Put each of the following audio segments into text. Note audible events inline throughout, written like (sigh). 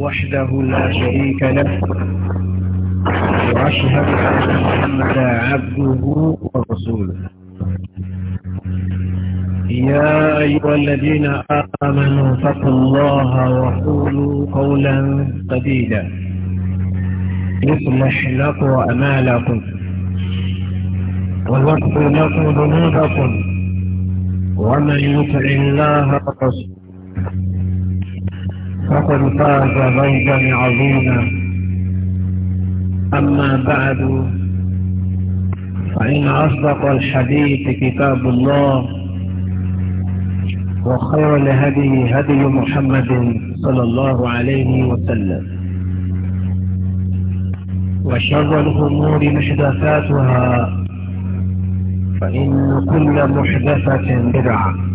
وحده لا شريك له وأشهد أن عبده ورسوله يا أيها الذين آمنوا اتقوا الله وقولوا قولا سديدا يصلح لكم أمالكم ويغفر لكم ذنوبكم ومن يطع الله ورسوله فقد فاز فوزا عظيما أما بعد فإن أصدق الحديث كتاب الله وخير الهدي هدي محمد صلى الله عليه وسلم وشر الأمور محدثاتها فإن كل محدثة بدعة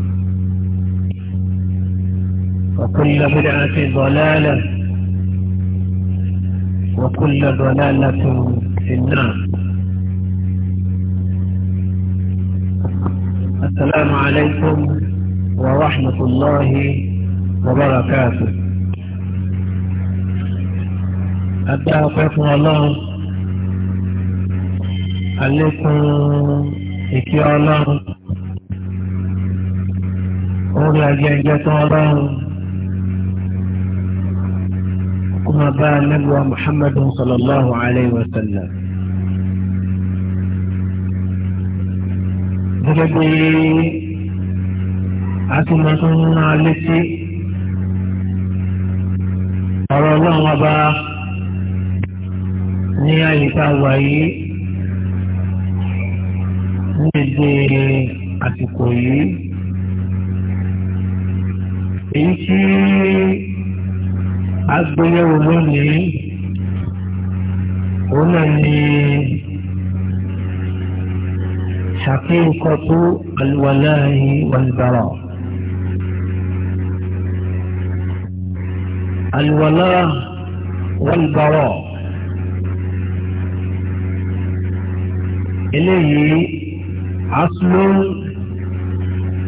وكل بدعة ضلالة وكل ضلالة في النار السلام عليكم ورحمة الله وبركاته أدعوكم الله عليكم إكيا الله أولى جنجة الله kó máa bá anábíwá muhammadu sallallahu alayhi wa sallam. gẹ́gẹ́ bí a ti máa tún rán an létí ọ̀rọ̀ ọlọ́run ọba ní àyíká wa yìí ní èdè àsìkò yìí èyí tí agbéyẹ̀wò lónìí òun náà ni ṣàkíyèkọ́tò alùwàláhì wàlùbárà. alùwàlá wàlùbárà eléyìí aslun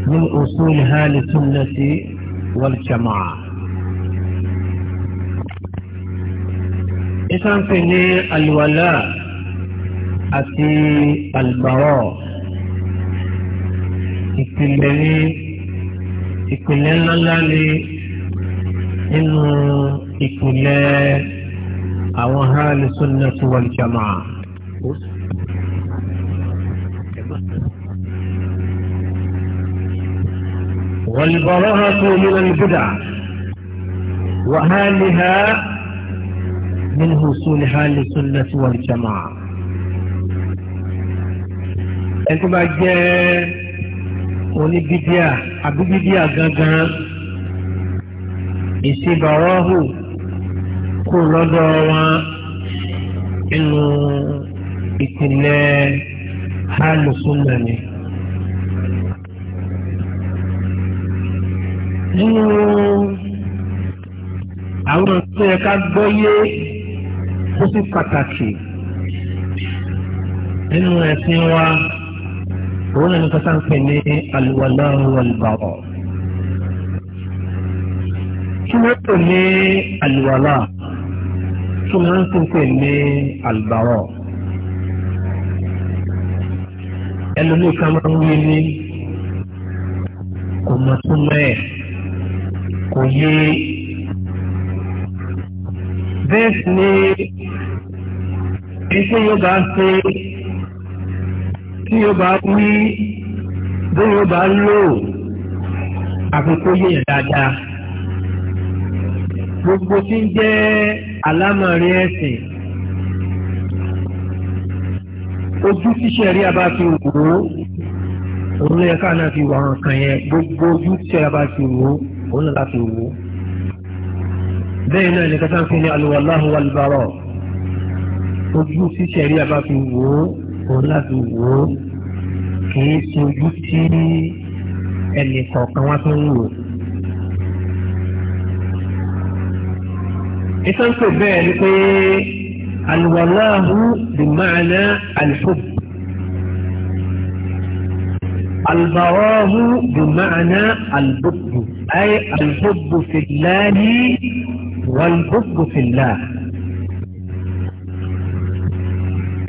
min usul hali sunnati wal إسان فيني الولاء أتي البراء إكلمني إكلمنا اللالي إنه إكلم أو أهل السنة والجماعة والبراءة من البدع وهالها من وصولها للسنة والجماعة ẹtù bá jẹ́ oníbídíà àbíbídíà gangan ìṣèbàrọ́hù kò lọ́dọ̀ wọn nínú ìpìlẹ̀ alùsùnà ni. nínú àwọn tó yẹ ká gbọ́ yé ó tún pàtàkì nínú ẹ̀sìn wa òun náà ní kọ́tà ń pè ní àlùwàlá wàlùbàrọ̀. kí wọ́n pè ní àlùwàlá kí wọ́n tún pè ní àlùbàrọ̀. ẹlòmíì kan máa ń wí ní kò mọ̀ tún mẹ́ẹ̀ kò yé bẹ́ẹ̀ ni iṣẹ́ yóò bá ṣe tí yóò bá wí bí yóò bá lò àkókò yẹn dáadáa gbogbo tí ń jẹ́ alámọ̀rí ẹ̀sìn ojú tíṣẹ́ rí a bá fi wò ó òun ló yẹ ká náà fi wà hàn kàn yẹn gbogbo ojú tíṣẹ́ rí a bá fi wò ó òun náà la fi wò ó bẹ́ẹ̀ náà ní kátà ń fi ní alùwàláhùn wàlúbárọ̀ ojú tí sẹ̀rí àbá fi wò ó òun láti wò ó kì í ṣe ojú tí ẹnì kọ̀ọ̀kan wá tó ń wò. ìsànkò bẹ́ẹ̀ ni pé alwalahu bimaana alhub البراه بمعنى البغض أي الحب في الله والبغض في الله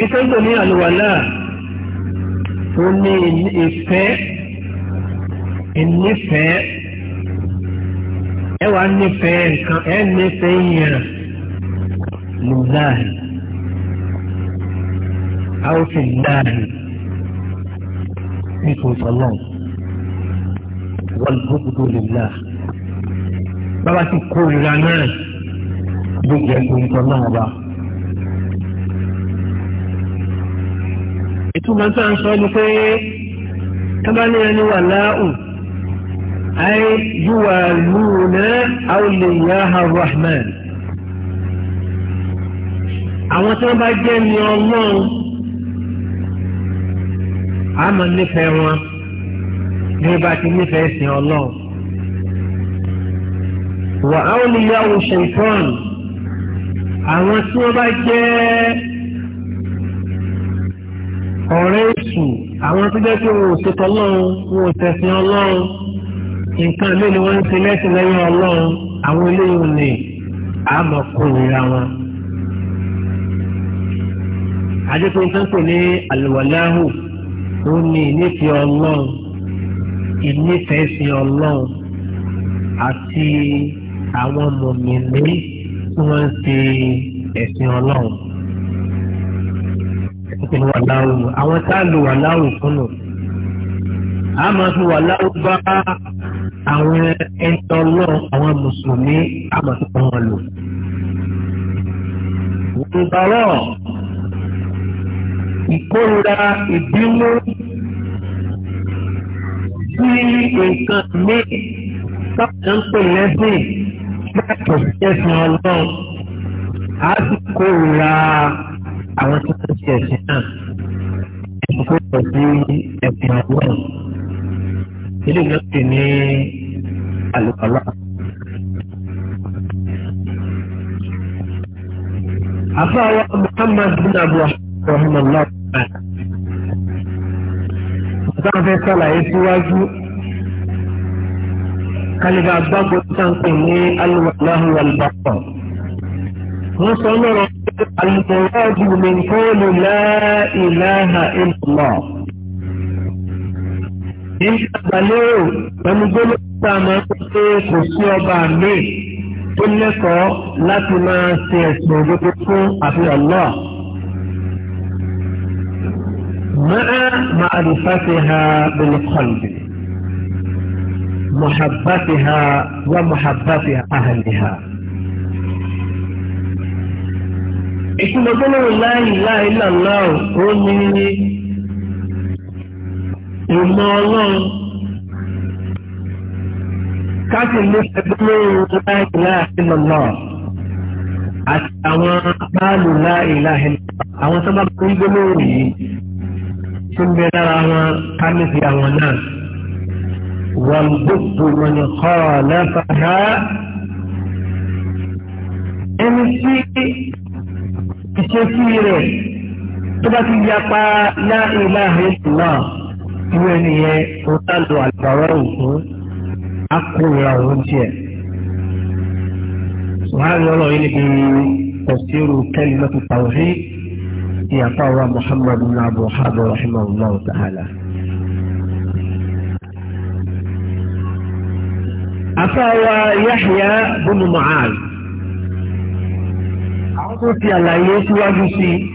iṣẹ́ tó ní àlùwàlá ó ní ìfẹ́ ìnífẹ̀ẹ́ ẹ wà nífẹ̀ẹ́ nǹkan ẹ nífẹ̀ẹ́ yẹn lùdáì àwòfin dáì nípò sọlọ́n wọ́n gbogbo lùdá bàbá ti kórìíra náà gbogbo ẹ̀kọ́ náà wà. ìtumọ̀ tó ń sọ ni pé tábàlì ẹni wà láàù ayé yíwà lúùnà àwòlẹ̀yà rahman àwọn tí wọ́n bá jẹ́ ní ọlọ́run a máa nífẹ̀ẹ́ wọn ní bá ti nífẹ̀ẹ́ sí ọlọ́run wà áwòlẹ̀yà òṣèlú àwọn tí wọ́n bá jẹ́ ọ̀rẹ́ èṣù àwọn tó jẹ́ pé wọn ò ṣètò ọlọ́run wọn ò tẹ̀sìn ọlọ́run nǹkan ilé ni wọ́n ń ṣe lẹ́sìn lẹ́yìn ọlọ́run àwọn eléyìí ni àmọ́ kò ríra wọn. àdékò nǹkan pè ní àlùwàláhù ó ní ìnífẹ̀ẹ́ ọlọ́run ìnífẹ̀ẹ́ sí ọlọ́run àti àwọn mọ̀mìnì tí wọ́n ń ṣe ẹ̀sìn ọlọ́run pé wà láwù àwọn tá a lò wà láwù fún nù. a máa fi wà láwù bá àwọn ẹni ọlọ́run àwọn mùsùlùmí a máa fi pa wọn lò. ìgbàlọ́ ìkórira ìbínú sí nǹkan mi káàkiri ń pè lẹ́sìn láti ẹ̀sìn ọlọ́run a sì kórira àwọn tó ń ṣe ẹ̀sìn náà ẹ̀sìn tó pọ̀ sí ẹ̀sìn àwọ̀ ilé ìlú ti ní àlùkọ́lá. àfáàwọ̀ Muhammad bin abu rahmanullah ọ̀gá fẹ́ sàlàyé síwájú kálíbà gbàgbọ́ sáńpẹ̀ ní alùpàlà wàlúbàpọ̀. وصمر الفواج من قول لا اله الا الله انتبه لو من يقول سامر كسي وبامي تلقوا لا تما سيسمعكم أبي الله مع معرفتها بالقلب محبتها ومحبت أهلها ìtumọ̀ gbólóhùn láì láì lànà ó ní ìmọ̀ ọlọ́run káàkiri ló ṣe gbólóhùn láì láì lànà àti àwọn báàlù láì láì àwọn sábà tó ń gbólóhùn yìí tó ń bẹ lára wọn kámẹ́sì àwọn náà wọ́n gbogbo wọn kọ́ lẹ́fà náà ẹni tí kecil-kecil sebab siapa لا إله إلا الله ni eh, hutan tu al-bawah itu aku lah manusia سبحان الله إنه تفسير كلمة التوحيد يا طاوة محمد بن عبد الوهاب رحمه الله تعالى أفاوى يحيى بن معاذ àwọn tó fi àlàyé síwájú sí i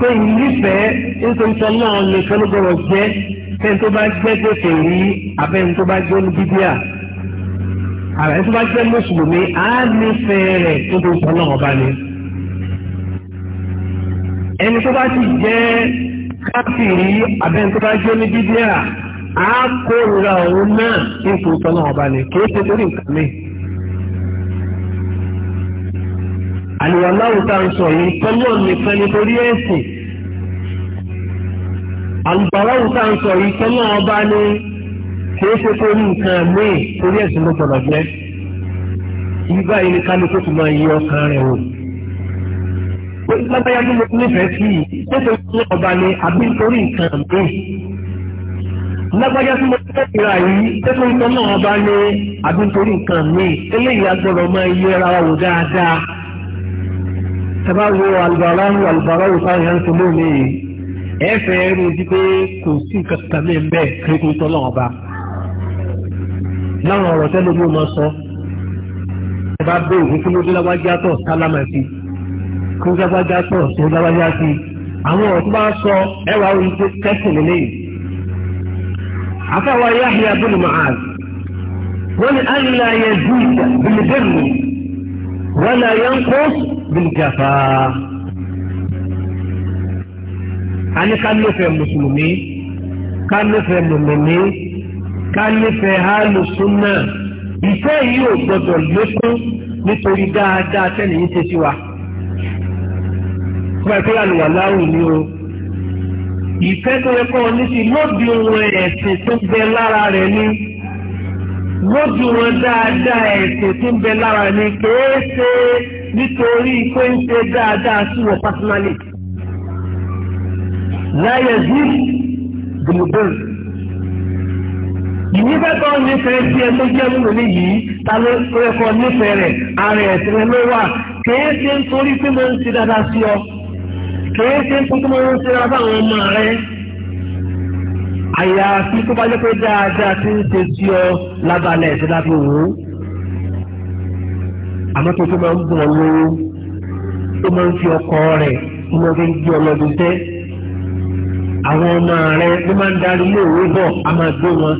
pé nífẹ̀ẹ́ nítorí tọ́ náà nìkan ló gbọ́dọ̀ jẹ́ fẹ́ni tó bá jẹ́ gbèsè rí abẹ́ni tó bá jẹ́ olùdíbíà àbẹ̀ tó bá jẹ́ mùsùlùmí á nífẹ̀ẹ́ rẹ̀ nítorí tọ́ náà ọba ni. ẹni tó bá ti jẹ́ káfíìrì abẹ́ni tó bá jẹ́ olùdíbíà á kórìíra òun náà nítorí tọ́ náà ọba ni kì í ṣe torí nǹkan mìíràn. àlùwàláwù tá à ń sọ yìí tọ́lọ́ nìkan nítorí ẹ̀sìn àlùbáráwù tá à ń sọ yìí tọ́lọ́ ọba ní kìí ṣe tó ní nǹkan míì torí ẹ̀sìn ló gbọ́dọ̀ jẹ́ yìí báyìí ní kálukú tó máa yí ọkàn rẹ̀ wò lábáyá bí mo nífẹ̀ẹ́ sí i tẹ́tẹ́ fún ọba ni àbí nítorí nǹkan mi. lágbájá tí mo tẹ́tẹ́ ra yìí tẹ́tẹ́ fún ọba ni àbí nítorí nǹkan mi. eléyìí agbọ́dọ̀ máa yẹ wò dáadáa tàbá wo àlùbàrà àlùbàrà òfà yẹn ń sọ lónìí yìí ẹ fẹ́ rí i pé kò sí nǹkan kan ní bẹ́ẹ̀ kékeré tó lọ́wọ́ bá láwọn ọ̀rọ̀ tẹ́lẹ̀ ló máa sọ ẹ bá bẹ́ẹ̀ òfin fún lójú lágbájá tọ̀ sálámà sí kó lágbájá tọ̀ sí lágbájá sí àwọn ọ̀rọ̀ tó bá sọ ẹ wà wí pé kẹ́sìn lélẹ́yìn. àfàwà Yahya bin Mu'az wọ́n ní àyìnlá yẹn dùn ìgbà bìlìbẹ́ẹ̀lì wọ́n náà yẹn ń kó bílgàfà ani ká nífẹ̀ẹ́ mùsùlùmí ká nífẹ̀ẹ́ mùmùmí ká nífẹ̀ẹ́ hálùsúnà ìfẹ́ yìí ò gbọdọ̀ lékún nítorí dáadáa tẹ́lẹ̀ yìí ṣe sí wa fún ẹ̀kọ́ yà lùwà láwùn ni o ìfẹ́ tó yẹ kọ́ ọ lóbi wọn ẹ̀sìn tó bẹ lára rẹ̀ ni lóbi wọn dáadáa ẹ̀sìn tó bẹ lára rẹ̀ ni kèé nítorí pé ń ṣe dáadáa sí wọn pásínálì. láyé sí gbòmùgbòmù. ìní bẹ́tọ̀ nífẹ̀ẹ́ sí ẹ tó jẹ́ múlòmí yìí ta ló yẹ kọ́ nífẹ̀ẹ́ rẹ̀ ara ẹ̀sìn rẹ ló wà kèé ṣe nítorí pé mo ń ṣe dáadáa sí ọ kèé ṣe nítorí pé mo ń ṣe dáadáa àwọn ọmọ rẹ àyàfi tó bá jẹ́ pé dáadáa ti ń ṣe sí ọ lábàlẹ̀ ẹ̀sìn lábẹ́ òun àmọ́ tó tó máa ń bọ̀ lówó ó máa ń fi ọkọ rẹ̀ ó máa fi ń gbé ọlọ́dún tẹ́ àwọn ọmọ rẹ̀ ló máa ń darí lóòwò bọ̀ a máa gbé wọn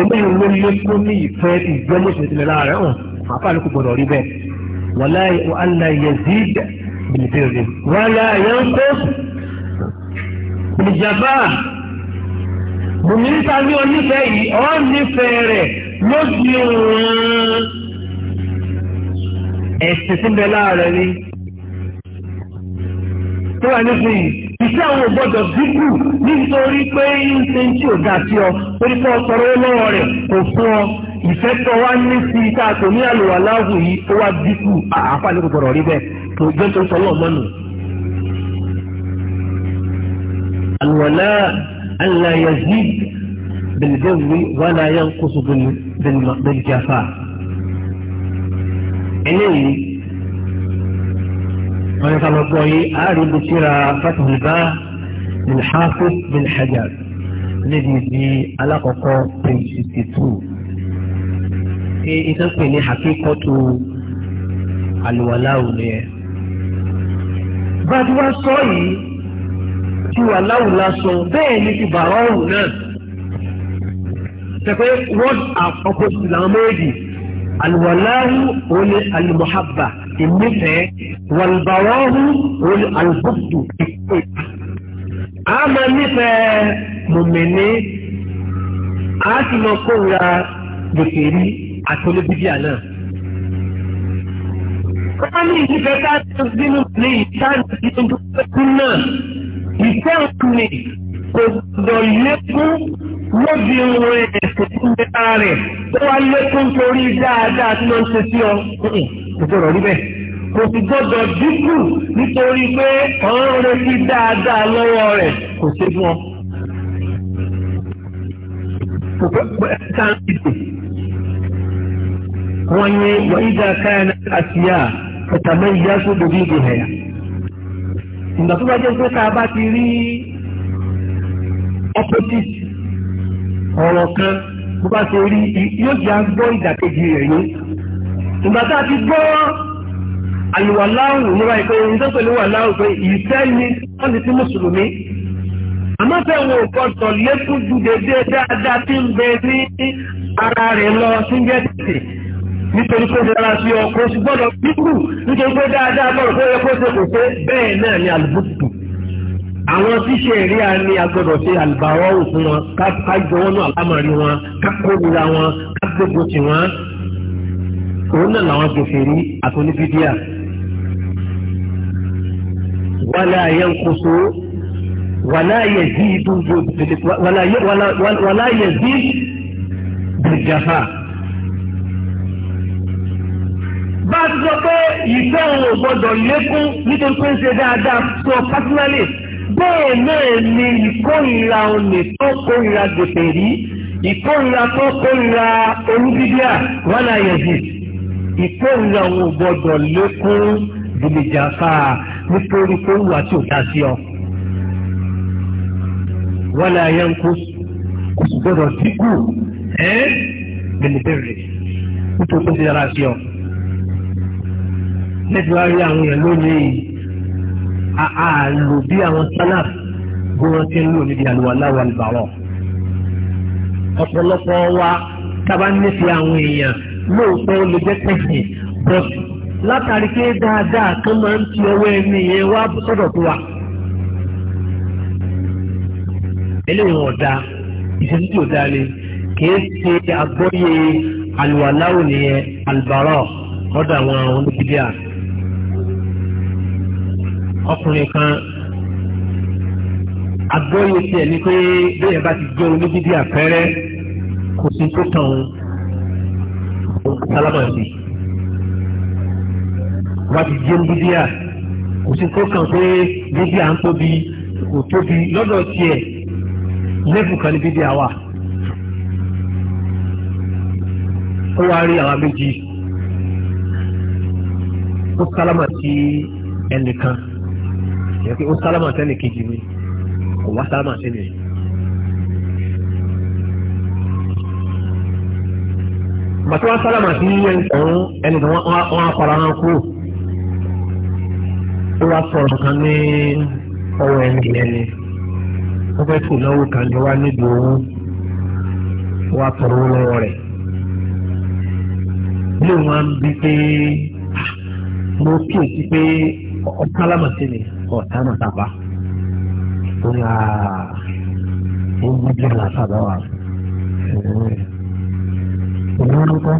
ọmọ yìí ló lékún ní ìfẹ́ ìgbẹ́ mọ̀sẹ̀tìlẹ̀ láàrẹ̀ hàn àpá àlùkò gbọ́dọ̀ rí bẹ́ẹ̀ wàlá àlà yẹzid bìlìbìlì wàlá yẹnkó bìlìjàmbá mùmínísà ní onífẹ́ yìí ọ́ nífẹ̀ẹ́ rẹ̀ ló di ẹ̀sìn tí ń bẹ láàrẹ̀ ni tó wà nísìnyí iṣẹ́ àwọn ògbọ́dọ̀ dínkù nítorí pé ṣe ń tí ò dá sí ọ torí pé ọ̀sọ̀rọ̀ lọ́wọ́ rẹ̀ kò fún ọ ìfẹ́ tó wá ní sí i ká tó ní àlùwà láàbù yìí ó wá dínkù àáfà ní gbogbo rí bẹ́ẹ̀ tó jẹ́ tó sọ lọ́ọ̀ mọ́nu. àlùwàlá àlàyé yìí bẹ̀lẹ̀dẹ́wì wà láyé ń eléyìí wọ́n ní káwọn gbọ́ yìí àárín ibi tíra fatahulba bin hafiz bin hajar níbi ibi alákọ̀ọ́kọ́ page sixty two ṣe ìtọ́pẹ̀ ní àkíkọ́tù àlùwàláwù ni ẹ̀. bá a ti wá sọ yìí ti wà láwùlá sọ bẹ́ẹ̀ ni ti bàrọ̀ ọ̀hún náà. ṣe pé word of làwọn méjì alùwàláhù olè alùmọ̀hábà ìmífẹ̀ẹ́ wàlùbàwọ́hù olè alùbùdù ìpè. a máa nífẹ̀ẹ́ mùmìnì a sì máa kóra gbèsèrí àti olóbìdíà náà. wọ́n ní ìfẹ́ ká tó náà ìfẹ́ òkú ni kò gbọdọ̀ lékún lóbi ohun ẹ̀sìn tó ń bẹ ara rẹ̀ tó wá lékún torí dáadáa tí ló ń ṣe sí ọ. kò gbọdọ̀ rí bẹ́ẹ̀ kò sì gbọdọ̀ dínkù nítorí pé ọ̀rọ̀ ń retí dáadáa lọ́wọ́ rẹ̀ kò ṣe fún ọ. kò pẹ́ ká ń dìbò. wọ́n ní wàhídà káyọ̀nà àtìyá ọ̀tàmẹ́ ìyá sódò bí ìbò hẹ̀yà. ìgbà tó bá jẹ́ pé tá bá ti rí opposite ọ̀rọ̀ kan bó bá ṣe rí yóò jẹ́ agbọ́ ìdàkejì rẹ̀ yé ìgbà tá a ti gbọ́ àlùwàláhùn níwáyé pé ìdókòlù wàláhùn pé ìfẹ́ ni wọ́n ti ti mùsùlùmí àmọ́ fẹ́ wo kọ́tọ̀ lékún ju dédé dáadáa tí ń bẹ ní ara rẹ̀ lọ sí jẹ́ tètè nítorí pé dára sí ọkọ̀ oṣù gbọ́dọ̀ bíkù nítorí pé dáadáa bọ̀rọ̀ pé ó yẹ kó ṣe kò pé bẹ́ẹ̀ náà ni àwọn ṣíṣe ẹ̀rí a ní agbọ́dọ̀ ṣe àlùbáwọ́ òfin wọn ká jọwọ́ náà lámàrí wọn ká kórira wọn ká gbogbo tì wọn. òun náà làwọn gbèsè rí àtúnibídíà. wàlá ayé ń kóso wàlá ayé zí dúró wàlá ayé zí dùjàfà. bá a ti sọ pé ìfẹ́ òun ò gbọ́dọ̀ lékún nítorí pé ń ṣe dáadáa sọ pásínálì bẹ́ẹ̀ náà ni ìkórìíra olè tó kórìíra gbèsè rí ìkórìíra tó kórìíra olúbíbíà wọn náà yẹ jù ìkórìíra òun gbọdọ̀ lékún dìbìjàfà nítorí pé wà tí ò dá sí ọ. wọn náà yẹ ń kó gbọdọ̀ dínkù ẹ́ bẹ̀rẹ̀bẹ̀rẹ̀ nítorí pé ó ti dára sí ọ. lẹ́tọ̀ọ́ rí àwọn èèyàn lónìí. àlò bí àwọn sálàf bí bụ ti ń lò níbi àlùwàlá wà lùbàwọ̀. ọ̀pọ̀lọpọ̀ wa sábà nífẹ̀ẹ́ àwọn èèyàn lóòótọ́ ló jẹ́ pẹ̀sìn but látàrí pé dáadáa kan máa ń ti ọwọ́ ẹni yẹn wá sọ́dọ̀ tó wa. eléyìí wọn da tí ò kìí ṣe àgbọ́yé ọ̀dọ̀ ọkùnrin kan agbóyè tiẹ̀ ni pé bẹ́ẹ̀ bá ti jẹ́ onídìdí àpẹẹrẹ kò sí tó tàn ún sálámàsì bá ti jẹ́ onídìdí à kò sí tó kàn pé dídí à ń tóbi kò tóbi lọ́dọ̀ tiẹ̀ lẹ́bù kan ní dídí à wà. ó wá rí àwọn méjì ó sálámàsì ẹnìkan ìyẹn pé ó sálámà sẹ́nì kejì mi kò wá sálámà sẹ́nì yìí. bàtí wọ́n sálámà sí ẹni ọ̀hún ẹni tó wọ́n apara wọn kú ó wá sọ̀rọ̀ kan ní ọwọ́ ẹni ẹni wọ́n fẹ́ sùn náwó kan ní wá níbi òun wọ́n apọ̀rọ̀ lọ́wọ́ rẹ̀ ilé wọn bí pé ah, mo kíyèsí pé ọ̀sálámà sí mi ọ̀tá náà tàbá ó ní ó ń gbé jẹ́rìí àtàbá wa ìlú ló kọ́.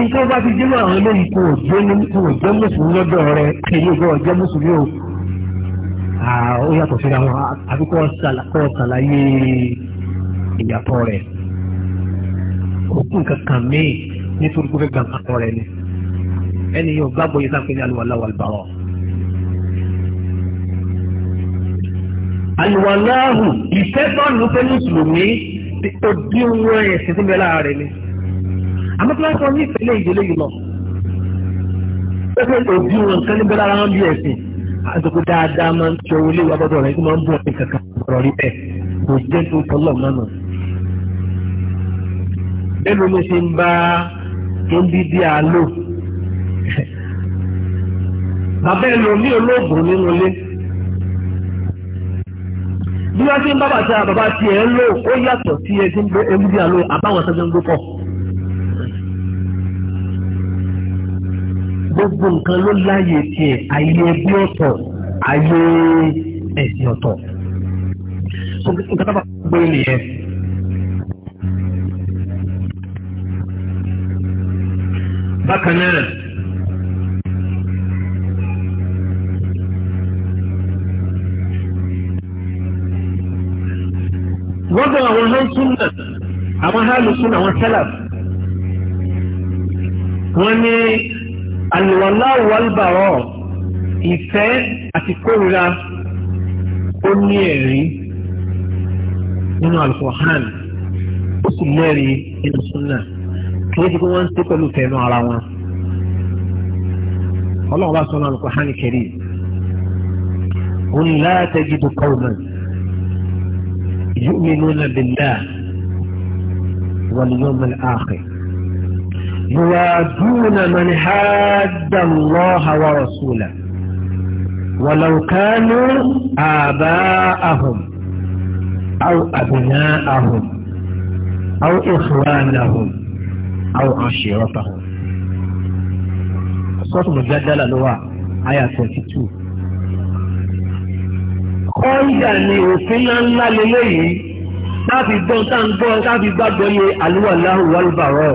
Iṣẹ́ bá ti dínú àwọn eléyìí kò jẹ́ kò jẹ́ mùsùlùmí lọ́dọ̀ rẹ èyí kò jẹ́ mùsùlùmí o. Ó yàtọ̀ síra wọn àbí kò ṣàlàyé ìyàtọ̀ rẹ̀. Òkú nǹkan kan míì nítorí kó fẹ́ gbà nǹkan rẹ̀ ni ẹni yóò gbàgbọ́ yìí sáfẹ́ ní àlùwàlá wal bara. àlùwàláhù ìfẹ́ tọ́nu fẹ́ mùsùlùmí òdiwọ̀n ẹ̀sìn tó bẹ́ẹ̀ láàárẹ̀ ni. àmọ́ tí wọ́n sọ ní ìfẹ́lẹ́ ìdílé yìí lọ. ó fẹ́ òdiwọ̀n nǹkan níbẹ̀ lára wọn bí ẹ̀sìn. àtòkù dáadáa máa ń tẹ owó léwu abọ́dọ̀ rẹ̀ kí máa ń bú ọ̀pẹ kankan ọ̀rọ̀ rí bẹ́ẹ̀ kò jẹ́ tó tọ́lọ̀ mọ́nà. bẹ́ẹ̀ ló ń ṣe ń bá ń bí díà bàbá ẹlòmí olóògùn nínú ilé bí wọ́n ti ń bá bàtà bàbá tiẹ̀ ń lò ó yàtọ̀ sí ẹtí ń gbé ewúdí àlọ́ àbáwọn tó ń gbé pọ̀. gbogbo nǹkan ló láàyè tiẹ̀ àyè ẹbí ọ̀tọ̀ àyè ẹ̀sìn ọ̀tọ̀. nǹkan tábà gbé nìyẹn. bákan náà. lọ́dọ̀ àwọn hansúnà àwọn hálùsúnà àwọn sẹ́làf wọ́n ní àlùwàlá wàlbàrọ̀ ìfẹ́ àti kórìíra ó ní ẹ̀rí nínú alukóhán ó sì lẹ́rìí nínú súnà kìí di pé wọ́n ń ṣe pẹ̀lú fẹ́ẹ́nu ara wọn. ọlọ́run bá sọ náà alukóhán kẹrì òun láti ẹjú tó kọ́ ọ̀nà. يؤمنون بالله واليوم الآخر يوادون من حاد الله ورسوله ولو كانوا آباءهم أو أبناءهم أو إخوانهم أو عشيرتهم صوت مجدل الله آية 32 kọ́ńdà ni òfin ńláńlá lélẹ́yìí láti gbọ́n tá ń gbọ́ láti gbàgbọ́ yẹ àlùwàlá wàlúbàrọ̀.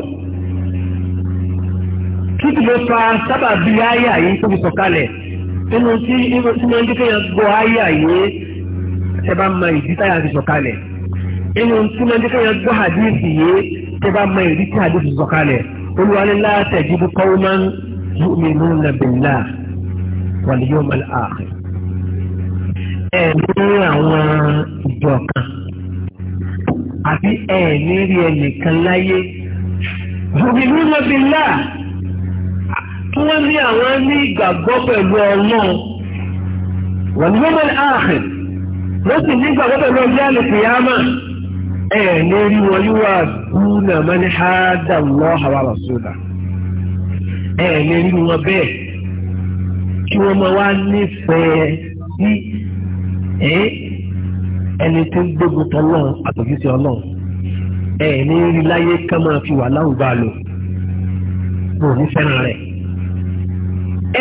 kí ti ló fa sábàbí àyà yìí tó fi sọ̀kalẹ̀ nínú tí tí wọ́n ń jẹ́ kéèyàn gbọ́ àyà yìí ẹ bá ma ìdí táyà fi sọ̀kalẹ̀ nínú tí wọ́n ń jẹ́ kéèyàn gbọ́ àdéhìsì yìí ẹ bá ma ìdí tí àdéhìsì sọ̀kalẹ̀ olúwalélá tẹ̀jú bí kọ́wọ́mán yóò mi nù nàbẹ̀lá wàlíyọ́mọ̀lá àkè. e ní àwọn ìjọ kan àbí ẹ ní rí ẹnìkan láyé bùbìlú lọ́bìlá tí wọ́n ní àwọn ní ìgbàgbọ́ pẹ̀lú ọlọ́run wọ́n ní wọ́n mẹ́rin ààrẹ wọ́n sì ní ìgbàgbọ́ pẹ̀lú ọjọ́ àlùfíàmà ẹ rí wọn yíwá búnà mẹ́ni hádà lọ́hàwá rọ̀ṣọ́dà ẹ ní rí wọn bẹ́ẹ̀ kí ẹ́ ẹni tó ń gbógun tán náà àtòjúṣe ọlọ́run ẹ̀ ní rí láyé ká máa fi wà láwùjọ àlò kò ní fẹ́ràn rẹ̀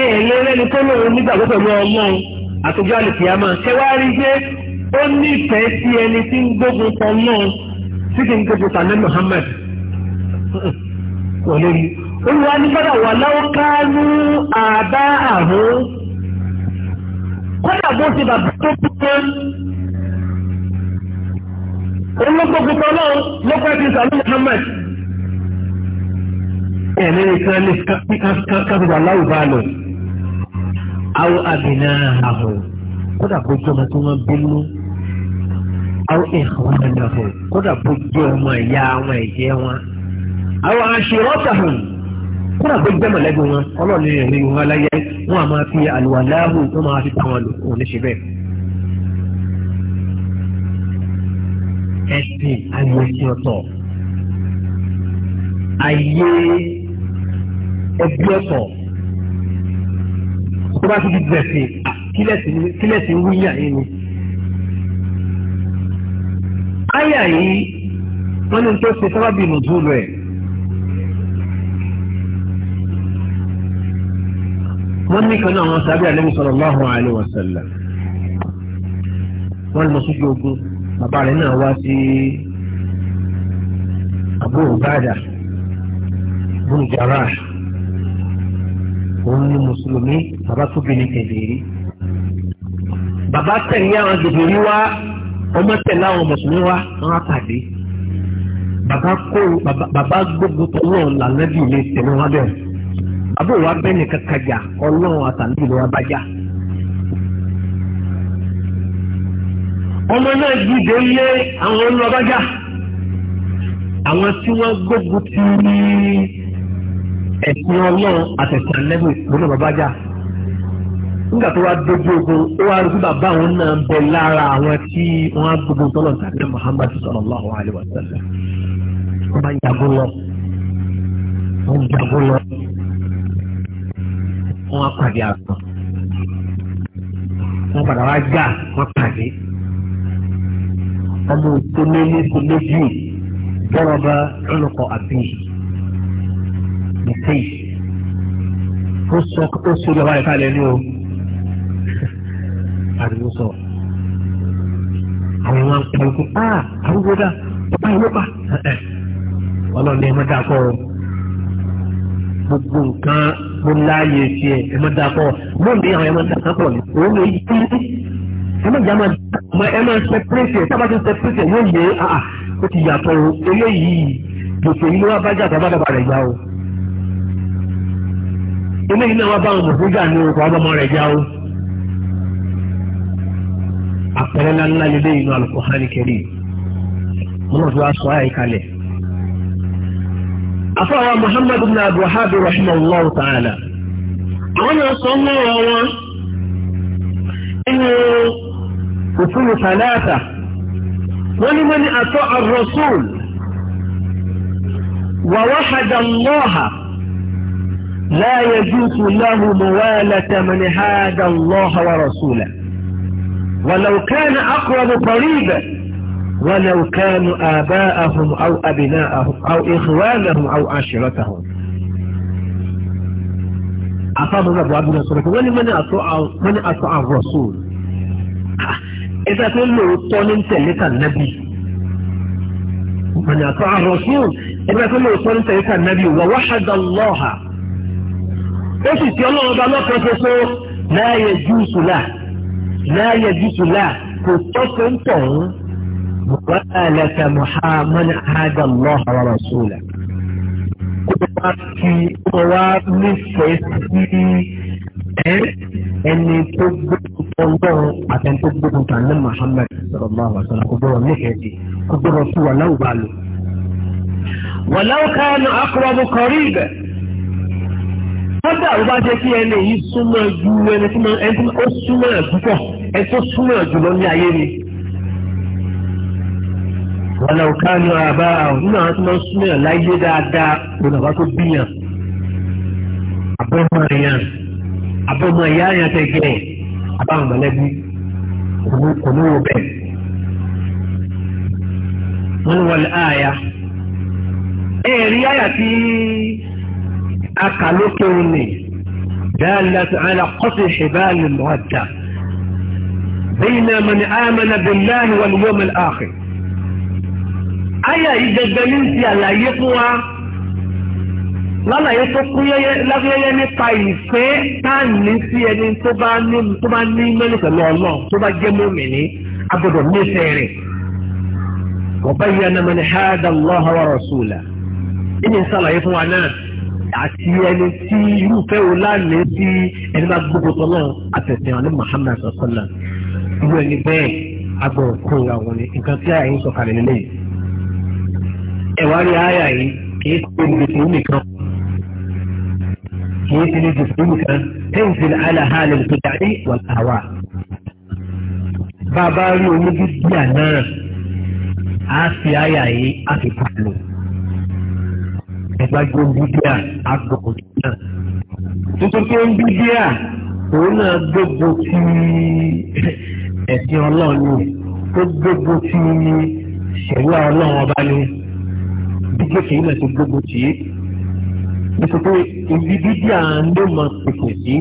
ẹ̀ ní ẹni tó lóun nígbàgbọ́ pẹ̀lú ọlọ́run àtòjọ́ àlùkìyàmọ́ ṣẹ́wàá rí pé ó nífẹ̀ẹ́ sí ẹni tí ń gbógun tán náà tí kì í gbógun tán ní Muhammad kò lórí olùwà nígbàdà wà láwùká ní àbá àhún kọ́dà bó ti bàbá tó kú pé olókòkò kan náà ló fẹ́ fi sàlú Muhammad. ẹ̀mí nìkan ní káfíńkà láwùjọ àlọ́ àwọn àbìnà àhùn kọ́dà bó jọba tí wọ́n bínú àwọn ìhàwọn ẹ̀dá fún kọ́dà bó jẹ́ ọmọ ẹ̀yà àwọn ẹ̀jẹ̀ wọn àwọn àṣírọ́tà hàn kọ́dà bó jẹ́ mọ̀lẹ́bí wọn ọlọ́ọ̀ni ẹ̀rí wọn aláyẹ wọ́n a máa fi àlùwàláhù wọ́n máa fi tàwọn lò wọ́n ní ṣe bẹ́ẹ̀. ẹ̀sìn ayé sí ọ̀tọ̀ ayé ẹbí ọ̀tọ̀ tó bá ti di gbẹ̀sìn kílẹ̀sìn wíyà yìí ni. ayà yìí wọ́n ní tó ṣe sábàbí nùdúró ẹ̀. wọ́n ní kan náà wọ́n sábẹ́ àlẹ́mí sallallahu alaihi wasallam wọ́n lọ sójú ogun bàbá rẹ̀ náà wá sí Abu Ubadah bùn jàrá òun ni mùsùlùmí bàbá tó bí ní kẹ̀dẹ̀ẹ́rí bàbá tẹ̀lé àwọn gbèbèrè wá ọmọ tẹ̀lé àwọn mùsùlùmí wá wọn á pàdé bàbá kó bàbá gbogbo tó wọ̀ lànà bí ilé tẹ̀lé wọn bẹ̀rẹ̀ àbò wa bẹ́ẹ̀ nìkan kajà ọlọ́run àtàlẹ́ ìlú wa bájà. ọmọ náà dìde lé àwọn ọlọ́bàjá àwọn tí wọ́n gbógun ti ẹ̀sìn ọlọ́run àtẹ̀sìn àlẹ́bù ìpínlẹ̀ bàbájà nígbà tó wá dojú ogun ó wá rí bàbá àwọn náà bẹ lára àwọn tí wọ́n á gbógun tọ́lọ̀ tàbí Muhammad sallallahu alayhi wa sallam wọ́n bá ń jagun lọ wọ́n ń jagun lọ wọ́n á pàdé àgbọn wọ́n padà wá gbà wọ́n pàdé ọmọ òkú lélẹ kò lójú dọrọba ọlọkọ àbí nìkẹ yìí ó sọ ó sọ ìjọba rẹ kalẹ̀ ní o àdúgbò sọ àwọn wọn kọ ikú a àrùgbó dá bàbá ìwé pa ọlọ́ọ̀ni ẹ̀ mọ́ kọ́ gbogbo nǹkan mo láàyè tiẹ̀ ẹ mọ dapọ̀ mọ mi àwọn ẹ mọ dapọ̀ ni òun lè yí ẹ mọ jà máa ẹ mọ sẹpẹrẹsẹ tábà tó sẹpẹrẹsẹ yóò yé àà e. ah, ó ti yàtọ̀ o eléyìí gbèsè yìí ló wá bá jàdá bàdàbà rẹ̀ yá o eléyìí náà wá bá àwọn mọ̀fúnjà ní orúkọ ọmọ rẹ̀ já o àpẹẹrẹ ńláńlá lélẹ́yìn náà Al-Qur'an Al-Karim àyíkalẹ̀. أخوة محمد بن أبو حابي رحمه الله تعالى أنا صلى الله عليه وسلم إنه ثلاثة ولمن أتى الرسول ووحد الله لا يجوز له موالة من هذا الله ورسوله ولو كان أقرب قريبا ولو كانوا آباءهم أو أبناءهم أو إخوانهم أو عشيرتهم أصابهم أبو عبد الله ولمن أطاع من أطاع الرسول إذا كل طول تلك النبي من أطاع الرسول إذا كل طول تلك النبي ووحد الله إيش يلا بالله كفسو لا يجوز له لا يجوز له كتبتم وآلك محامن هذا الله ورسوله Kí ọwá nífẹ̀ẹ́ sí ẹni tó gbógun ọlọ́run àtẹni tó gbógun tàn ní Muhammad sallallahu alaihi wa sallam kò gbọ́dọ̀ nífẹ̀ẹ́ sí kò gbọ́dọ̀ sí wà láwùjọ àlò. Wà láwùjọ àlò akọ̀rọ̀bù kọ̀rí ibẹ̀. Kọ́dà ó jẹ́ kí ẹni yìí súnmọ́ ju ẹni tí ó súnmọ́ ẹ̀ púpọ̀ ẹ̀ tó súnmọ́ jùlọ ní ayé ni. ọ̀nà òkàlù àbá àwọn nínú àwọn tó máa ń súnmọ́ yàn láyé dáadáa òun àbá tó bíyàn àbọ̀mọ̀ yàn àbọ̀mọ̀ ìyá yàn tẹ̀gẹ̀ àbá àwọn mọ̀lẹ́bí kò ní wo bẹ́ẹ̀. wọ́n ní wọlé àyà ẹ̀rí àyà tí a kà lókè òní dáadáa tó àyà kọ́sì ìṣẹ̀bá lè mọ́ àjà bẹ́ẹ̀ ni àmọ́ ni àmọ́ ni bẹ́ẹ̀ ni wọ́n ni yóò mẹ́lẹ́ àkè. a yìí gẹ́gẹ́ ní ti àlàyé fún wa lálàyé tó kún lágbẹ́yẹ nípa ìfẹ́ táàní sí ẹni tó bá ní tó bá ní mẹ́lì pẹ̀lú ọlọ́ọ̀ tó bá jẹ́ mọ́mìnì agbọ́dọ̀ nífẹ̀ẹ́ rẹ̀ ọ̀bá yìí anamọ́ni hada Allah wa rasulahu ìní sàlàyé fún wa náà àti ẹni tí irúfẹ́ wo sí ẹni bá gbogbo tọ́lọ́ àtẹ̀sẹ̀ ẹni bẹ́ẹ̀ ni nǹkan tí àyè ẹ̀wárí àyà yìí kìí ṣe gbèsè nìkan kìí ṣe ní gbèsè nìkan tẹ́ǹsìlì aláhàlẹ̀ ìpìtàdé wàtàwà. bàbá rí oníbi díà náà á fi àyà yìí á fi pàlọ́. ẹgbàgbé oníbi díà á gbọ̀gbọ̀ náà. tuntun tó ń bí díà òun náà gbogbo ti ẹ̀sìn ọlọ́run tó gbogbo ti ṣẹ̀wá ọlọ́run ọba ni gbé kìí náà ti gbogbo tì í nítorí ibi dídí àánú máa pèpè sí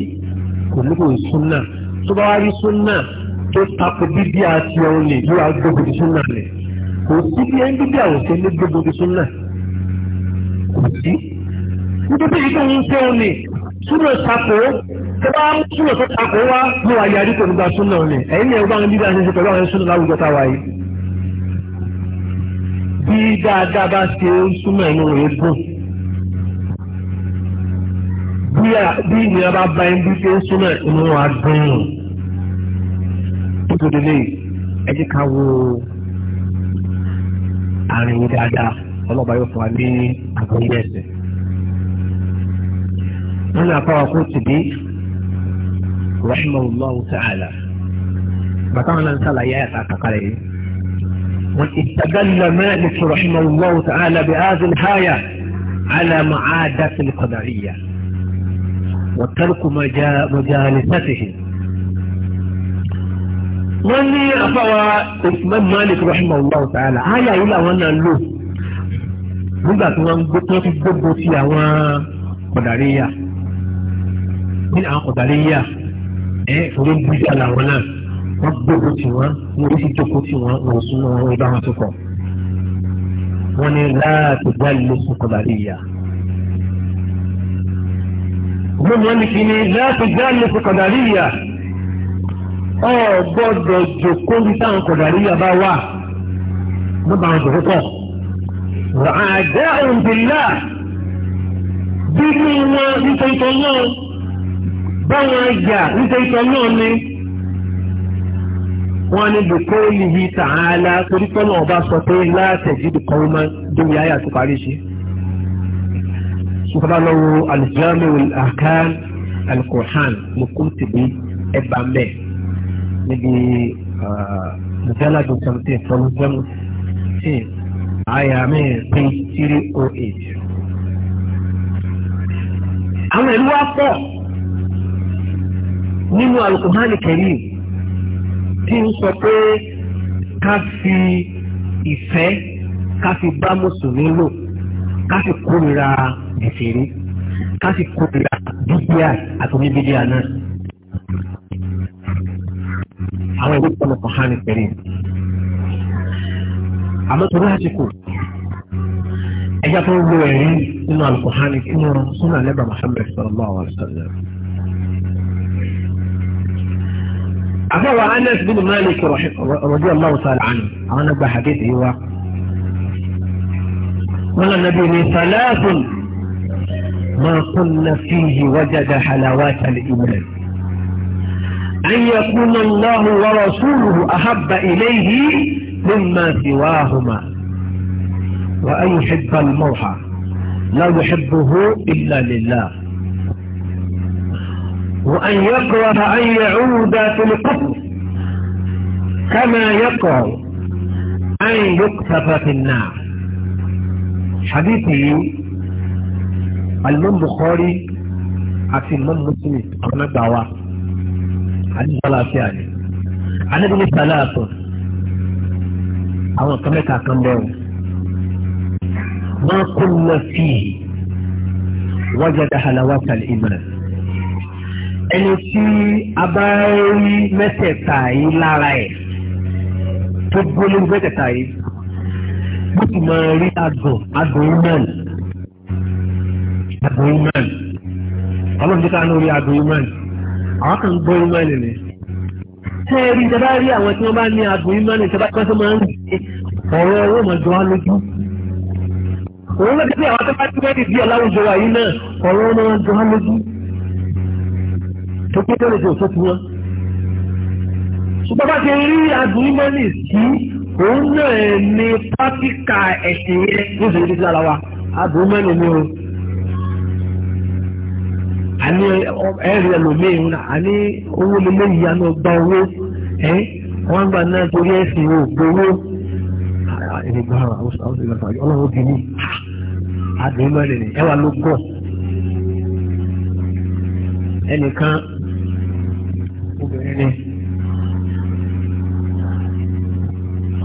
kò ní kò súnà tó bá wá rí súnà tó tako dídí àti ọ̀hún lè yóò agbègbè ti súnà rẹ̀ kò sí bí ẹni dídí àwòṣe ní gbogbo ti súnà kò sí nítorí ìgbà wọn fẹ́ ọ ni súnà tako tó bá súnà tó tako wá ló wà yàrá kò ní gba súnà ọ ni ẹ̀yin ni ẹ̀ wá ń dídí àṣẹṣe pẹ̀lú àwọn súnà láwùjọ táwa yìí. bí dáadáa bá ṣe ń súnmọ́ inú rẹ̀ dùn bí ìnira bá bá ẹni bí ṣe ń súnmọ́ inú wa dùn nítorí lè ẹ ká wo àárín dáadáa ọlọ́ba yóò fún wa ní àgbọ̀yé ẹ̀sìn wọ́n ní àpá wa ti dé ta'ala bàtà wọn náà ń sàlàyé rẹ̀ yìí. واستدل مالك رحمه الله تعالى بهذه الهاية على معادة القدرية وترك مجا مجالسته واني افوى اسمان مالك رحمه الله تعالى هيا الى وانا اللوه هذا كمان بطوط الدبو في اوى قدرية من اوى قدرية ايه فرين بيجا لا وانا wọ́n gbogbo tì wọ́n wọ́n sì jókòó tì wọ́n wọ́n sún wọn wọ́n bá wọn tó kọ̀. wọ́n ní láti gbá ilé sọ̀kọ̀ bàbá ìyá. gbogbo wọn ní kí ni láti gbá ilé sọ̀kọ̀ bàbá ìyá. ọ gbọ́dọ̀ jókòó ní táwọn kọ̀ bàbá ìyá bá wà. wọ́n bá wọn jókòó kọ̀. wà á jẹ́ òǹdílà bí ní wọn nítorí tó náà báwọn jà nítorí tó náà ni wọ́n ní lùkọ́ọ̀lì yìí tààlà torí pọ́nà ọba sọ pé látẹ̀jídù kan máa dóbi ayé àti parí ṣe. sùkọ́dá lọ́wọ́ alìjáàmù àkàn alìkọ̀hán lùkùtìbí ẹ̀bà mẹ́ níbi mùsálàdù sọ̀tẹ̀ fọlùfẹ́mù tí àyà mẹ́rin pé three oh eight. àwọn ìlú wa pọ̀ nínú alìkọ̀hán kẹrin tí ń sọ pé ká fi ìfẹ́ ká fi bá mùsùlùmí lò ká fi kórìíra ìfèrí ká fi kórìíra bíbíà àti oníbíbíà náà. àwọn ìwé ìpamọ́ kan hàn ní pẹ̀lú àmọ́ tó láti kù tó ń lo ẹ̀rí nínú Al-Qur'an nínú súnà lẹ́bàá Muhammad sallallahu alaihi wasallam. أفوى أنس بن مالك رضي الله تعالى عنه أنا بحديث إيوة قال النبي ثلاث ما قلنا فيه وجد حلاوات الإيمان أن يكون الله ورسوله أحب إليه مما سواهما وأن يحب الموحى لا يحبه إلا لله وأن يكره أن يعود في القبر كما يكره أن يقتف في النار حديثي المن بخاري أكثر من مسلم أخنا الدعوة حديث ثلاث عن ابن بني أو أولا قمتها دعوة ما كل فيه وجد حلاوة الإيمان ẹni tí a bá rí mẹ́tẹ̀ẹ̀ta yìí lára ẹ̀ tó gbóló mẹ́tẹ̀ẹ̀ta yìí bó ti máa rí adùn adùn imán adùn imán ọlọ́run tó ká ní orí adùn imán àwọn kan gbọ́ imán ni tẹ́ ẹ rí ìjọba rí àwọn tí wọ́n bá ní adùn imán ìjọba tí wọ́n máa ń rí ọ̀rọ̀ owó mọ̀ jọ wá lójú òun ló dé àwọn tó bá ti wẹ́ẹ̀dì díẹ̀ láwùjọ wa yìí náà ọ̀rọ̀ owó mọ̀ jọ wá lójú. tó kékeré ju òtútù wọn. ṣùgbọ́n bá ti rí agrimẹ́lì sí òun náà ní pátíkà ẹ̀sìn yẹn lóṣù lára wa agrimẹ́lì ni o. àní ẹ̀rí ẹlòmíín àní owó lélẹ́ ìyá gba owó ẹ̀ wọ́n gbà náà torí ẹ̀sìn gbowó. ọlọ́run obìnrin ni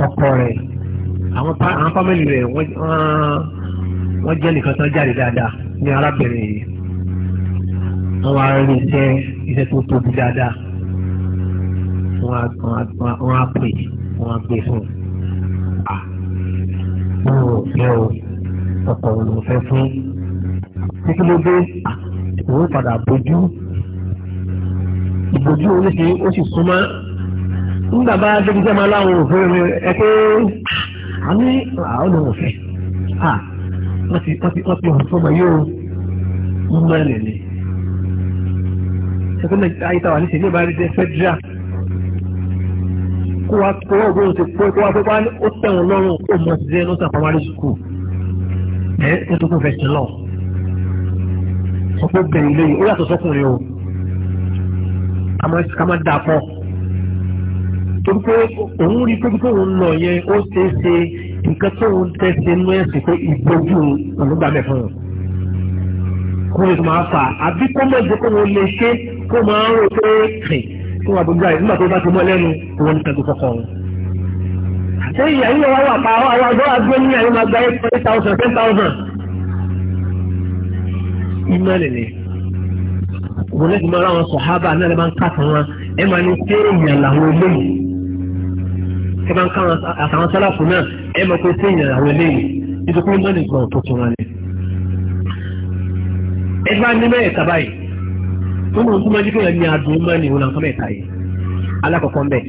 ọkọ rẹ̀ àwọn fámìlì rẹ̀ wọ́n jẹ́ nìkan tán jáde dáadáa ní arábìnrin yìí wọ́n wá rí iṣẹ́ iṣẹ́ tó tóbi dáadáa wọ́n á pè wọ́n á gbé fún un. mo fẹ́ o ọkọ̀ òun fẹ́ fún kíkí ló dé òun padà bójú ìbòjú oníṣe ó sì súnmọ́ nígbà bá débi jẹ́ máa láwọn òfin rẹ ẹ pé a ní àwọn ọ̀nà òfin à wọ́n ti wọ́n ti wọ́n ti hàn fọmọ yóò mú mẹ́rin ni. ẹgbẹ́ náà ayé táwa níṣẹ́ ní ìbára jẹ́ federal kó wa kó wa ògbóhùn ti pé kó wa pé wá ó tẹ̀wọ̀n lọ́rùn ó mọ̀ sí ẹnu sàn primary school ẹ̀ ẹ̀ tó kún fẹ̀sìn lọ. wọ́n pẹ́ bẹ̀rẹ̀ lóyún ó yàtọ̀ sọ́kùnrin o kàmá dà pọ̀ torí pé òun rí pé pé òun lọ yẹn ó ṣeé ṣe nǹkan tó ń tẹ̀sẹ̀ nú ẹ̀sìn pé ìgbójú òun gbà mẹ́fọ́ wọn kó lè máa fà àbí kó mọ̀ ìdókòwò wọn lè ṣe kó máa ń rò pé kì kí wọn àbúgbà yìí nígbà tó bá ti mọ́ lẹ́nu òun ní tẹ̀sán kọ̀ọ̀kan wọn. ṣé ìyá yìí wà wà pa àwọn àgbọ̀ àgbẹ̀ ní àyè máa gba eight thousand ten thousand òun lẹ́sìn máa ráwọn sọ̀hábà náà lè máa ń kàtà wọn ẹ máa ní ṣé èèyàn làwọn eléyìí ẹ máa ń ká àtàwọn sálàfù náà ẹ máa pé ṣé èèyàn làwọn eléyìí nítorí pé mọ́nì gbọ̀n tó tún wọn ni. ẹ bá ní mẹ́ẹ̀ẹ́ta báyìí tó mọ̀ tó máa ń ní adùn mọ́nì òun làwọn mẹ́ẹ̀ẹ́ta yìí alákọ̀ọ́kọ́ mbẹ́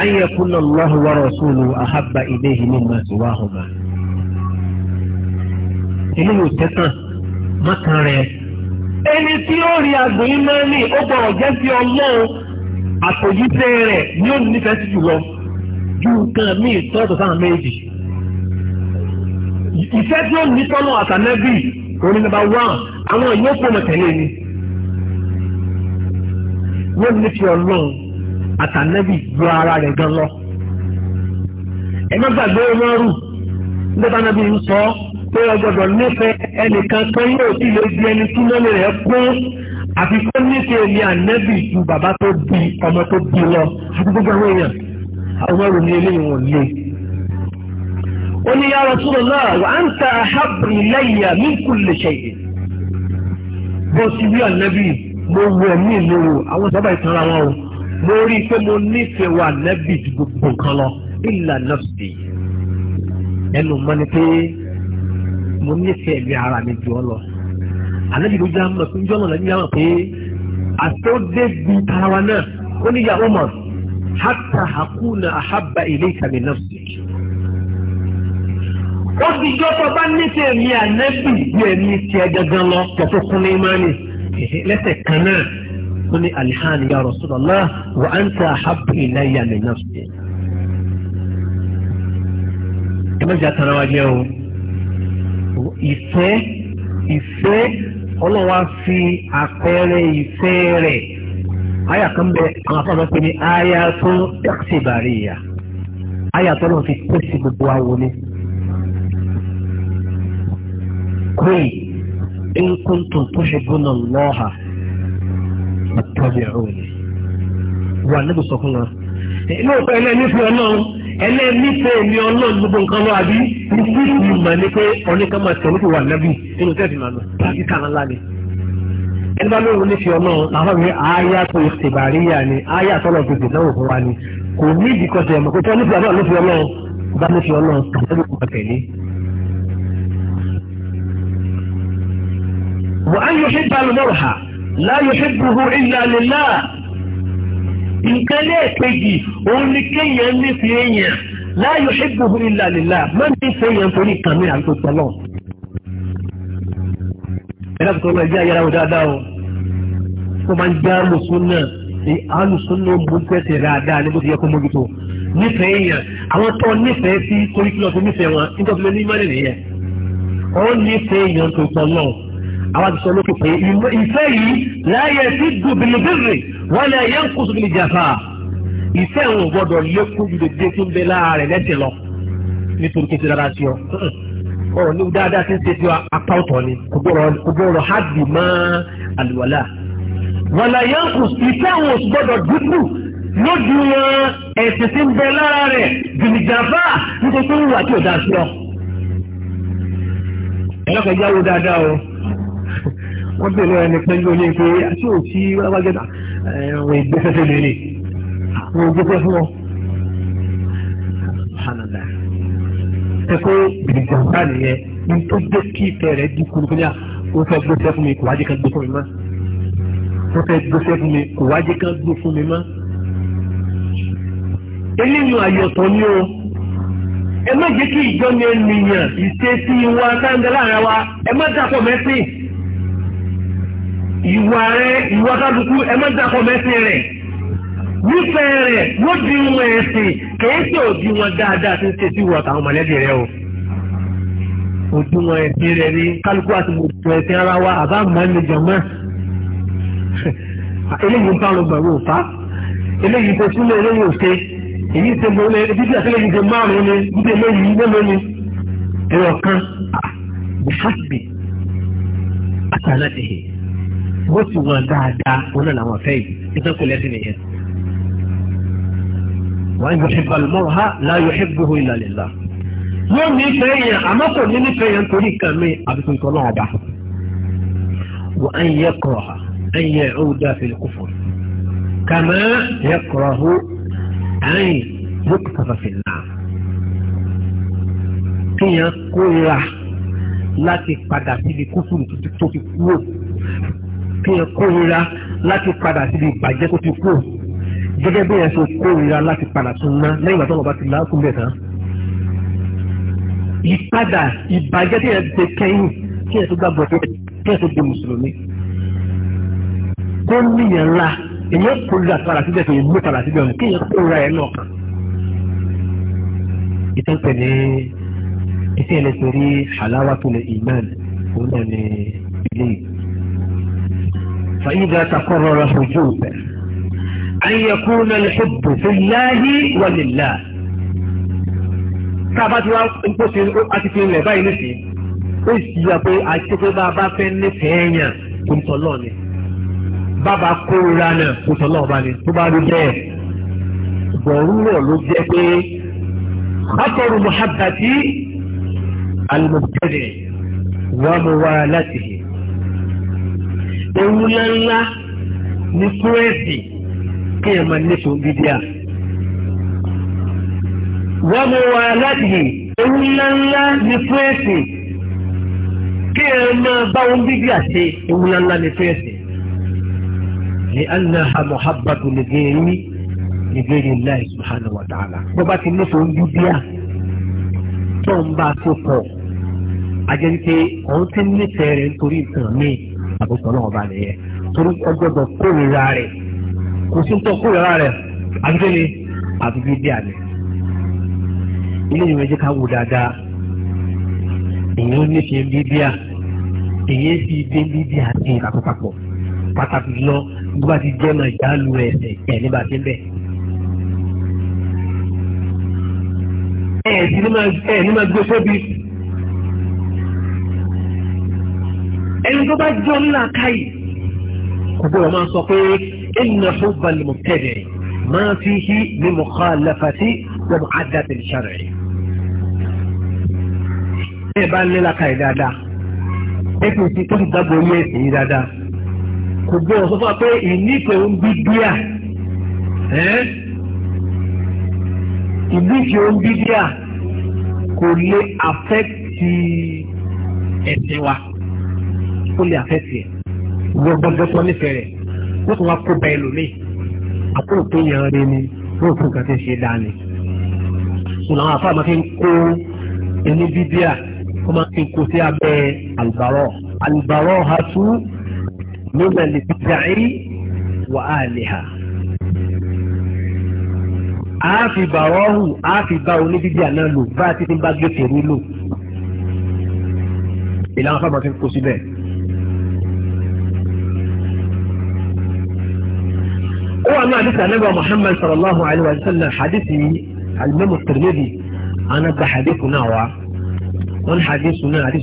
ayé kúnlọ Allahu wa rasuluhu ahabba ẹni tí ó rí àgbò ìmọ̀ẹ́lì ó gbọ́dọ̀ jẹ́ sí ọlọ́run àtòjíṣẹ́ rẹ̀ ni ó nífẹ̀ẹ́ sí jùlọ ju nǹkan míì tọ́tọ̀ sáwọn méjì ìfẹ́ tí ó ní tọ́lọ́ àtànẹ́bì òní nàbà wán àwọn ìyókù ọmọ tẹ̀lé ni wọ́n ní fi ọlọ́run àtànẹ́bì ju ara rẹ̀ gan lọ ẹ má gbàgbé ọmọ rù nígbà náà bí ń sọ ọ́ pé ọgbọ́dọ̀ nífẹ̀ẹ́ ẹnìkan kan yóò sì lè di ẹni tí lọ́lẹ̀ rẹ̀ kún àfi kó nífẹ̀ẹ́ èmi ànẹ́bì ju bàbá tó bí ọmọ tó bí lọ àti gbogbo àwọn èèyàn àwọn ọ̀rọ̀ ní eléyìí wọn lé. ó ní ya Rasulullah wa anta ahabbu ilayya min kulli shay. bó ti wí ànẹ́bì mo wọ mí lóru àwọn sábà ìtara wọn o mo rí i pé mo nífẹ̀ẹ́ wa ànẹ́bì ju gbogbo nǹkan lọ illa nafsi ẹnu mọ́ni pé mo nífẹ̀ẹ́ mi ara mi jù ọ lọ àlejò ló já mọ̀ pé njọ́nà lẹ́yìn yàrá pé àtọ́dé bi tara wa náà ó ní yàrá mọ̀ hàtà àkúnà àhábà ilé ìkàmì náà sí. ó ti jọ́ tó bá nífẹ̀ẹ́ mi ànẹ́bì ju ẹ̀mí tiẹ̀ gangan lọ tọ́tún kún ní imáni lẹ́sẹ̀ kan náà ó ní alihani ya Rasulullah wa anta àhábà ilé ìyàmì náà sí. ẹ má jà tara wa jẹ́ o. tó ìfẹ́ ìfẹ́ ọlọ́wà fi àpẹẹrẹ ìfẹ́ rẹ̀ ayaka kan bẹ àwọn afọ́ àbẹ́pẹ́ tó tẹ́kṣì ya tó fi tẹ́sí gbogbo àwọn ni. kúrì in kuntum tuhibbuna Allaha fattabi'uni wà níbi sọ fún wa. ìlú òpin ẹlẹ́ni fún ọ náà. ẹlẹ́ẹ̀mípẹ́ èmi ọlọ́run gbogbo nǹkan lọ àbí ikú ìlú mà ní pé ọ̀nìkan máa tẹ̀lé kò wà nábì nínú tẹ́ẹ̀fì máa lọ láti kàn án lálẹ́. ẹni bá lóun nífi ọlọ́run àwọn tó ni àáyá tọ́lọ̀ gbogbo náà fún wa ni kò ní ìdíkọ̀sẹ̀ ẹ̀mọ́ kò tó nífi ọlọ́run nífi ọlọ́run bá nífi ọlọ́run tàbí kò tẹ̀lé. nǹkan lẹ́ẹ̀kejì òun ni kéèyàn nífẹ̀ẹ́ èèyàn láàyò ṣẹ́gun illa lillah máa ń nífẹ̀ẹ́ èèyàn torí nǹkan mi àti tòtò náà. ẹ̀rọ tó lọ jẹ́ ayára dáadáa o tó máa ń já lùsùn náà àlùsùn náà mú tẹ̀sẹ̀ dáadáa ní bó ti yẹ kó mójútó nífẹ̀ẹ́ èèyàn àwọn tó nífẹ̀ẹ́ sí torí kí lọ́ọ́ fi nífẹ̀ẹ́ wọn nítorí ló ní mọ́lẹ̀ nìyẹn ó nífẹ̀ẹ́ èèyàn tòtò náà àwọn àti sọ lókè pé ìfẹ́ yìí láyẹ̀ sí dùbìlìbìrì wọ́n lè yẹn kó sókè lè jàfà ìfẹ́ òun gbọ́dọ̀ lékún ju lè dé tó ń bẹ láàrin lẹ́sẹ̀ lọ nítorí kí n ti dára sí ọ. ọ̀rọ̀ ní dáadáa ti ń ṣe fi apá ọ̀tọ̀ ni kò gbọ́dọ̀ hádìí mọ́ àlùwàlà. wọ́n lè yẹn kó ìfẹ́ òun gbọ́dọ̀ dínkù lójú wọn ẹ̀sìn ti ń bẹ lára rẹ̀ jìnnìjàfà nítorí pé wíwà tí ò dáa sí ọ. ẹ̀lọ́kọ̀ wọ́n bèèrè ẹni pẹ́ lóní pé àti òsì alágbẹ́dà ẹ̀rọ ìgbésẹ̀sẹ̀ lèrè àwọn ògbésẹ̀ fún wọn. ṣe pé bìrìjàmbá nìyẹn ní tó dé kí ìfẹ́ rẹ̀ di kúrúkúrúyà ó fẹ́ gbésẹ̀ fún mi kò wájú kan gbé fún mi mọ́ ó fẹ́ gbésẹ̀ fún mi kò wájú kan gbé fún mi mọ́. eléyìí àyọ̀tọ̀ ni o ẹ má jẹ́ kí ìjọ ènìyàn ìṣesí wa dáńdẹ́ láàrin wa ẹ má dàpọ̀ mẹ́sìn ìwà rẹ ìwà kálukú ẹ má dàpọ̀ mẹ́sìn rẹ̀ nífẹ̀ẹ́ rẹ̀ ló di wọn ẹ̀sìn kìí ṣe òdi wọn dáadáa tí ń ṣe sí ìwà àtàwọn mọ̀lẹ́bí rẹ o òdi wọn ẹ̀sìn rẹ̀ ní kálukú àti gbogbo ẹ̀sìn ara wa àbá mọ́nìjọ́mọ́ eléyìí ń bá lọ gbàgbọ́ òfa eléyìí tó sílẹ̀ eléyìí ò ṣe èyí ṣe mọ ilé bíbí àtẹlẹyìn ṣe márùn ni bíbí eléyìí mélòó ni ẹ̀rọ kan ah, bùfásibì àtàlẹ́tẹ̀ẹ́ bó ti wọn dáadáa wọn náà làwọn fẹ́ yìí nítorí kò lẹ́sìn nìyẹn. wọ́n yóò ṣe balùmọ́ ha láyò ṣe gbogbo ìlàlẹ̀ la. yóò ní ìfẹ́ yẹn àmọ́ kò ní nífẹ̀ẹ́ yẹn torí kan mi àbíkú ikọ̀ náà bá. wọ́n á yẹ kọ̀ọ̀ ha á yẹ ọ̀dà fìlì kúfọ̀. kàmá yẹ kọ̀ọ̀ hu àyìn yóò kọ̀ọ̀ fìlì náà. kíyàn kóra láti padà síbi kúfùrù tó ti kúrò kí ẹ kórira láti padà síbi ìbàjẹ́ tó ti kú gẹ́gẹ́ bí ẹ ṣe kórira láti padà tún ná lẹ́yìn ìgbà tó wọn bá ti láàkún bẹ̀ tán. ìpadà ìbàjẹ́ tí ẹ ti kẹ́yìn kí ẹ tó gbàgbọ́ tó kí ẹ tó di mùsùlùmí. kó níyàn ńlá èyàn kórira padà síbẹ̀ tó yẹ mú padà síbẹ̀ ọ̀hún kí ẹ kórira ẹ lọ kàn. ìtàn tẹ̀lé ìtẹ̀lé torí halawatul iman òun náà ní ilé yìí. فإذا تقرر حجوبه أن يكون الحب في الله ولله tába tí wá ń pò sí àti fi ilẹ̀ báyìí nìsí ó sì yà pé àtẹ́fẹ́ bá bá fẹ́ nífẹ̀ẹ́ yàn kò ń tọ́lọ́ ni bàbá kóra náà kò tọ́lọ́ bá ní tó bá rí bẹ́ẹ̀ bọ̀rúrọ̀ ló jẹ́ pé akọrù muhabbati alimọ̀tẹ́dẹ̀ wà mọ̀ wá ewu ńláńlá ní kúrẹ́sì kí ẹ máa nífò bídíà. wọ́n mú wa láti ewu ńláńlá ní kúrẹ́sì kí ẹ máa bá wọn bídíà ṣe ewu ńláńlá ní kúrẹ́sì. ní anáhà muhabbatu lè gé yín ìbéèrè láì subhanahu wa ta'ala. bó bá ti nífò bídíà tó ń bá a tó pọ̀ ajẹ́ wípé òun ti nífẹ̀ẹ́ rẹ̀ nítorí nǹkan míì. ó sọ náà ọba nìyẹn torí rẹ̀ kò sí tó kórìíra rẹ̀ àbíké ni àbíké bí àmì ilé ìwé jẹ́ ká wò dáadáa èyí ó ní ṣe bíbíà èyí sì dé bíbíà sí ìkàkọ́pàpọ̀ pàtàkì lọ nígbà tí jẹ́ máa lu ẹsẹ̀ ẹ̀ nígbà tí ń bẹ̀. ẹ̀ ẹ̀ ní gbé sóbi. ẹni tó bá jẹ́ ńlá káyì kò gbọ́dọ̀ máa sọ pé inna hubba al-mubtadi' ma fihi min mukhalafati wa mu'addati al-shar'i. ẹ bá ń lélá káyì dáadáa ẹ kò sí tó ti dábò orí ẹ̀sìn yìí dáadáa kò gbọ́dọ̀ sọ fún wa pé ìnífẹ̀ẹ́ ń bí díà ìnífẹ̀ẹ́ ń bí díà kò lè affect ẹ̀sìn wa kó lè àfẹ́sì ẹ̀ gbọ́gbọ́gbọ́ tó nífẹ̀ẹ́ rẹ̀ wọ́n tún wá kó bá ẹlòmíì àkókò tó yàn án ni wọ́n fún nǹkan tó ṣe dáa ni. ìlànà àwọn afáàmọ́ fi ń kó ẹni bíbíà wọ́n máa fi kó sí abẹ́ àlùbárọ̀ àlùbárọ̀ ha tú lónà lè fi dàí wà á lè hà. a fi bàrọ̀ hù a fi bá oníbíbíà náà lò bá a ti fi bá gbèsè rí lò ìlànà afáàmọ́ fi ń kó síbẹ̀. هو ما حديث النبي محمد صلى الله عليه وسلم حديثي الإمام الترمذي أنا بحديثنا هو وأن حديثنا حديث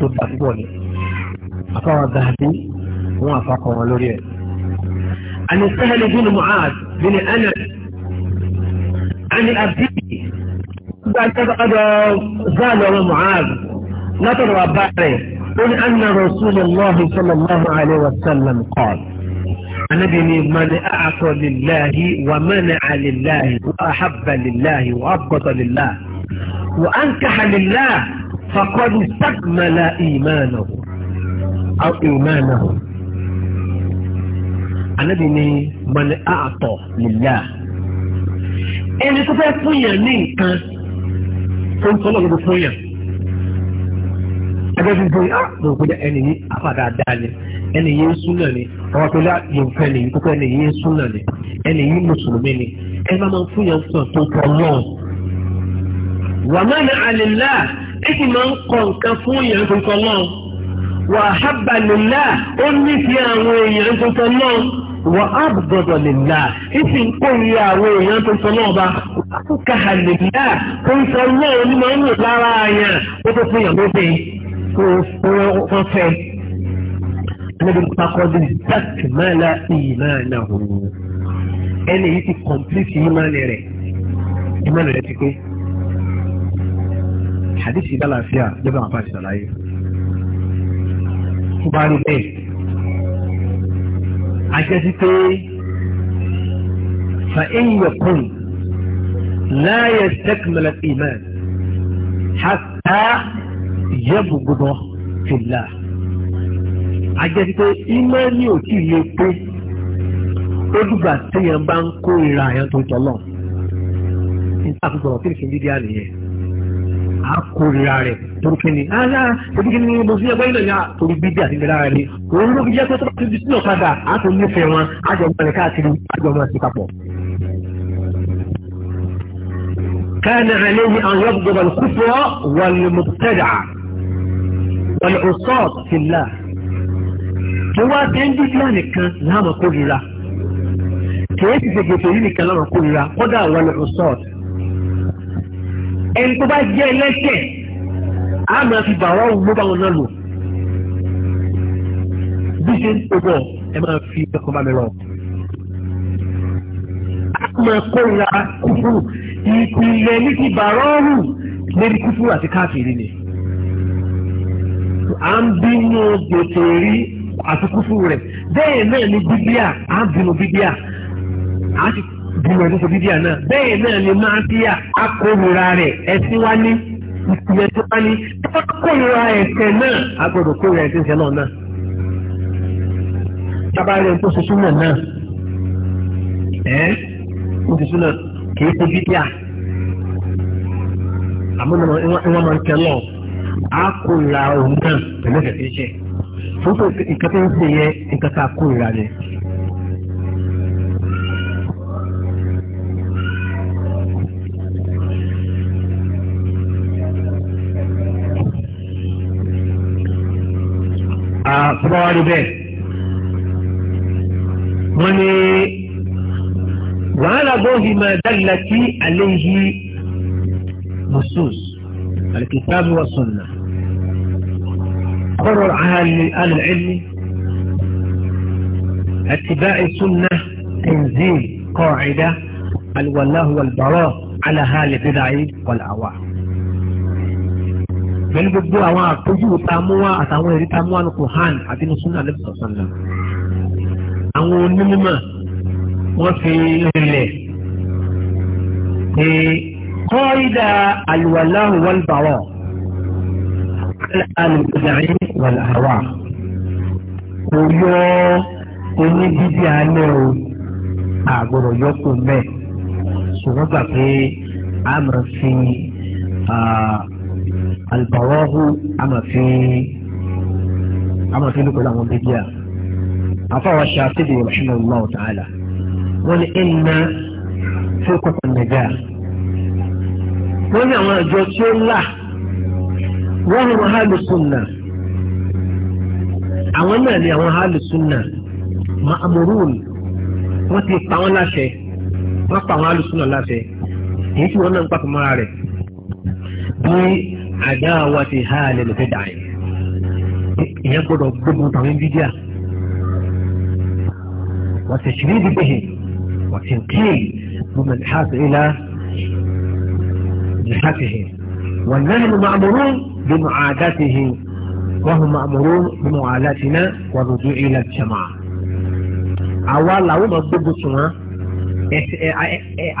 تتفقوني أفوى الذهبي وأفاقه ولوريه عن السهل بن معاذ بن أنس عن الأبدي بعد قد زال معاذ نظر وبعره قل أن رسول الله صلى الله عليه وسلم قال النبي من أعطى لله ومنع لله وأحب لله وأبغض لله وأنكح لله فقد استكمل إيمانه أو إيمانه النبي من أعطى لله إن تفعل فيا نينك كنت الله بفعل ẹgbẹ́ tí ń pè á lóò pé ah! ẹni yìí àfàdà dáa ni ẹni yìí súnà ni àwọn tó lá yóò fẹ́ ni kókó ẹni yìí súnà ni ẹni yìí mùsùlùmí ni ẹ máa máa fún yẹn sàn tó tọ́ náà. wàmánà àlèlá ẹ sì máa ń kọ nǹkan fún yẹn tó tọ́ náà. wà á hábà lèlá ó nífẹ̀ẹ́ àwọn èèyàn tó tọ́ náà. wà á gbọdọ̀ lèlá ẹ ń kó iye àwọn èèyàn tó tọ́ náà bá. àkókò àlèlá tó ń tọ́ náà ó tó fẹ́ ẹnìbí pàkọ́dé dákìmọ́lá ìmáàlá òun ẹni yìí ti kọ̀m̀plìtì ìmáàlá rẹ̀ ìmáàlá rẹ̀ ti pé hadisi bá làáfíà lọ́bẹ̀ àwọn àbáṣe àlàyé tó bá rí bẹ́ẹ̀ àjẹsí pé fa ẹ̀yìn yọkùn láàyè sẹ́kìmọ́lá ìmáàlá hàtà. yẹ́bù gbogbo fìlà. àjẹsí pé ìmọ̀ẹ́lì ò tí pé ó dùgbà téèyàn bá ń kó ìra àyàn tó tọ́lọ̀. nípa àkókò ọ̀rọ̀ kìrìkì dídí àlèyé a kó ìra rẹ̀ torí kí ni torí kí ni mo fi ẹgbẹ́ ìlànà yà torí bídí àti ìlera rẹ̀ òun ló fi jẹ́ pé tó bá ti di sínú ọ̀kadà á tó nífẹ̀ẹ́ wọn á jọ mọ̀ rẹ̀ káàkiri á jọ mọ̀ sí papọ̀. كان عليه أن يبغض الكفر والمبتدع wọlé ọsọọt ti là tó wá dẹ́ńdígbà nìkan láàmú kórira kìí ti gbègbè yìí nìkan láàmú kórira kódà wọlé ọsọọt ẹni tó bá jẹ́ ẹlẹ́ṣẹ̀ á máa fi bàwá òun ló bá wọn náà lò bí ṣe ń tó bọ̀ ẹ máa fi ẹ̀kọ́ bá mi rọ̀ máa kóra kúfúrú ìpìlẹ̀ ní ti bàrọ́ọ̀rù lórí kúfúrú àti káàkiri ni. à ń bínú gbèsè rí àti kúfù rẹ̀ bẹ́ẹ̀ náà ni bíbíà à ń bínú bíbíà à ti bínú ẹni bíbíà náà bẹ́ẹ̀ náà ni máa ń bíyà á kórira rẹ̀ wá ní ìpìlẹ̀ tó wá ní náà a kórira náà náà. tábàárẹ̀ súnmọ̀ náà á kórìíra òun náà pẹ̀lú ẹ̀fẹ̀ tí ń ṣe fún pé nǹkan tó ń ṣe yẹ nǹkan tá a kórìíra ni. àtúbọ̀wárí bẹ́ẹ̀ wọ́n ní wàhálà bóhìmọ̀ dálilá sí àléyìí mùsùlùmí. الكتاب والسنة قرر أهل العلم اتباع السنة تنزيل قاعدة الوله والبراء على هال بدعي والأواء من قبل أواء تجو تاموا أتاموا يريتاموا نقوحان عدين سنة نبي صلى الله عليه وسلم أنه نمما وفي الليل kọ́ìdà àlùwàláhùn wọn bàwọ̀ alùpùpùdàrín wọn àwà kò yọ oníbíbí alẹ́ o àgbọ̀rọ̀ yọkù mẹ́ ṣùgbọ́n gbà pé a máa fi àlùbàwọ́hù a máa fi a máa fi lóko láwọn bíbí à afọwọ́ ṣe àfihàn ìrọ̀ṣẹ́ náà lọ́wọ́ tààlà wọ́n ní ẹ̀ ń ná fún kọ́kọ́ nàìjíríà wọ́n ní àwọn àjọ tí ó là wọ́n ní wọ́n hálù sunna àwọn náà ní àwọn hálù sunna ma'amurun wọ́n ti pa wọ́n láṣẹ wọ́n pa àwọn hálù sunna láṣẹ èyí tí wọ́n náà ń pàpọ̀ mọ́ra rẹ̀ bí àdáwà ti há lẹ́nu fẹ́ dà ìyẹn gbọ́dọ̀ gbógun tàwọn bídíà wọ́n ti ṣe ní ìdíbẹ̀hìn wọ́n ti ń kéè gbọ́dọ̀ ìhásẹ̀ ìlà. بصحته ونحن مأمورون بمعادته وهم مأمورون بمعاداتنا والرجوع إلى الجماعة àwọn làwọn máa gbogbo sùn wọn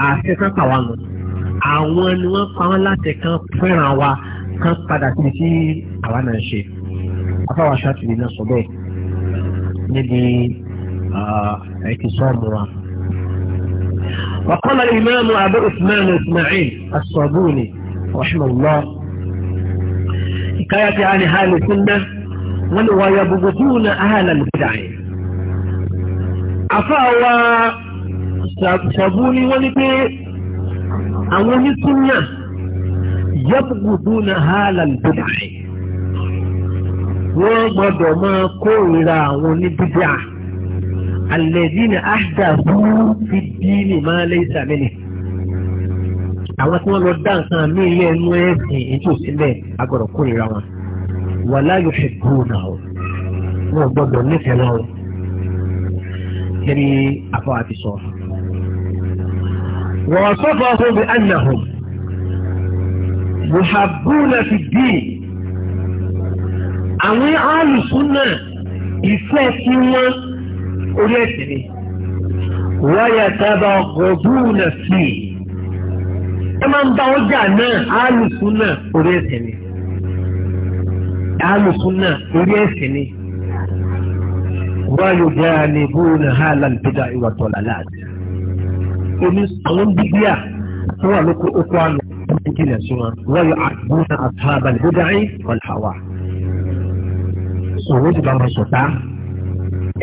àṣẹ kan pa wá nù àwọn ni wọn pa wọn láti kan fẹ́ràn wa kan padà sí sí àwa náà ṣe afáwàṣà tìrì náà sọ bẹ́ẹ̀ níbi ah, ẹ̀kí sọ́ọ̀mù wa. وقال الإمام أبو عثمان إسماعيل الصابوني رحمه الله حكاية عن أهل السنة ويبغضون أهل البدع أفاوى صابوني ولبي أولي السنة يبغضون أهل البدع وما دمى كل أولي بدع alẹ́dínà àdàbù fi dínì máa lé ìsàmìlì. àwọn tí wọ́n lọ dá nǹkan mí ilé ẹnu ẹ̀sìn ètò ìsílẹ̀ agbọ̀dọ̀ kórìíra wọn. wà láyò fi gbóò náà o wọn gbọ́dọ̀ nífẹ̀ẹ́ náà o. kiri afọwọ́ sọ. wọ́n sọ́fọ́ fún mi ànàhùn. muhabbuna fi dín. àwọn alùsùn náà ìfẹ́ sí wọn orí ẹ̀sìn ni wáyà sábà ọ̀gbọ́nà sí i ẹ máa ń bá ọjà náà alùpùpù náà orí ẹ̀sìn ni alùpùpù náà orí ẹ̀sìn ni wáyà ọjà ni bóun ha làlùpùpù ìwà tọ̀là láàdì omi àwọn bíbíà tó wà lóko oko àná ìjìnlẹ̀ sí wọn wáyà àgbọ̀nà àtàbàlì bó dáhìn wọ́n hàwà. òun ti bá wọn sọ̀tá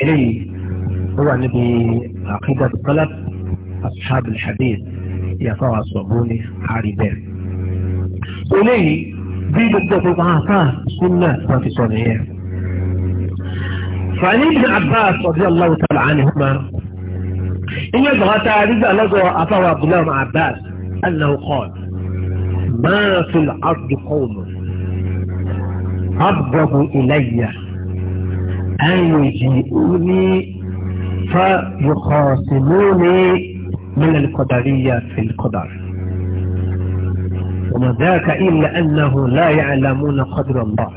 eléyìí. هو نبي عقيدة الطلب أصحاب الحديث يقع الصابوني بير وليه دي بده بضعفات سنة في صنعية فعلي بن عباس رضي الله تعالى عنهما إن يبغى تعريف لدى أفوى عبد الله بن عباس أنه قال ما في الأرض قوم أبغض إلي أن يجيئوني فيخاصموني من القدرية في القدر وما ذاك إلا أنه لا يعلمون قدر الله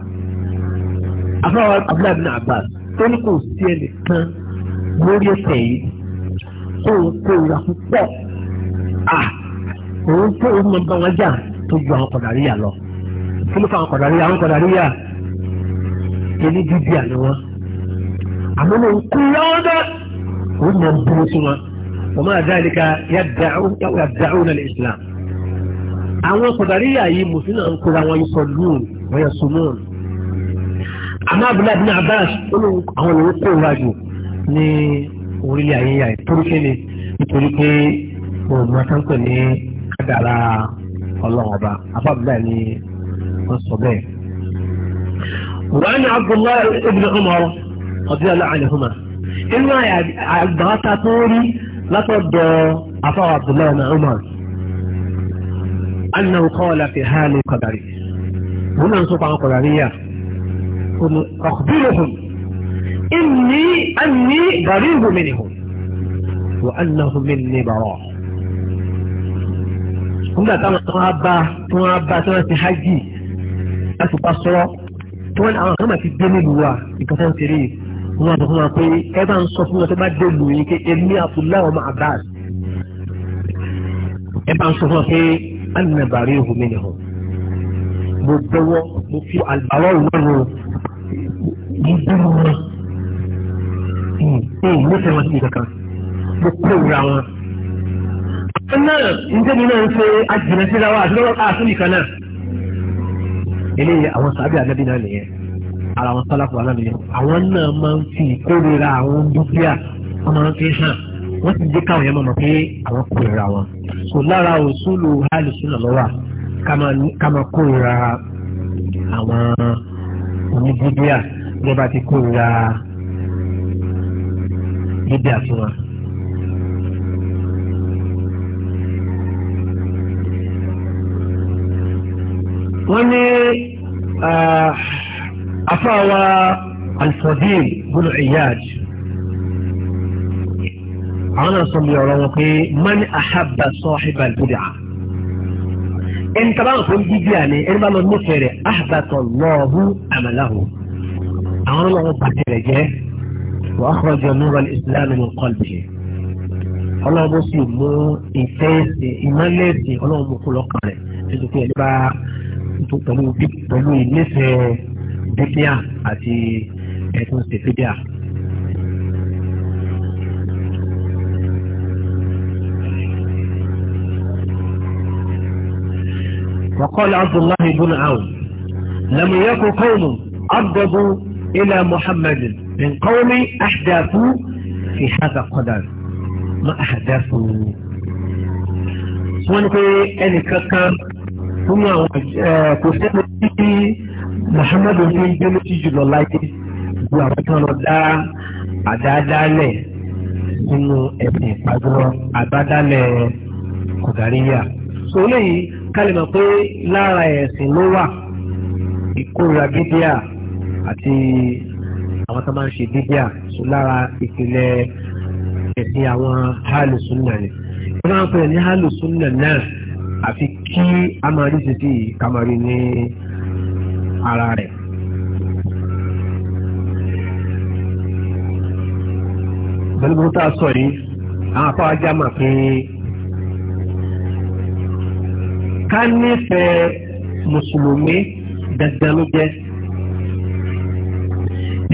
أفعل قبل بن عباس تلقوا السيد الإسلام مولي سيد سوء سوء آه وهم سوء من بغجة تجوها قدرية الله كل فعل قدرية عن قدرية يلي جيبيا نوا عملوا كل هذا wọ́n máa ń burú sí wọn wọ́n máa dáríka yàdàún al islam. àwọn kọ̀dáríyà yìí mùsùlùmí ń kóra wọn yìí wọ́n yẹ sùnmùún. abbas wájú ní orílẹ̀ ayé ni nítorí pé òun máa tán pè ní kádàrá ọlọ́run ọba ni wọ́n sọ bẹ́ẹ̀. wàá ní abdullahi ibn umar ọdún inú àgbàta tó rí látọ̀dọ̀ afáwà abdullahi na umar annahu qala fi hali kadari wọn náà ń sọ fáwọn kọ̀dàrí yà ọ̀kùnrin inni anni bari'u minhum wa annahum minni bara' nígbà táwọn tí wọ́n bá tí wọ́n bá tí wọ́n ti hajj láti bá sọ́rọ́ tí wọ́n àwọn kan máa ti nílùú wa nǹkan ń ṣeré yìí wọn àti fún wa pé ẹ bá ń sọ fún wa tó bá dé lù yín pé èmi Abdullahi ọmọ Abbas ẹ bá ń sọ fún wa pé alìnàbàrí ìhùn mi nìhun mo dọwọ́ mo fi àlọ́ ìwọ́rọ̀ mo dúró wọn ee hmm, hmm, mo fẹ́ wọn sí kankan mo kó wura wọn. náà njẹ́ mi náà ń ṣe àjìnà síra wa àti lọ́wọ́ káàtó nìkan náà eléyìí àwọn sàbẹ̀ àgbẹ̀bí náà nìyẹn ara wọn sálàpù aláàbẹ̀yẹ àwọn náà máa ń fi ìkórira àwọn dúkìá wọn máa ń fi hàn wọ́n ti dé káwọn yẹn máa mọ̀ pé àwọn kórira wọn kò lára òṣùlù alùsùnà lọ́wà ká máa kórira àwọn onídíbíà gẹ́gẹ́ ti kórira dídíà fún wọ́n ní ah, afáwa alifadil bùnú iyad àwọn náà sọ mi ọ̀rọ̀ wọn pé mani ahaba sọ́ọ́hìbà bídà ẹni tí a bá wọn fún bíbí àná ẹni bá lọ nífẹ̀ẹ́ rẹ̀ ahabatọ̀ lọ́ọ̀hù àmàláhù àwọn náà wọn bàtẹ̀ rẹ̀ jẹ́ wọ́n akọ̀jọ nura islam ní kọ́lbì ọlọ́run bó sì mú ìfẹ́ ẹ̀sìn ìmọ̀lẹ́ ẹ̀sìn ọlọ́run mú kó lọ́kàn rẹ̀ nítorí ẹni bá pẹ̀lú ìnífẹ̀ẹ́ bíbíà àti ẹ̀tún ṣe bíbíà. وقال عبد الله بن عون لم يكن قوم أبغضوا إلى محمد من قوم أحداثوا في هذا القدر ما أحداثوا wọ́n ní pé ẹnìkankan fún àwọn Muhammad ń fi gbé lójú jùlọ láyé ju àwọn tí wọ́n lọ dá àdáadáalẹ̀ nínú ẹ̀sìn ìpàgọ́ àbádálẹ̀ kọ̀dáríyà. Sọ eléyìí kálí mọ̀ pé lára ẹ̀sìn ló wà ìkórira bídíà àti àwọn tó máa ń ṣe bídíà sọ lára ìpìlẹ̀ ẹ̀sìn àwọn hálù súnà ni. wọ́n máa ń pè ní hálù súnà náà àfi kí a máa rí títí ká máa ara rẹ̀. gbogbo tá a sọ yìí àwọn afáwájá mà pé ká nífẹ̀ẹ́ mùsùlùmí dandan ló jẹ́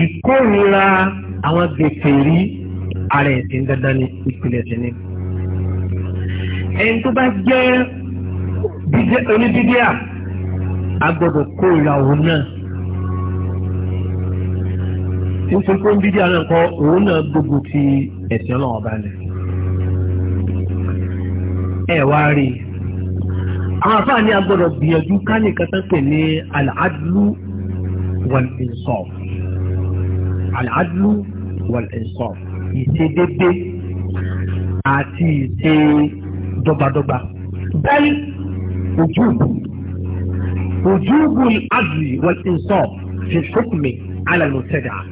ìkórìíra àwọn gbèsè rí ara ẹ̀sìn dandan ní ìpìlẹ̀ sí ni. ẹni tó bá jẹ́ oníbídíà a gbọ́dọ̀ kó ìràwọ̀ náà nítorí pé ń bí díà náà kọ́ òun náà gbogbo ti ẹ̀sìn ọlọ́run ọba lẹ̀. ẹ wá rí i àwọn àfáà ní a gbìyànjú ká ní nǹkan pè ní al-adlu wal-insaf al-adlu ìṣedédé àti ìṣe dọ́gbadọ́gba bẹ́ẹ̀ ojú ìlú. وجوب العدل والإنصاف في الحكم على المبتدعة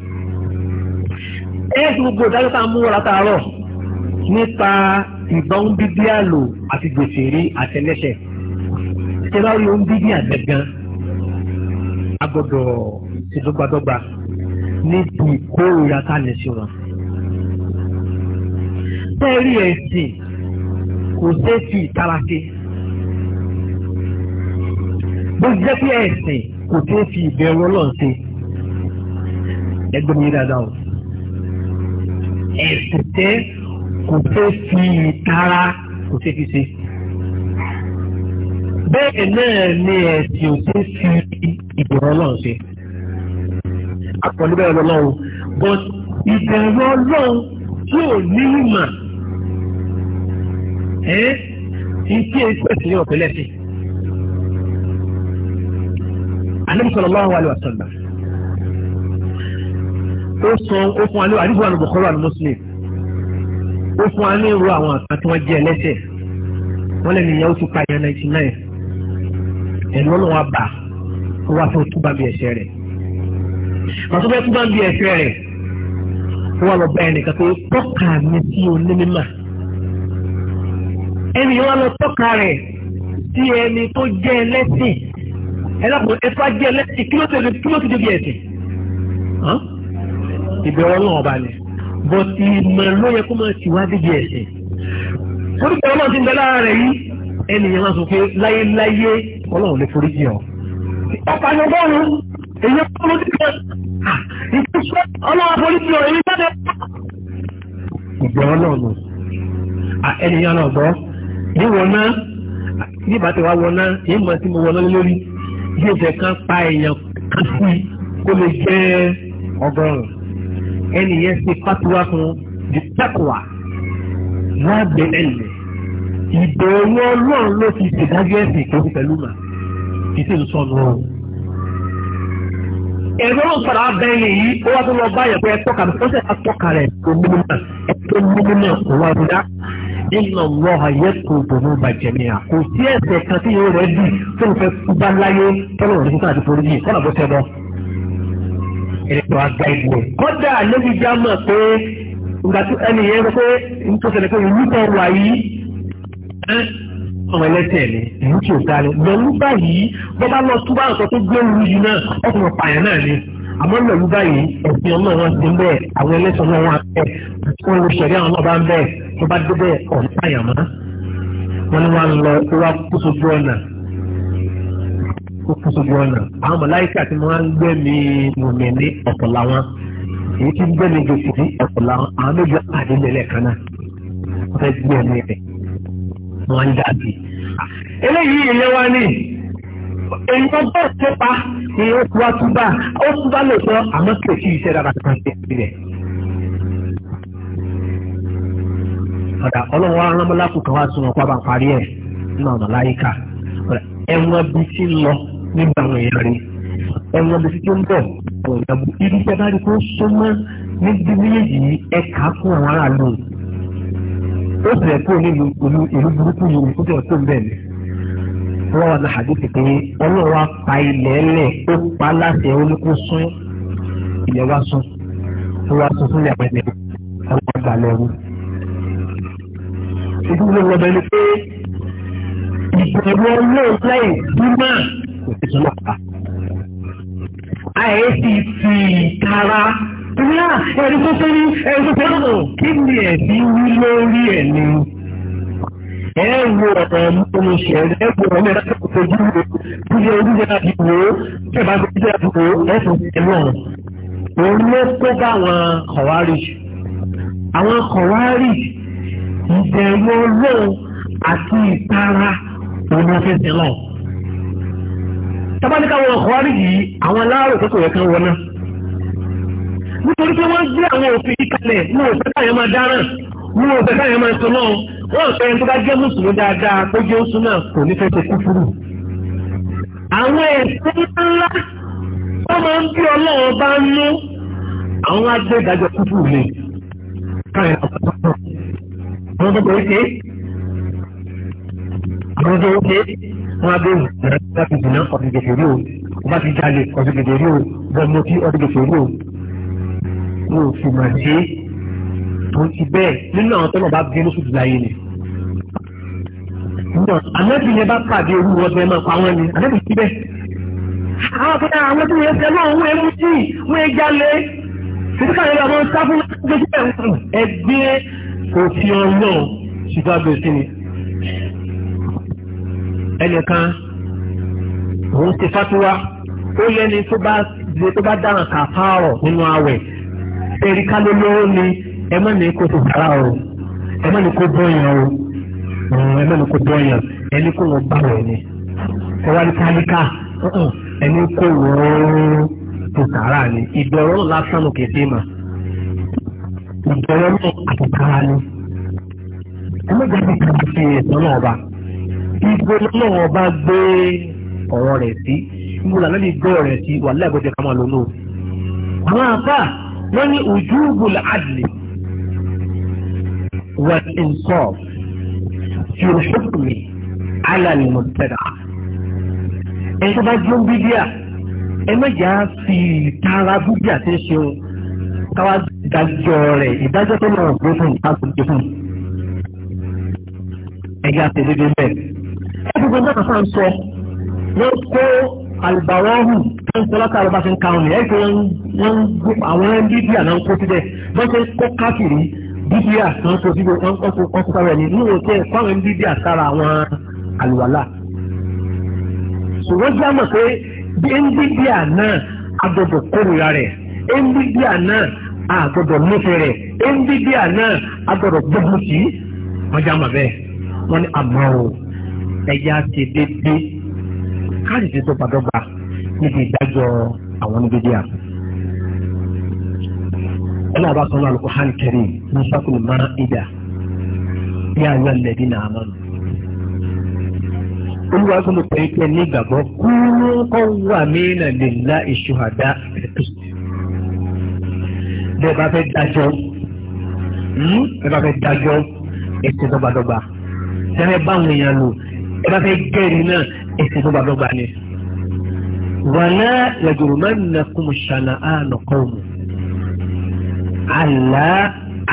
ẹ̀sùn gbogbo ìdájọ́ tá a mú wọ́n látàárọ̀ nípa ìbọn bíbí àlò àti gbèsè rí àtẹlẹsẹ̀ ṣe bá rí ohun bíbí àgbẹ̀gàn a gbọ́dọ̀ ṣèdọ́gbadọ́gba níbi ìkórìíra tá a lè ṣe wọn. bẹ́ẹ̀ rí ẹ̀sìn kò ṣeé ìtara ṣe bó jẹ́ pé ẹ̀sìn kò tó fi ìbẹ̀rù ọlọ́run ṣe ẹgbẹ́ mi dáadáa o ẹ̀sìn tẹ́ kò tó fi ìtara kò tó fi ṣe bẹ́ẹ̀ náà ni ẹ̀sìn ò tó fi ìbẹ̀rù ọlọ́run ṣe àpọ̀lẹ́bẹ̀rù ọlọ́run but ìbẹ̀rù ọlọ́run tí ò ní ìmọ̀ ẹ́ ìdí ẹ̀sìn ọ̀pẹ̀lẹ́sìn. Ànábì sallallahu alaihi wasallam ó san ó fún alẹ́ àdìsí wà ní bọ̀kọ́rọ̀ àti Muslim ó fún alẹ́ ìró àwọn àkàn tí wọ́n jẹ́ ẹlẹ́sẹ̀ wọ́n lẹ́nu ìyàwó ti pa ìyàn 99 ẹ̀lú ọlọ́wọ́ àbá ó wá fún túbà bí ẹ̀ṣẹ̀ rẹ̀ màtó bẹ́ẹ̀ túbà bí ẹ̀ṣẹ̀ rẹ̀ ó wà lọ bá ẹnìkan pé tọ́ka mi sí onímọ̀ ẹnìyàn wà lọ tọ́ka rẹ̀ sí ẹni tó jẹ́ ẹlẹ́sìn ẹlẹ́kùn ẹ̀tọ́ ajé ẹlẹ́sìn kí ló ti lè kí ló ti débi ẹ̀sìn ìbẹ̀rù ọlọ́run ọba ni but ìmọ̀ ló yẹ kó máa ti wá débi ẹ̀sìn torí pé ọlọ́run ti ń bẹ lára rẹ̀ yìí ẹnìyàn máa sọ pé láyéláyé ọlọ́run lè forí jì ọ́ ọ̀pá ni ọgọ́rùn-ún èyí kọ́ ló ti kẹ́ ìfúnṣẹ́ ọlọ́run forí jì ọ́ èyí jáde ìbẹ̀rù ọlọ́run ẹnìyàn náà gbọ́ níwọ̀n náà nígbà tí wàá wọ̀ náà èyí mọ̀ sí mo wọ̀ náà lórí yóò fẹ́ kán pa èèyàn kan sí kó lè jẹ́ ọgọ́rùn-ún ẹni yẹn ṣe fatuwa fún the takwa lábẹ́ ẹ̀lẹ́ ìbẹ̀rù ọlọ́run ló fi ṣèdájọ́ ẹ̀sìn tó fi pẹ̀lú mà kì í sì ń sọnù ọ̀hún. ẹ̀rọ ń sọ̀rọ̀ abẹ́lé yìí ó wá tó lọ báyọ̀ pé ẹ tọ́ka rẹ̀ ó sì ká tọ́ka rẹ̀ tó mímú náà ẹ tó mímú náà kò wá rúdá inna Allaha yẹ́kù bòmú bàjẹ́ ni à kò sí ẹ̀ṣẹ̀ kan tí yóò rẹ̀ dì tó ń fẹ́ kú láyé tọ́lọ̀ rẹ̀ nígbà tó forí yìí kọ́nà bó tẹ́ bọ́. ètò àgbà ìbò kọ́dà lóbi já mọ̀ pé nga tó ẹni yẹn pé n tó ṣẹlẹ̀ pé ìlú kan wà yìí ọmọ ẹlẹ́ṣẹ̀ ni ìlú tí ò dá lẹ lọ́lú báyìí bọ́bá lọ túbọ̀ àǹtọ́ tó gbé òru yìí náà ọkùnrin pààyàn náà ni àmọ́ lọ́lú báyìí ẹ̀sìn ọmọ wọn ti ń bẹ́ẹ̀ àwọn ẹlẹ́ṣẹ̀ náà wọn á bẹ́ẹ̀ wọn ò ṣẹ̀rí àwọn ọba ń bẹ́ẹ̀ tó bá débẹ̀ ọ̀nà àyàmá wọn ni wọn lọ wá kúsojú ọ̀nà kúsojú ọ̀nà àwọn mọ̀láyíkà tí wọ́n ń gbẹ̀mí mùmíní ọ̀pọ̀ làwọn èyí tí ń gbẹ̀mí gbèsè ní ọ̀pọ̀ làwọn àwọn méjì àdínlẹ̀lẹ̀ kan náà wọ́n fẹ́ gbẹ̀mí rẹ̀ wọ́n ń dàbí. eléyìí ilé wa ni èyí tó bọ̀ sípa ni wá túbà ó túbà lè sọ àmọ́ kèsì iṣẹ́ dára kan ṣe sílẹ̀. ọ̀dà ọlọ́run wa rámọ́lákù kan wá sun ọ̀pá bá ń parí ẹ̀ nínú ọ̀nà láyíká ẹ̀wọ̀n bí ti ń lọ nígbà àwọn èèyàn rí ẹ̀wọ̀n bí ti ń bọ̀ ọ̀dàbò ibi tẹ́ bá rí kó súnmọ́ níbi méjèèjì ẹ kà á fún àwọn aráàlú ó sì rẹ̀ kó nílùú ìlú ìlú burúkú yìí ó sì rẹ̀ kó bẹ́ẹ̀ ni wọ́n wà ní àdúgbò pé ọlọ́run wa pa ilẹ̀ ẹlẹ̀ ó pa láṣẹ oníkó sún ilẹ̀ wa sún ó wá sún fún ilẹ̀ ìdúró lọ́bẹ̀ ni pé ìbẹ̀rù ọlọ́ọ̀lá ìdúmọ̀ kò sí sọ́nà pa. àìsí ti tara ìyá ẹ̀rí tó tẹ́lí ẹ̀rí tó tẹ́lí nù kí ni ẹ̀sí wí lórí ẹ̀ ni. ẹ wo ọ̀rọ̀ mímu ṣẹlẹ̀ ẹ wo ọ̀rọ̀ ẹ̀rọ tó fojú wo bíjẹ ojúṣe àti wò ó tẹ̀ bá bíjẹ àti wò ó ẹ̀sùn ẹ̀lú ọ̀rọ̀. òun ló kó bá àwọn kọ̀wárì àwọn kọ̀wárì ìbẹ̀rù ọlọ́run àti ìtara wọn ni wọ́n fi ń ọkọ̀ wárí yìí àwọn aláàrò tó kò wọn náà. nítorí pé wọ́n gbé àwọn òfin yìí kalẹ̀ wọn ò káyọ̀ máa dáràn wọn káyọ̀ máa sọ náà wọ́n fẹ́ tó bá àwọn tó kọ̀wé ṣe àwọn tó kọ̀wé ṣe wọn á bẹ̀rù ìrẹsìlá ti dùnà ọ̀dún gèdè rí o ọba ti jalè ọ̀dún gèdè rí o bọ́ọ̀mù tí ọ̀dún gèdè rí o wọn ò fi màá ṣe tó ti bẹ́ẹ̀ nínú àwọn tó náà bá bí lóṣù jùlá yìí ni. àmọ́tí yẹn bá pàdé orú wọn bẹ́ẹ̀ máa pa wọ́n ni àmọ́tí ti bẹ́ẹ̀. àwọn akọ́tà àwọn tó yẹ fẹ́ lọ́wọ́ wọn mú sí wọn jalè títí káyọ̀ lọ́wọ́ sáfún ẹgbẹ́ òfin ọlọ́run ṣùgbọ́n abẹ́sí ni ẹnìkan òun ti fatuwa ó yẹni tó bá lè tó bá dáhùn kàfáàrọ̀ nínú àwẹ̀ erika ló lówó ni ẹ má ní kó tó fara o ẹ má ní kó bọ́yàn o ẹ má ní kó bọ́yàn ẹni kó wọ́n bá wẹ̀ ni ẹ wá ní kálíkà ẹni kó wọ́n tó sàrà ni ìbẹ̀rù lásán ló kéde mà ìbẹ̀rẹ̀ náà àtàkàrà ni. ẹlẹ́gbẹ̀ẹ́ mi kàn fi ìtàn náà bá ibo náà bá gbé ọ̀rọ̀ rẹ̀ sí ibo làná lè gbé ọ̀rọ̀ rẹ̀ sí wà lẹ́gbẹ̀ẹ́ kàmá lónà. àwọn àbá wọn ní ojú ìbòlá àdìlẹ̀ wà ìnsọ́ọ̀ yóò ṣùkùnmí alàlè mọ̀tẹ́dà ẹ̀ka bá jó bíbíà ẹ méjì á fi tara bíbíà ti ṣeun káwá dájọ́ rẹ̀ ìdájọ́ tó lọ́wọ́ gbé fún àkùnjẹ fún ẹ̀yà tẹ̀lédé bẹ́ẹ̀. ẹ̀dùnkún náà sàn sọ wọ́n kó àlùbáwọ́ hù tó ń sọlá ká àlùbáṣe ń ka ọ̀nà ẹ̀ fún wọn àwọn bíbíà náà ń kó síbẹ̀ wọ́n ṣe kó káfìrí bíbíà náà ń kó síbẹ̀ wọ́n kó sára ẹ̀ ní níwọ̀n tí ẹ̀ kó àwọn bíbíà sára àwọn àlùwàlà. ṣùgbọ́n jámọ̀ pé bí ẹ̀ ń bíbíà náà agbọ̀dọ̀ kórìíra rẹ̀ bíbíà náà àgbọ̀dọ̀ nífẹ̀ẹ́ rẹ̀ ndidi àná agbọ̀dọ̀ gbọ́dọ̀ sí wọ́n já màbẹ́ wọ́n ní àmọ́ o ẹ̀yà ti dédé káàdì ti dọ́gbadọ́gba níbi ìdájọ́ àwọn ndidi à. ọlọ́run bá sọ́nà àlùkò hàn kẹrin ní sọ́kùnrin máa ìdá bí àwọn náà kúrú kọ́ wà Hmm? bẹ́ẹ̀ bá fẹ́ dájọ́ ẹ bá fẹ́ dájọ́ ẹsẹ̀ dọ́gbadọ́gba tẹ́lẹ̀ báwọn èèyàn lò ẹ bá fẹ́ gẹ́rì náà ẹsẹ̀ dọ́gbadọ́gba ni. wàlá yàgòrò máa ń nà kún ṣànà àánà kọ́ọ̀mù àlá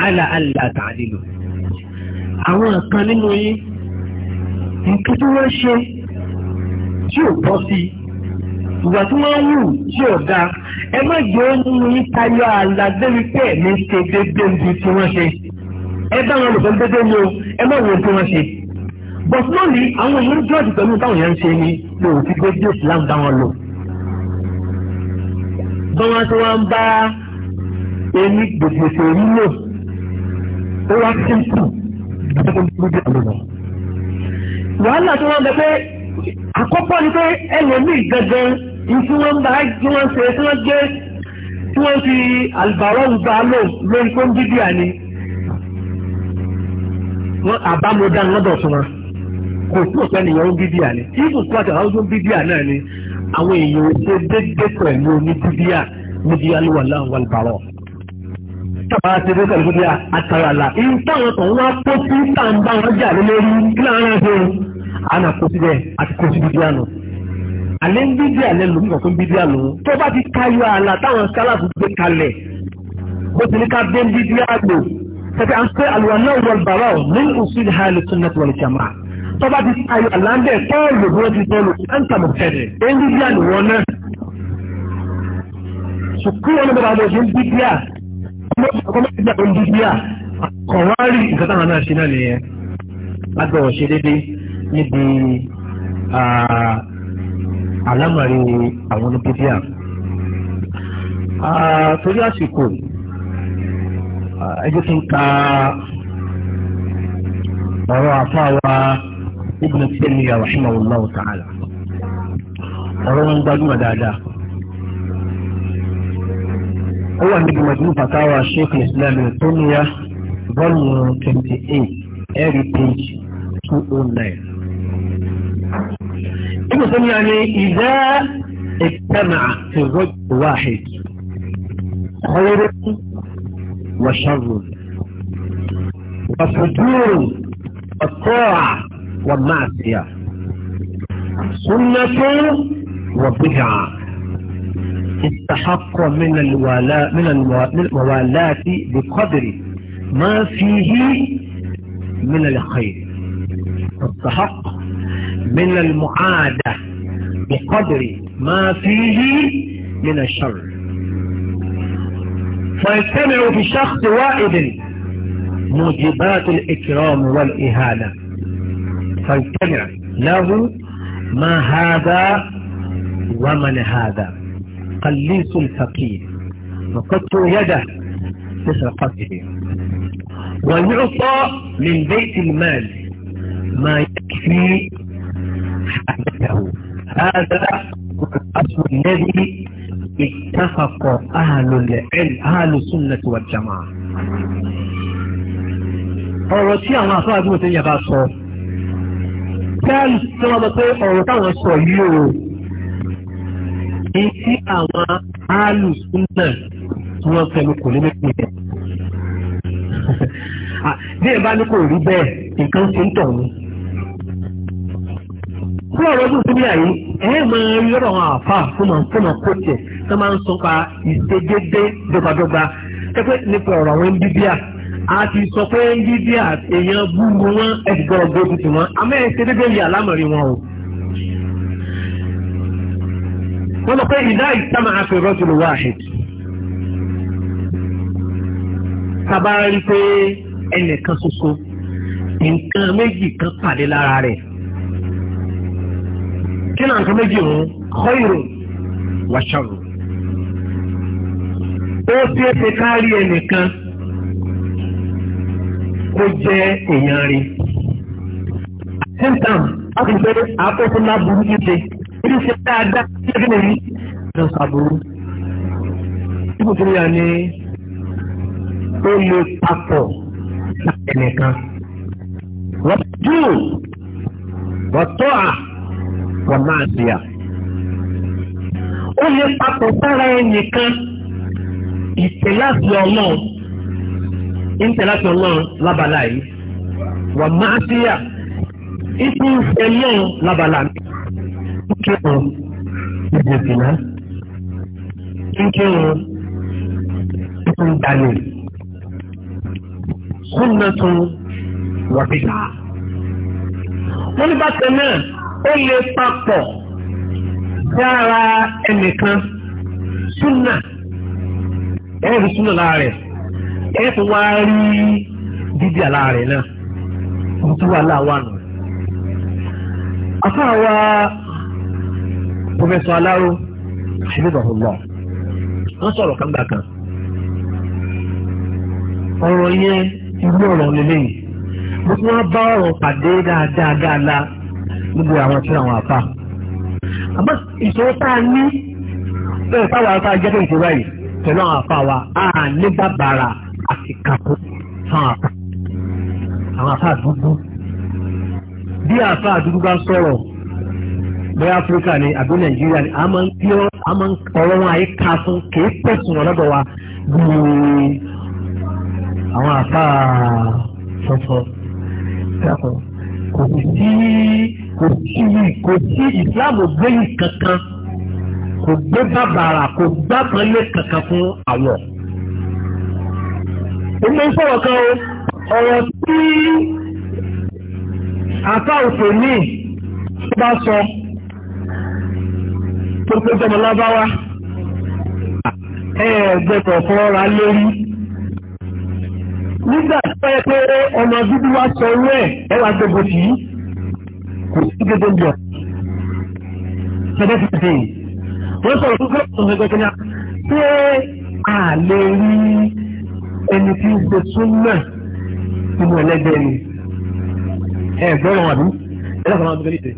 àlá àlá tàdílù. àwọn kan nínú yín nǹkan ṣe tí ò bọ́ sí i ìwà tí wọ́n wù tí ò dáa ẹ má jẹ́ ó nínú yín tayọ ààlà débi pé ẹ̀mí ṣe déédéé ju tí wọ́n ṣe ẹ bá wọn lòtọ́ déédéé lo ẹ má wo tí wọ́n ṣe bọ̀t lónìí àwọn èèyàn jọ́ọ̀dù pẹ̀lú táwọn èèyàn ń ṣe ni lò ó fi déédéé Islam bá wọn lò bọ́wọ́n tí wọ́n ń bá ẹni gbèsè yìí lò ó wá sínkù wàhálà tí wọ́n bẹ pé àkọ́kọ́ ni pé ẹlòmíì gangan tí wọ́n bá tí wọ́n ṣe tí wọ́n gbé tí wọ́n fi àlùbárọ̀ gbà lò lórí fún bíbí àní wọ́n àbámọ́dá lọ́dọ̀ fún wọn kò sí òpẹ́ nìyẹn ó bíbí àní tí kò sí àti àwọn tó ń bíbí àná ni àwọn èèyàn ò ṣe déédéé pẹ̀lú ní bíbí à níbi aluwa láwọn àlùbárọ̀ tàbá ti dé pẹ̀lú bíbí à àtàrà là ìyẹn wá kó sí tàǹbà wọn jà lórí kí àlẹ́ ń bíbí àlẹ́ lòun kàn tó ń bíbí àlòun tó bá ti káyọ àlà táwọn sálàfù gbé kalẹ̀ bó ti ní ká dé ń bíbí àlò tẹ̀sí à ń pẹ́ àlùwà náà wọ bàrà ọ̀ ní òsì ìhà ilẹ̀ tó náà wọlé jàmà tó bá ti káyọ àlà ń bẹ̀ tọ́ọ̀lù bí wọ́n ti tọ́ọ̀lù ẹ̀ńtà mọ̀ fẹ́rẹ̀ ẹ̀ ń bíbí àlò wọn náà. sùkúrù wọn bá wọn ṣe ń bíbí à ọmọ bíbí à kọ̀wárì àlámàrí àwọn oníbíbíà ah, torí àsìkò ẹ jẹ́ kí ka ọ̀rọ̀ àfáwà Ibn Taymiyyah rahimahullah ta'ala ọ̀rọ̀ wọn gbajúmọ̀ dáadáa ó wà níbi mọ̀jú fatawa Sheikh Islam Taymiyyah volume twenty eight every page two oh nine. ابن يعني إذا اجتمع في الرجل واحد خير وشر وفجور والطاعة والمعصية سنة وبدعة استحق من الولاء من الموالاة بقدر ما فيه من الخير استحق من المعادة بقدر ما فيه من الشر فيجتمع في شخص واحد موجبات الإكرام والإهانة فيجتمع له ما هذا ومن هذا قليس الفقير وقدت يده بسرقته ويعطى من بيت المال ما يكفي أكله هذا الأصل الذي اتفق أهل العلم أهل السنة والجماعة ọ̀rọ̀ tí àwọn afáàbí òtún yẹn bá sọ gáàlì tí wọ́n lọ pé ọ̀rọ̀ táwọn sọ yìí o ní tí àwọn áàlù súnà tí wọ́n fẹ́ kò ní méjì rẹ̀. bí ẹ bá ní kò rí bẹ́ẹ̀ nǹkan ṣe ń tọ̀ ni fún ọ̀rọ̀ ọdún síbí àyè ẹ̀ mọ rí ọ̀rọ̀ àwọn àfa fún mọ̀ fún mọ̀ kó tiẹ̀ tó máa ń sọpa ìṣedédé dọ́gbadọ́gba ẹ pé nípa ọ̀rọ̀ àwọn ndíbíà a ti sọ pé ndíbíà èèyàn búburú wọn ẹ̀dùgbọ́n ọgbọ́n tuntun wọn àmọ́ ẹ̀ ṣedédé yìí àlámọ̀rí wọn o. wọ́n lọ pé ìdá ìtàmà àfẹ́rọ́ tó lè wá àṣẹ. sábà rí pé ẹnìkan ṣoṣo nǹkan méjì kan pàdé lára rẹ̀ kí náà nǹkan méjì ń khairun wa sharrun. ó ṣeé ṣe kárí ẹnìkan kó jẹ́ èèyàn rí. síntàn a kò fẹ́ akókó náà burú jíjẹ ibi ṣe dáadáa ṣé kí ni rí ló ń sàbúrú. ibùdó yà ni ó lè papọ̀ ẹnìkan. wọ́n jù wọ́n tọ́ à wọ́n máa ṣe à. ó lè papọ̀ sára ẹnìkan ìtẹ̀láṣẹ ọlọ́run ìtẹ̀láṣẹ ọlọ́run lábala yìí wọ́n máa ṣe à. ìtú ẹlọ́run lábala mi. ó kẹ́kọ̀ọ́ ìjẹ̀sìnà ń kẹ́kọ̀ọ́ ìtúndalè kúnnà tó wọ́n ti gbà. wọ́n ní bá tẹ̀ náà. ó lè papọ̀ dára ẹnìkan súnà ẹ̀rù súnà lára ẹ̀fọ́ wá rí dídí àlá náà ojú wa láwa nù. afáwa pọfẹsọ aláró ṣẹlẹbàbọlọ wọn sọ̀rọ̀ kàńgbà kan ọ̀rọ̀ yẹn ìlú ọ̀rọ̀ lélẹyìn mo tún wá bá ọ̀rọ̀ pàdé dáadáa dáadáa. níbi àwọn tí àwọn àfa. àmọ́ ìṣòro tá a ní bẹ́ẹ̀ táwọn àfa jẹ́ pé ìṣòro yìí pẹ̀lú àwọn àfa wa á ní bàbàrà àti kàkó fún àfa. àwọn àfa dúdú bí àfa dúdú bá sọ̀rọ̀ bẹ́ẹ̀ áfíríkà ni àbí nàìjíríà ni a máa ń kí a máa ń ọ̀rọ̀ wọn àyè ká fún kìí pẹ̀sùn ọ̀lọ́dọ̀ wa bíi àwọn àfa sọ̀tọ̀ kò sí kò sí kò sí ìsìláàmù gbẹ́yìn kankan kò gbé bàbàrà kò gbàgbọ́lé kankan fún àwọn. èmi ń kan o ọ̀rọ̀ tí àtàwùtò ní bá sọ tó pé jọmọ lábáwá ẹ gbẹdọ̀ fọ́ra lórí. nígbà tó yẹ pé ọmọ dúdú wá sọ owó ẹ̀ ẹ wá gbogbo tì í gbogbo ń bọ̀. Ṣẹ́gbẹ́ ti dè é. Wọ́n sọ̀rọ̀ fún kílọ̀tù ní gbogbo náà. Ṣé a lè rí ẹni tí ń ṣe súnmọ́ nínú ẹlẹ́gbẹ́ ni? Ẹ gbọ́dọ̀ wà ní ẹlẹ́kọ̀ọ́ máa ń gbẹ́lẹ̀ tẹ̀.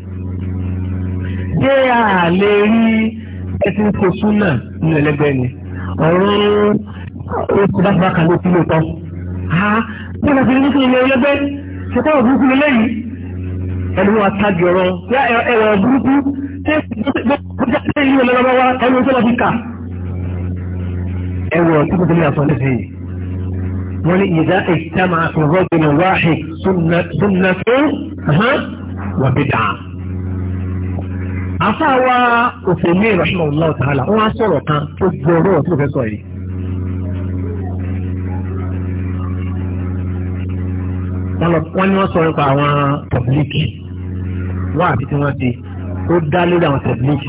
Ṣé a lè rí ẹni tí ń ṣe súnmọ́ nínú ẹlẹ́gbẹ́ ni? Ọ̀rọ̀ oṣù bá bá kan ló ti lò tán. Ṣé o lọ sí ilé ẹlẹ́gbẹ́? Ṣé táwọn burúkú lélẹ́yìí? ẹni wọn atájú ọ̀rọ̀ yá ẹwà burúkú tí ó yí ọlọ́rọ̀ bá wá ẹni tó lọ fi kà ẹwà tí kò tẹ́lẹ̀ àfọ́n lẹ́sẹ̀ yìí wọ́n ní ìdá ìtàmà rọ́gbìnà wáhì súnmọ́ tó wà bí dà. afáwa òfin mi rahman allah ta'ala wọn á sọ̀rọ̀ kan tó gbọ́ tó fẹ́ sọ yìí. wọ́n ní wọ́n sọ nípa àwọn tọ̀bílíkì wọ́n àti tí wọ́n ti ó dá lórí àwọn tọ̀bílíkì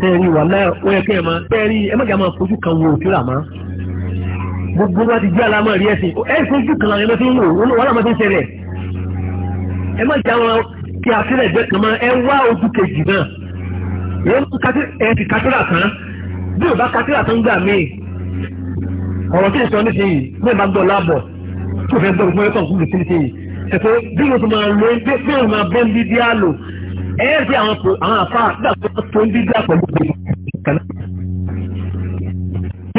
tẹ́ẹ̀rí wà láì ó yẹ kẹ́ ẹ̀ máa tẹ́ẹ̀rí ẹ má jà máa fojú kan wo òkúra máa gbogbo wa ti jẹ́ alámọ̀ rí ẹ̀sìn ẹ̀ fojú kan àwọn ẹ̀mẹ́fẹ́ ń wò wọ́n làwọn ti ń ṣẹlẹ̀ ẹ má jà wọn kí àtúrẹ̀ jẹ́ kan máa ẹ wá ojú kejì náà ẹ ti kátúrà kan bí ò bá kátúrà kan gbà míì ọ̀rọ̀ tí ì sọ nísìnyí bí ẹ bá gbọ́ láàbọ̀ pòfẹ́sọ̀ mọ́ẹ́kọ̀ fún kìtìkì yìí ẹ̀fọ́ bí se tún máa lo ẹgbẹ́ bí mo máa bọ́ ń dídí á lò da ẹ́ sí àwọn àwọn àfa àgbà tó ń dídí àpọ̀lù kan kí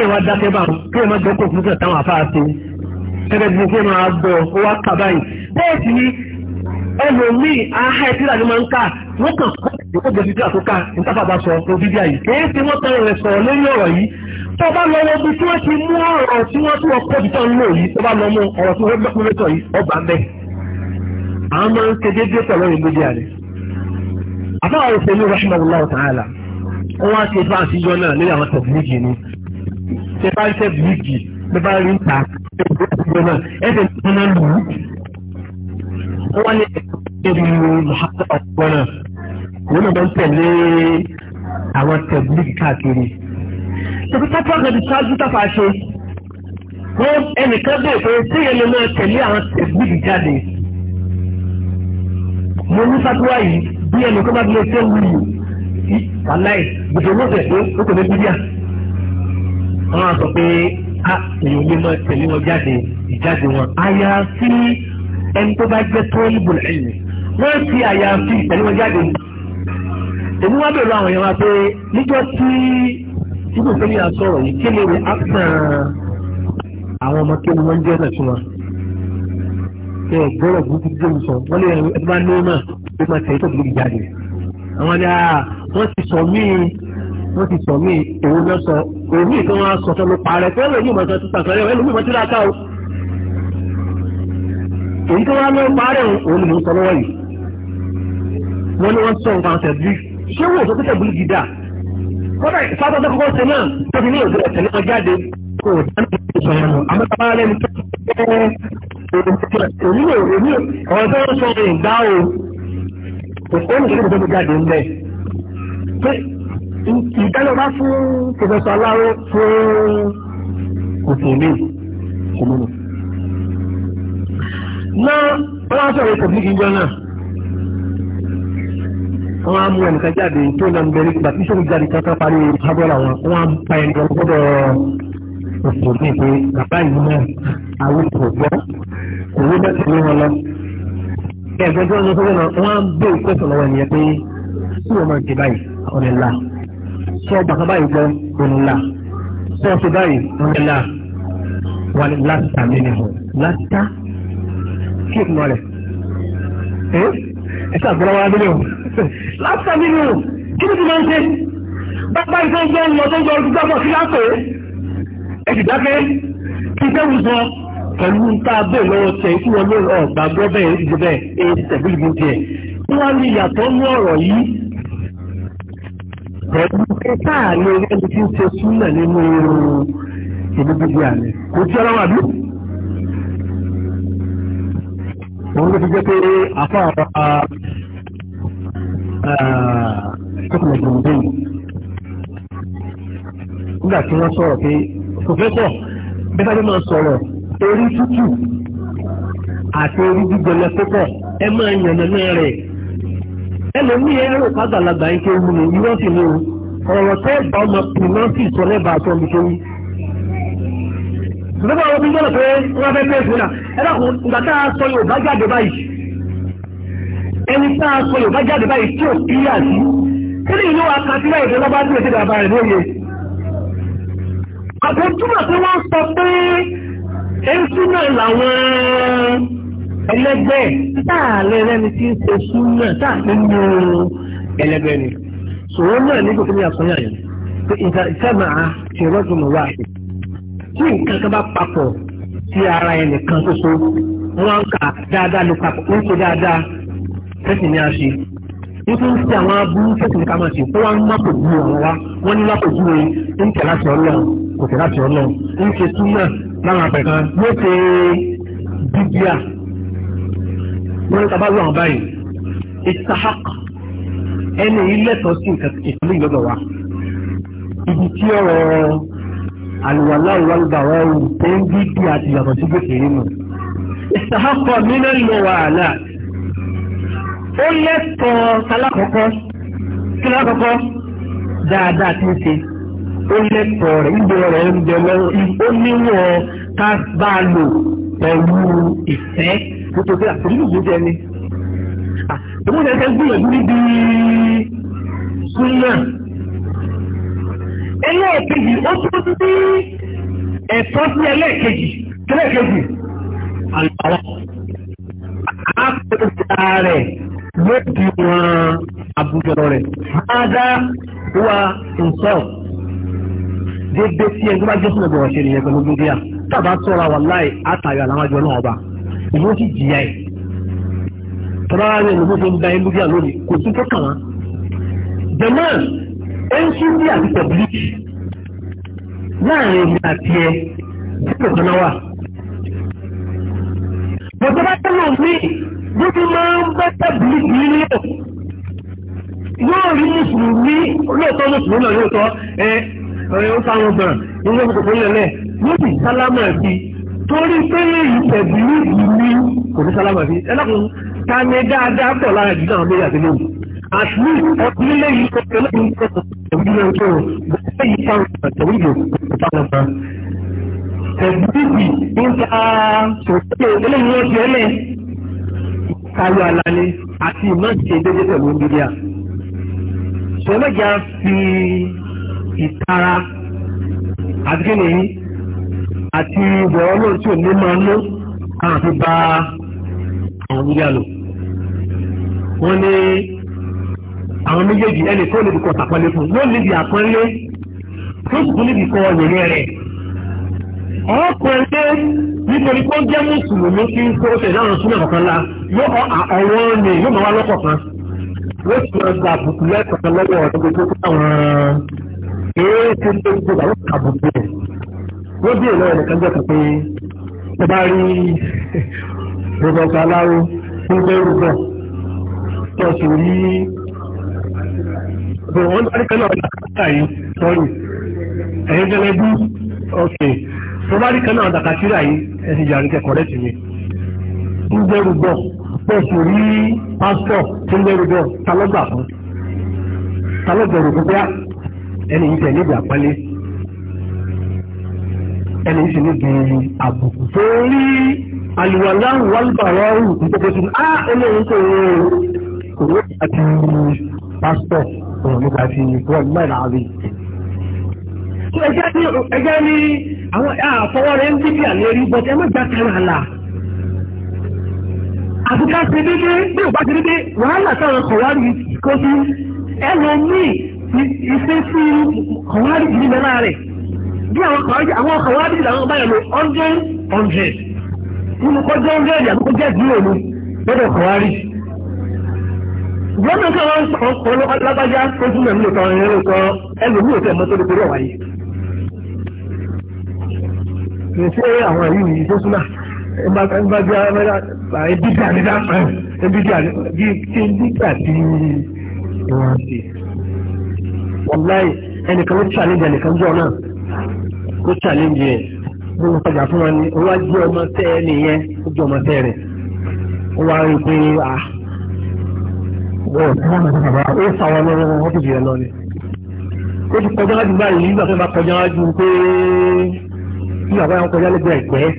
ẹ wá dákẹ́ bá wọn kí ẹ má gbọ́kọ̀ fún kìtà táwọn àfa àti ẹgbẹ́ bí mo fẹ́ máa gbọ́ a wá kà báyìí bẹ́ẹ̀ sì ni ẹlòmíì ahá ẹ̀ ìkókò bíbí àtúkà ìtàfàbà sọ tó bíbí àyè kìí fi wọ́n tẹ̀rẹ̀ rẹ̀ sọ̀rọ̀ lórí ọ̀rọ̀ yìí tó bá lọ wọ́n bí tí wọ́n ti mú ọ̀rọ̀ tí wọ́n tí wọ́n kọ́ jù tán lò yìí tó bá lọ mú ọ̀rọ̀ tí wọ́n gbẹ́kúrẹ́ sọ yìí ọgbà mẹ́. àwọn máa ń ṣe déédéé pẹ̀lú ọ̀rọ̀ ìmúdí àlẹ́. àbáwọ̀ òṣèlú rahimahullahu ta'ala wọ́n wá ṣe bá àṣìyọ náà lórí àwọn tẹ̀bílíìgì ni ṣe bá ń tẹ̀bílíìgì bí bá rí ta ṣe náà ẹ̀sẹ̀ tí wọ́n lù ú. wọ́n ní ẹ̀sẹ̀ tí wọ́n lù ú òun náà máa ń tẹ̀lé àwọn tẹ̀lé káàkiri. dókítà tó àgbẹ̀bí ṣáájú tàfà ṣe wọ́n ẹnìkan bèèrè pé tí yẹn lè máa tẹ̀lé àwọn tẹ̀lé jáde. mo ní fatuwa yìí bí ẹnìkan bá gbé ṣé wù yìí wàláì gbèsè ló fẹ̀ pé ó kò ní bíbíà. wọ́n á sọ pé a èèyàn lè máa tẹ̀lé wọn jáde ìjáde wọn. àyàfi ẹni tó bá jẹ́ tó ń bùrẹ̀ ẹ̀yìn wọ́n ti àyàfi tẹ̀lé wọn jáde èmi wá bèrè àwọn èèyàn wa pé níjọ́ tí ibùdó sẹ́yìn àsọ̀rọ̀ yìí kí lè rí àpàn àwọn ọmọ tó ní wọ́n jẹ́ náà fún wa ṣe ìgbọ́rọ̀ burúkú tó ń sọ wọ́n lè ẹni bá ní náà ó máa tẹ̀yẹ́ tó burúkú jáde àwọn ni ah, wọ́n ti sọ míì wọ́n ti sọ míì òun náà sọ òun míì tó wọ́n á sọ tó ló parẹ́ tó lè ní ìmọ̀ tó ti sàkọ́ ẹ̀rọ ẹlòmíì mọ́tí o èyí tó wọ́n á parẹ́ òun ni mò sọ lọ́wọ́ yìí wọ́n ní wọ́n sọ nǹkan àtẹ̀bí ṣé wò ó sọ pé tẹ̀gbìn jìdá kọ́dà ìfáàtà tó kọ́kọ́ ṣe náà tó fi ní òjò ọ̀tẹ̀ náà jáde kò dáná ìṣòro nù àmọ́ tábà lẹ́nu tó ṣe òní òní ọ̀rọ̀ tó ń sọ ìgbà o òkú ní ìṣòro tó fi jáde ńbẹ. ìdánilọ́ba fún pòfẹ́sọ̀ aláró fún òfìlè òmùnà. náà wọ́n á sọ̀rọ̀ ìkọ̀bí wọ́n á mú ẹnìkan jáde tó lọ nbẹ̀rẹ̀ ìgbà tí sọ́kù jáde kankan parí abọ́là wọn wọ́n á pa ẹnì kan gbọ́dọ̀ òfò ní pé bàbá yìí náà àwọn òfò gbọ́ òwe bá tẹ̀lé wọn lọ. ẹ̀gbọ́n tí wọ́n ń sọ́kù náà wọ́n á bẹ̀ ìkọ́sọ̀ lọ́wọ́ ẹ̀nìyẹn pé kí wọ́n máa ń ṣe báyìí ọ̀nà ńlá sọ bàbá báyìí gbọ́ ọ̀nà ńlá sọ ṣe báyìí ọ̀nà ẹ̀sà àgbọ̀lọ́wọ́ adúlé o láti nínú kí ni ti máa ń ṣe bàbá ìfẹ́ ń gbọ́ ń lọ tó ń gbọ́ ọdún gbàgbọ́ sí lápẹ́ ẹ sì dákẹ́ kí iṣẹ́ wù sọ pẹ̀lú ń tá a bẹ̀ lọ́wọ́ tẹ ikú wọn ló ọ̀ gbàgbọ́ bẹ́ẹ̀ èyí ti bẹ́ẹ̀ èyí ti tẹ̀gbọ́ ìbò tiẹ̀ kí wọ́n ní ìyàtọ̀ mú ọ̀rọ̀ yìí pẹ̀lú kẹta àlẹ́ ẹni tí ń ṣe súnà nínú ìlú gbogbo àlẹ́ kò tí ọlọ́wọ́ àdúgbò òun ló fi jẹ́ pé afọ́ ah, ah, àwọn nígbà tí wọ́n sọ̀rọ̀ pé pòfẹ́sọ̀ bẹ́ẹ̀ máa sọ̀rọ̀ orí tútù àti orí gbígbóná púpọ̀ ẹ máa yànnà náà rẹ̀ kágbàlagbà ni o ọ̀rọ̀ ọmọ pìnọ́sì sọ lẹ́bàá tó ń bí nígbà wo bí yọ̀rọ̀ pé wọ́n fẹ́ pé ìfúnà ẹ dákun ìgbà tá a sọ Yorùbá jáde báyìí ẹni tá a sọ Yorùbá jáde báyìí tí ò kí yà sí kí ni ìlú wa kan tí wọ́n ìfẹ́ lọ́ba tí ò ti dàbà rẹ̀ lóye. àpò tí wọ́n sọ pé ẹ̀ńsú náà làwọn ẹlẹ́gbẹ́ táàlẹ́ lẹ́ni tí ń ṣe súnmọ́ táàlẹ́ nínú ẹlẹ́gbẹ́ ni sòwò náà nígbà tó ní àkọ́yà yẹn pé ìtàgbà ṣe rọ́jùmọ̀ wáṣẹ̀ tí nǹkan kan bá papọ̀ sí ara ẹnìkan ṣoṣo wọ́n ń kà dáadáa ló papọ̀ ń ṣe dáadáa tẹ́sí ni a ṣe nítorí ń ṣe àwọn aburú tẹ́sí ni ká máa ṣe kó wá ń mápò ju àwọn wa wọ́n ní mápò ju rẹ̀ ń tẹ̀ láti ọlọ́run kò tẹ̀ láti ọlọ́run ń ṣe túmọ̀ láwọn àpẹ̀ kan yóò ṣe bíbíà wọ́n ní tabá àwọn báyìí ìtahak ẹni ilé ẹ̀tọ́ sí nǹkan ìtàlú wa ibi tí ọ̀rọ̀ àlùwàlá ìwàlùbà wà ó tó ń bí kí àti yàtọ̀ sí kékeré nù. ìsàkọ̀ nínú ìlú wàhálà ó lẹ́tọ̀ọ́ sálákọ̀ọ́kọ́ kí lákọ̀ọ́kọ́ dáadáa tí ń ṣe ó lẹ́tọ̀ọ́ rẹ̀ ìgbé rẹ̀ ń bẹ lọ́wọ́ ó níwọ̀n ká bá a lò pẹ̀lú ìfẹ́ nítorí àpèjì ìlú jẹ ni. àpèjì ìlú jẹ ń gbìyànjú níbi súnmọ́ ẹlẹ́ẹ̀kejì ó tún ní ẹ̀tọ́ sí ẹlẹ́ẹ̀kejì ẹlẹ́ẹ̀kejì àlọ́ àpẹẹrẹ rẹ̀ ló di wọn àbújọ rẹ̀ ádá wa nsọ́ dédé tí ẹgbẹ́ bá jẹ́ fún ọgbọ̀n ọ̀ṣẹ́ nìyẹn pẹ̀lú gbogbo yà tàbá sọ̀rọ̀ wà láì àtàrí àlàmájọ náà ọba ìlú sì jìyà ẹ̀ tọ́lá rẹ̀ ló mú fún da ẹgbẹ́ yà lónìí kò tún tó kàn wá ẹnṣú bí àti tẹ̀bílì láàrin èmi àti ẹ dípò kan náà wà. bọ̀dọ̀ bá tẹ́lẹ̀ mí gbogbo máa ń bá tẹ̀bílì yìí lọ. yóò rí mùsùlùmí lóòótọ́ mùsùlùmí náà lóòótọ́ ẹ ọ̀rẹ́ ó fáwọn gbọ̀n ní wọ́n kò fún lẹ́lẹ̀ yóò sì sálámà sí torí pé lẹ́yìn tẹ̀bílì yìí ni kò ní sálámà sí ẹ lọ́kùnrin ta ni dáadáa pọ̀ lára jù náà lórí àti lóòótọ́ at least ọdún lẹ́yìn ọdún lẹ́yìn ọdún lẹ́yìn ọjọ́ lẹ́yìn táwọn ìgbàjọ́ ìlú ìpàdánù kan. ẹ̀gbẹ́bí ń ta sòtẹ́ eléyìí ọjọ́ ẹlẹ́ káyọ̀ alálẹ́ àti ìmọ̀ọ́sẹ̀ dédé pẹ̀lú mídíà. sọlọ́jà fi ìtara àti kínní àti ìbọ̀wọ́ lóun tí ò ní máa ló káwọn fi bá àwọn mídíà lò. wọ́n ní àwọn méjèèjì ẹnì kó níbi kọ sàpọ́nlé fún yóò níbi àpọ́nlé tó sì tún níbi kọ yẹ̀yẹ́ rẹ̀ ọ̀pẹ̀lẹ́ nítorí pé ó jẹ́ mùsùlùmí tí ń kó tẹ̀lé àwọn súnmọ̀ kọ̀ọ̀kan la yóò àwọn ni yóò máa wá lọ́kọ̀ kan wọ́n ti máa gba àbùkù lẹ́ẹ̀kan lọ́wọ́ ọ̀dọ́ gbogbo fún àwọn eré tí ń tóbi gbogbo àbùkù rẹ̀ wọ́n bí (laughs) bò wọ́n ní wọ́n kanáà dàkátà yìí sọ́ọ̀rì ẹ̀yìn gẹ́gẹ́ bí ok tó bá rí kanáà dàkátìrà yìí ẹ̀sìn ìjà àríkẹ́ kọ̀rẹ́tì mi ń bẹ̀rù bọ̀ pọ̀ sí rí pásítọ̀ tó ń bẹ̀rù bọ̀ ta ló gbà fún ta ló bẹ̀rù gbígbá ẹni yìí tẹ̀lé ìgbà pálí ẹni yìí sì ní gbìyànjú àbùkù ah, tó rí àlùwàlá wàlùbàrọ̀ òrùkú tó ah olóhùn kò rò kò rò pásítọ̀ ọ̀rọ̀ nípa ti wọ́n mẹ́rin àárín. ẹgbẹ́ ní àwọn àfọwọ́rẹ́ ń bíbí àlérí bọ́tẹ́ ẹ má gbà kan àlà. àbúká ṣe dédé bí ò bá ṣe dédé wàhálà táwọn kọ̀wárì kó sí ẹlòmíì ìfẹ́sí kọ̀wárì yìí mẹ́ra rẹ̀ bí àwọn kọ̀wárì àwọn kọ̀wárì làwọn báyọ̀ lọ hundred hundred nínú kọjá hundred àbúkọ jẹ́ zero ni lọ́dọ̀ kọ̀wárì gbọ́dọ̀ kí wọ́n sọ ọ̀pọ̀lọ́ alágbájá tó tún mẹ́rin lòtọ́ ẹ̀rín lòtọ́ ẹlòmí ò tẹ̀ mọ́ tó dòkòrò ọ̀wáyé. kì í ṣe àwọn èyí yìí tó súnà ẹgbàgbà ẹbí dà ní dáfà ẹbí dà ní bí kí n dígbà tí wọ́n ṣe. wàláì ẹnìkan ló challenge ẹnìkan jọ náà ló challenge ẹ̀ bí wọ́n tajà fún wọn ni ó wá jẹ́ ọmọ tẹ́ ẹ nìyẹn ó jẹ́ ọmọ tẹ́ rẹ̀ ó wá rí i pé ah wọ́n tí wọ́n náà bàbá ó sàwọn lọ́wọ́ wọn tó jìyà lọ ni ó ti kọjá láti báyìí nígbà tó bá kọjá láti pé bí bàbá yẹn kọjá lẹ́gbẹ̀ẹ́ ẹ̀gbẹ́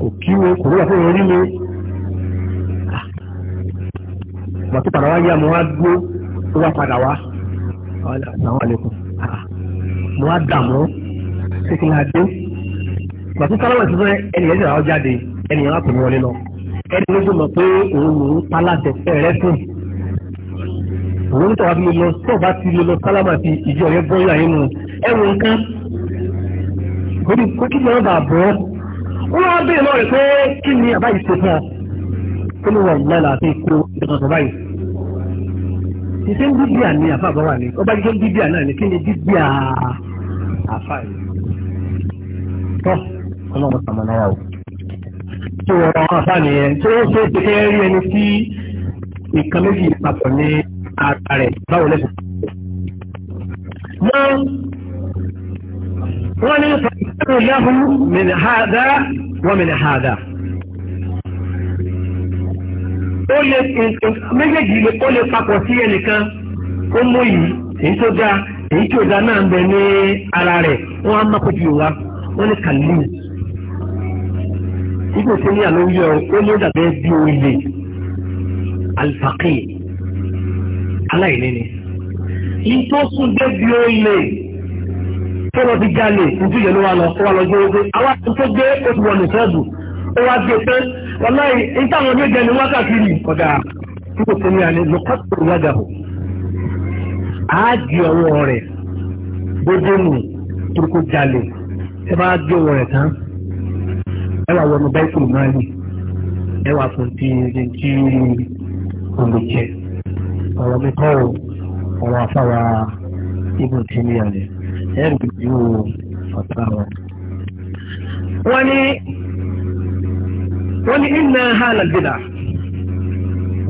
kò kí wo kò lóyà fún orí mi bàtú padà wá yá mo wá dúró ó wá padà wá àwọn àlékún mo wá dààmú kékeré adé bàtú sálámà ti fún ẹnìyẹn ti rà ọ jáde ẹnìyẹn wá pè mí wọlé lọ ẹni ló dùn mọ pé òun lòún pa láti ẹ̀fẹ́ rẹ fún un òun nítorí wàá fi lè lọ tó bá ti lè lọ sálámà sí ìjọ rẹ bọ́ yà nínú ẹ̀wọ̀n nǹkan lórí kó kí lọ́ọ́ bá bọ́ wọ́n wá bèèrè lọ́rẹ̀ pé kí ni àbá yìí ṣe fún ọ kó ló wà láìla àti ìkó ìdọ̀tọ̀ báyìí ìṣe ń bíbíà ni àfa àbá wà ní ọba jíjẹ́ bíbíà náà ni kí ni bíbíà àfa yìí tọ́ ọlọ́mọ sàmọ́náyà o tó ọ̀rọ̀ àfa nìyẹn tó ṣe é ṣe kí ẹ rí ẹni tí nǹkan méjì papọ̀ ní ara rẹ̀ báwo lẹ́sẹ̀. wọ́n wọ́n ní fàtàkì lẹ́hùn mìíràn hàdá wọ́n mìíràn hàdá. ó lè méjèèjì lè ó lè papọ̀ sí ẹnìkan ó mú yìí èyí tó dáa èyí tó dáa náà ń bẹ ní ara rẹ̀ wọ́n á má kó ju wa wọ́n ní kàlíìsì ibi òfin ní àlọ́ yọ ó ní dàbẹ́ bí oye alfaqir aláìní ni ìtò sùn débi ó lè tó lọ fi jalè ojú yẹn ló wà lọ ó wà lọ gbé àwa tó gbé ó ti ní sọ́ọ̀bù ó wá gbé pé wàláì ìtàwọn ọdún ìjẹni wákàtí rí ọ̀dà tí kò fún gbogbo nù turku jalè ẹ bá gbé ọwọ́ ọ̀rọ̀ mi o ọ̀rọ̀ afáwa ibò tí mi ọ̀lẹ̀ ẹ̀rù ọ̀tá wọn. wọ́n ní wọ́n ní iná ha nàgbèdà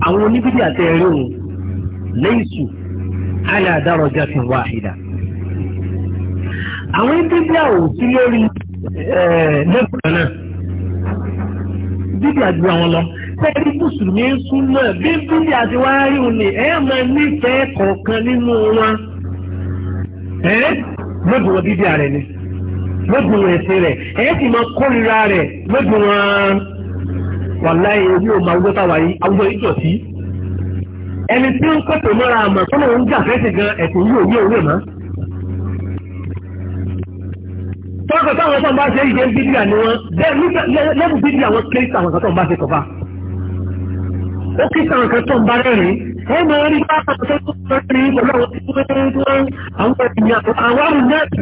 àwọn oníbíbí àti ẹ̀rí òun lẹ́yìnsù àlẹ́ àdárọ̀jà fi wá àhìdá. àwọn bíbí àwọn sí lórí lẹ́kọ̀ọ́ náà bíbí àjù àwọn lọ. sẹ́rí mùsùlùmí ń sún náà bí àti wáyé òní ẹ̀ máa nífẹ̀ẹ́ kọ̀ọ̀kan nínú wọn. ẹ lóògùn wọn bíbí ààrẹ ni wọn ẹsẹ rẹ ẹ sì máa rẹ lóògùn wọn. wàláyé orí òun àwùjọ táwa yìí sí. ẹni tí ó ń pẹ̀tẹ̀ mọ́ra àmọ́ tó lóun jà fẹ́sẹ̀ gan ẹ̀sìn yìí mọ́. bíbí àníwọ̀n bẹ́ẹ̀ ó kí sàn kan tó ń bá rẹ̀rìn ó mọ orí bá àwọn tó tó bá rẹ̀rìn pẹ̀lú àwọn tó tó tó àwọn ènìyàn àwọn àrùn nẹ́ẹ̀tì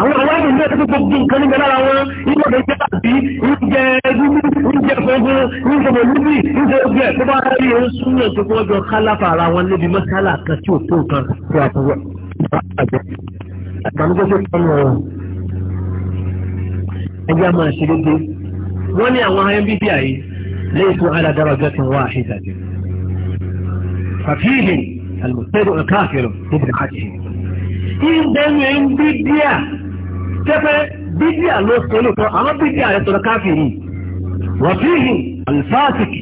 àwọn àwárùn nẹ́ẹ̀tì tó gbogbo nǹkan níbẹ̀ lára wọn nígbà tó jẹ́ àbí oúnjẹ gúgú oúnjẹ fọ́gbọ́n oúnjẹ mọ̀lúbì oúnjẹ ogun ẹ̀ tó bá rí ohun súnmọ̀ tó kọ́ jọ kálàfà ara wọn níbi mọ́sálà kan tí ò tó nǹkan tó àbúrò àjọ àtàlùkọ́ tó kọ́ ọ̀rọ̀ ẹgbẹ́ máa ṣe déédéé wọ́n ní àwọn mbbi yìí ليسوا على درجة واحدة ففيهم المبتدع كافر ببدعته إن دمهم بديا كيف بديا لو سألوا أما بديا يصير كافرين وفيه الفاسق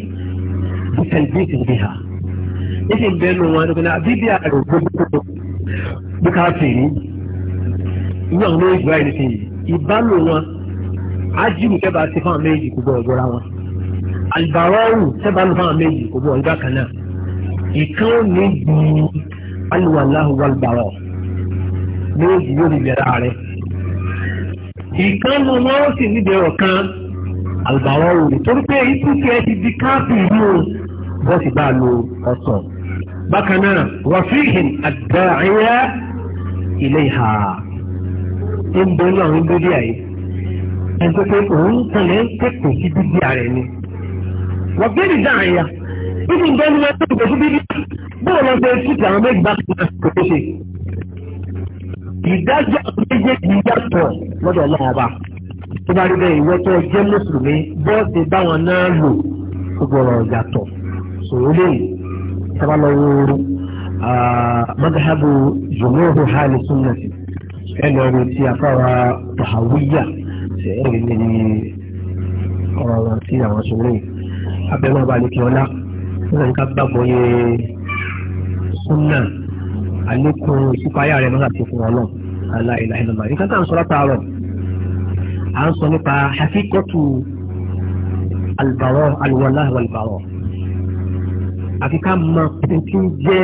بتلبيت بها إذن بين وانقنا بدية بكافرين ìwọ̀n ló ìgbà ẹni fi ìbálò wọn ajínigbẹ́bà ti fún àmì ìdìkú àlùbáwọ́rù sẹ́bà ń fáwọn méjì kò bọ̀ ìgbà kan náà ìkan ò ní bí alùwàláhù wàlùbáwọ̀ méjì yóò ní bẹ̀rẹ̀ rẹ̀ ìkan nu wọn ó sì ní bẹ̀rẹ̀ kan àlùbáwọ́rù rẹ̀ torí pé ikú tí ẹ ti di káàpì yìí o wọ́n sì bá a lo ọ̀sán bákan náà wàfíìhìn àdáyé ilé ìhà ń bẹ́ẹ̀ ní àwọn bíbí àyè ẹni tó pé òun tẹ̀lé ń pèpè sí bíbí ààrẹ ni wọ̀gẹ́rì dáàyà ibi ìgbẹ́ ni wọ́n tó kò fún bíbí bóò lọ sí etí àwọn méjì bá tó kò tó ṣe. ìdájọ́ méjèèjì yàtọ̀ lọ́dọ̀ ọlọ́run ọba tó bá rí bẹ́ẹ̀ ìwọ́ tó jẹ́ mùsùlùmí bọ́ọ̀sì báwọn náà lò gbọ́rọ̀ yàtọ̀ sòrò lẹ́yìn sábà lọ wo mọ́tàhábù jùmọ́ọ̀hù hàlì súnmọ́sì ẹ lọ ti afárá tàhàwíyà ṣe é abẹ́mọ́ abalẹ̀kẹ́ ọlá nígbà tí ká gbàgbọ́ yẹ súnà àlékún ìsúpayà rẹ̀ mọ́tà tó fún wọn náà aláìláì nàmà nǹkan tá à ń sọ látàárọ̀ à ń sọ nípa àfikọ́tù alùbàwọ̀ alùwàlá alùbàwọ̀ àfi ká mọ pínpín jẹ́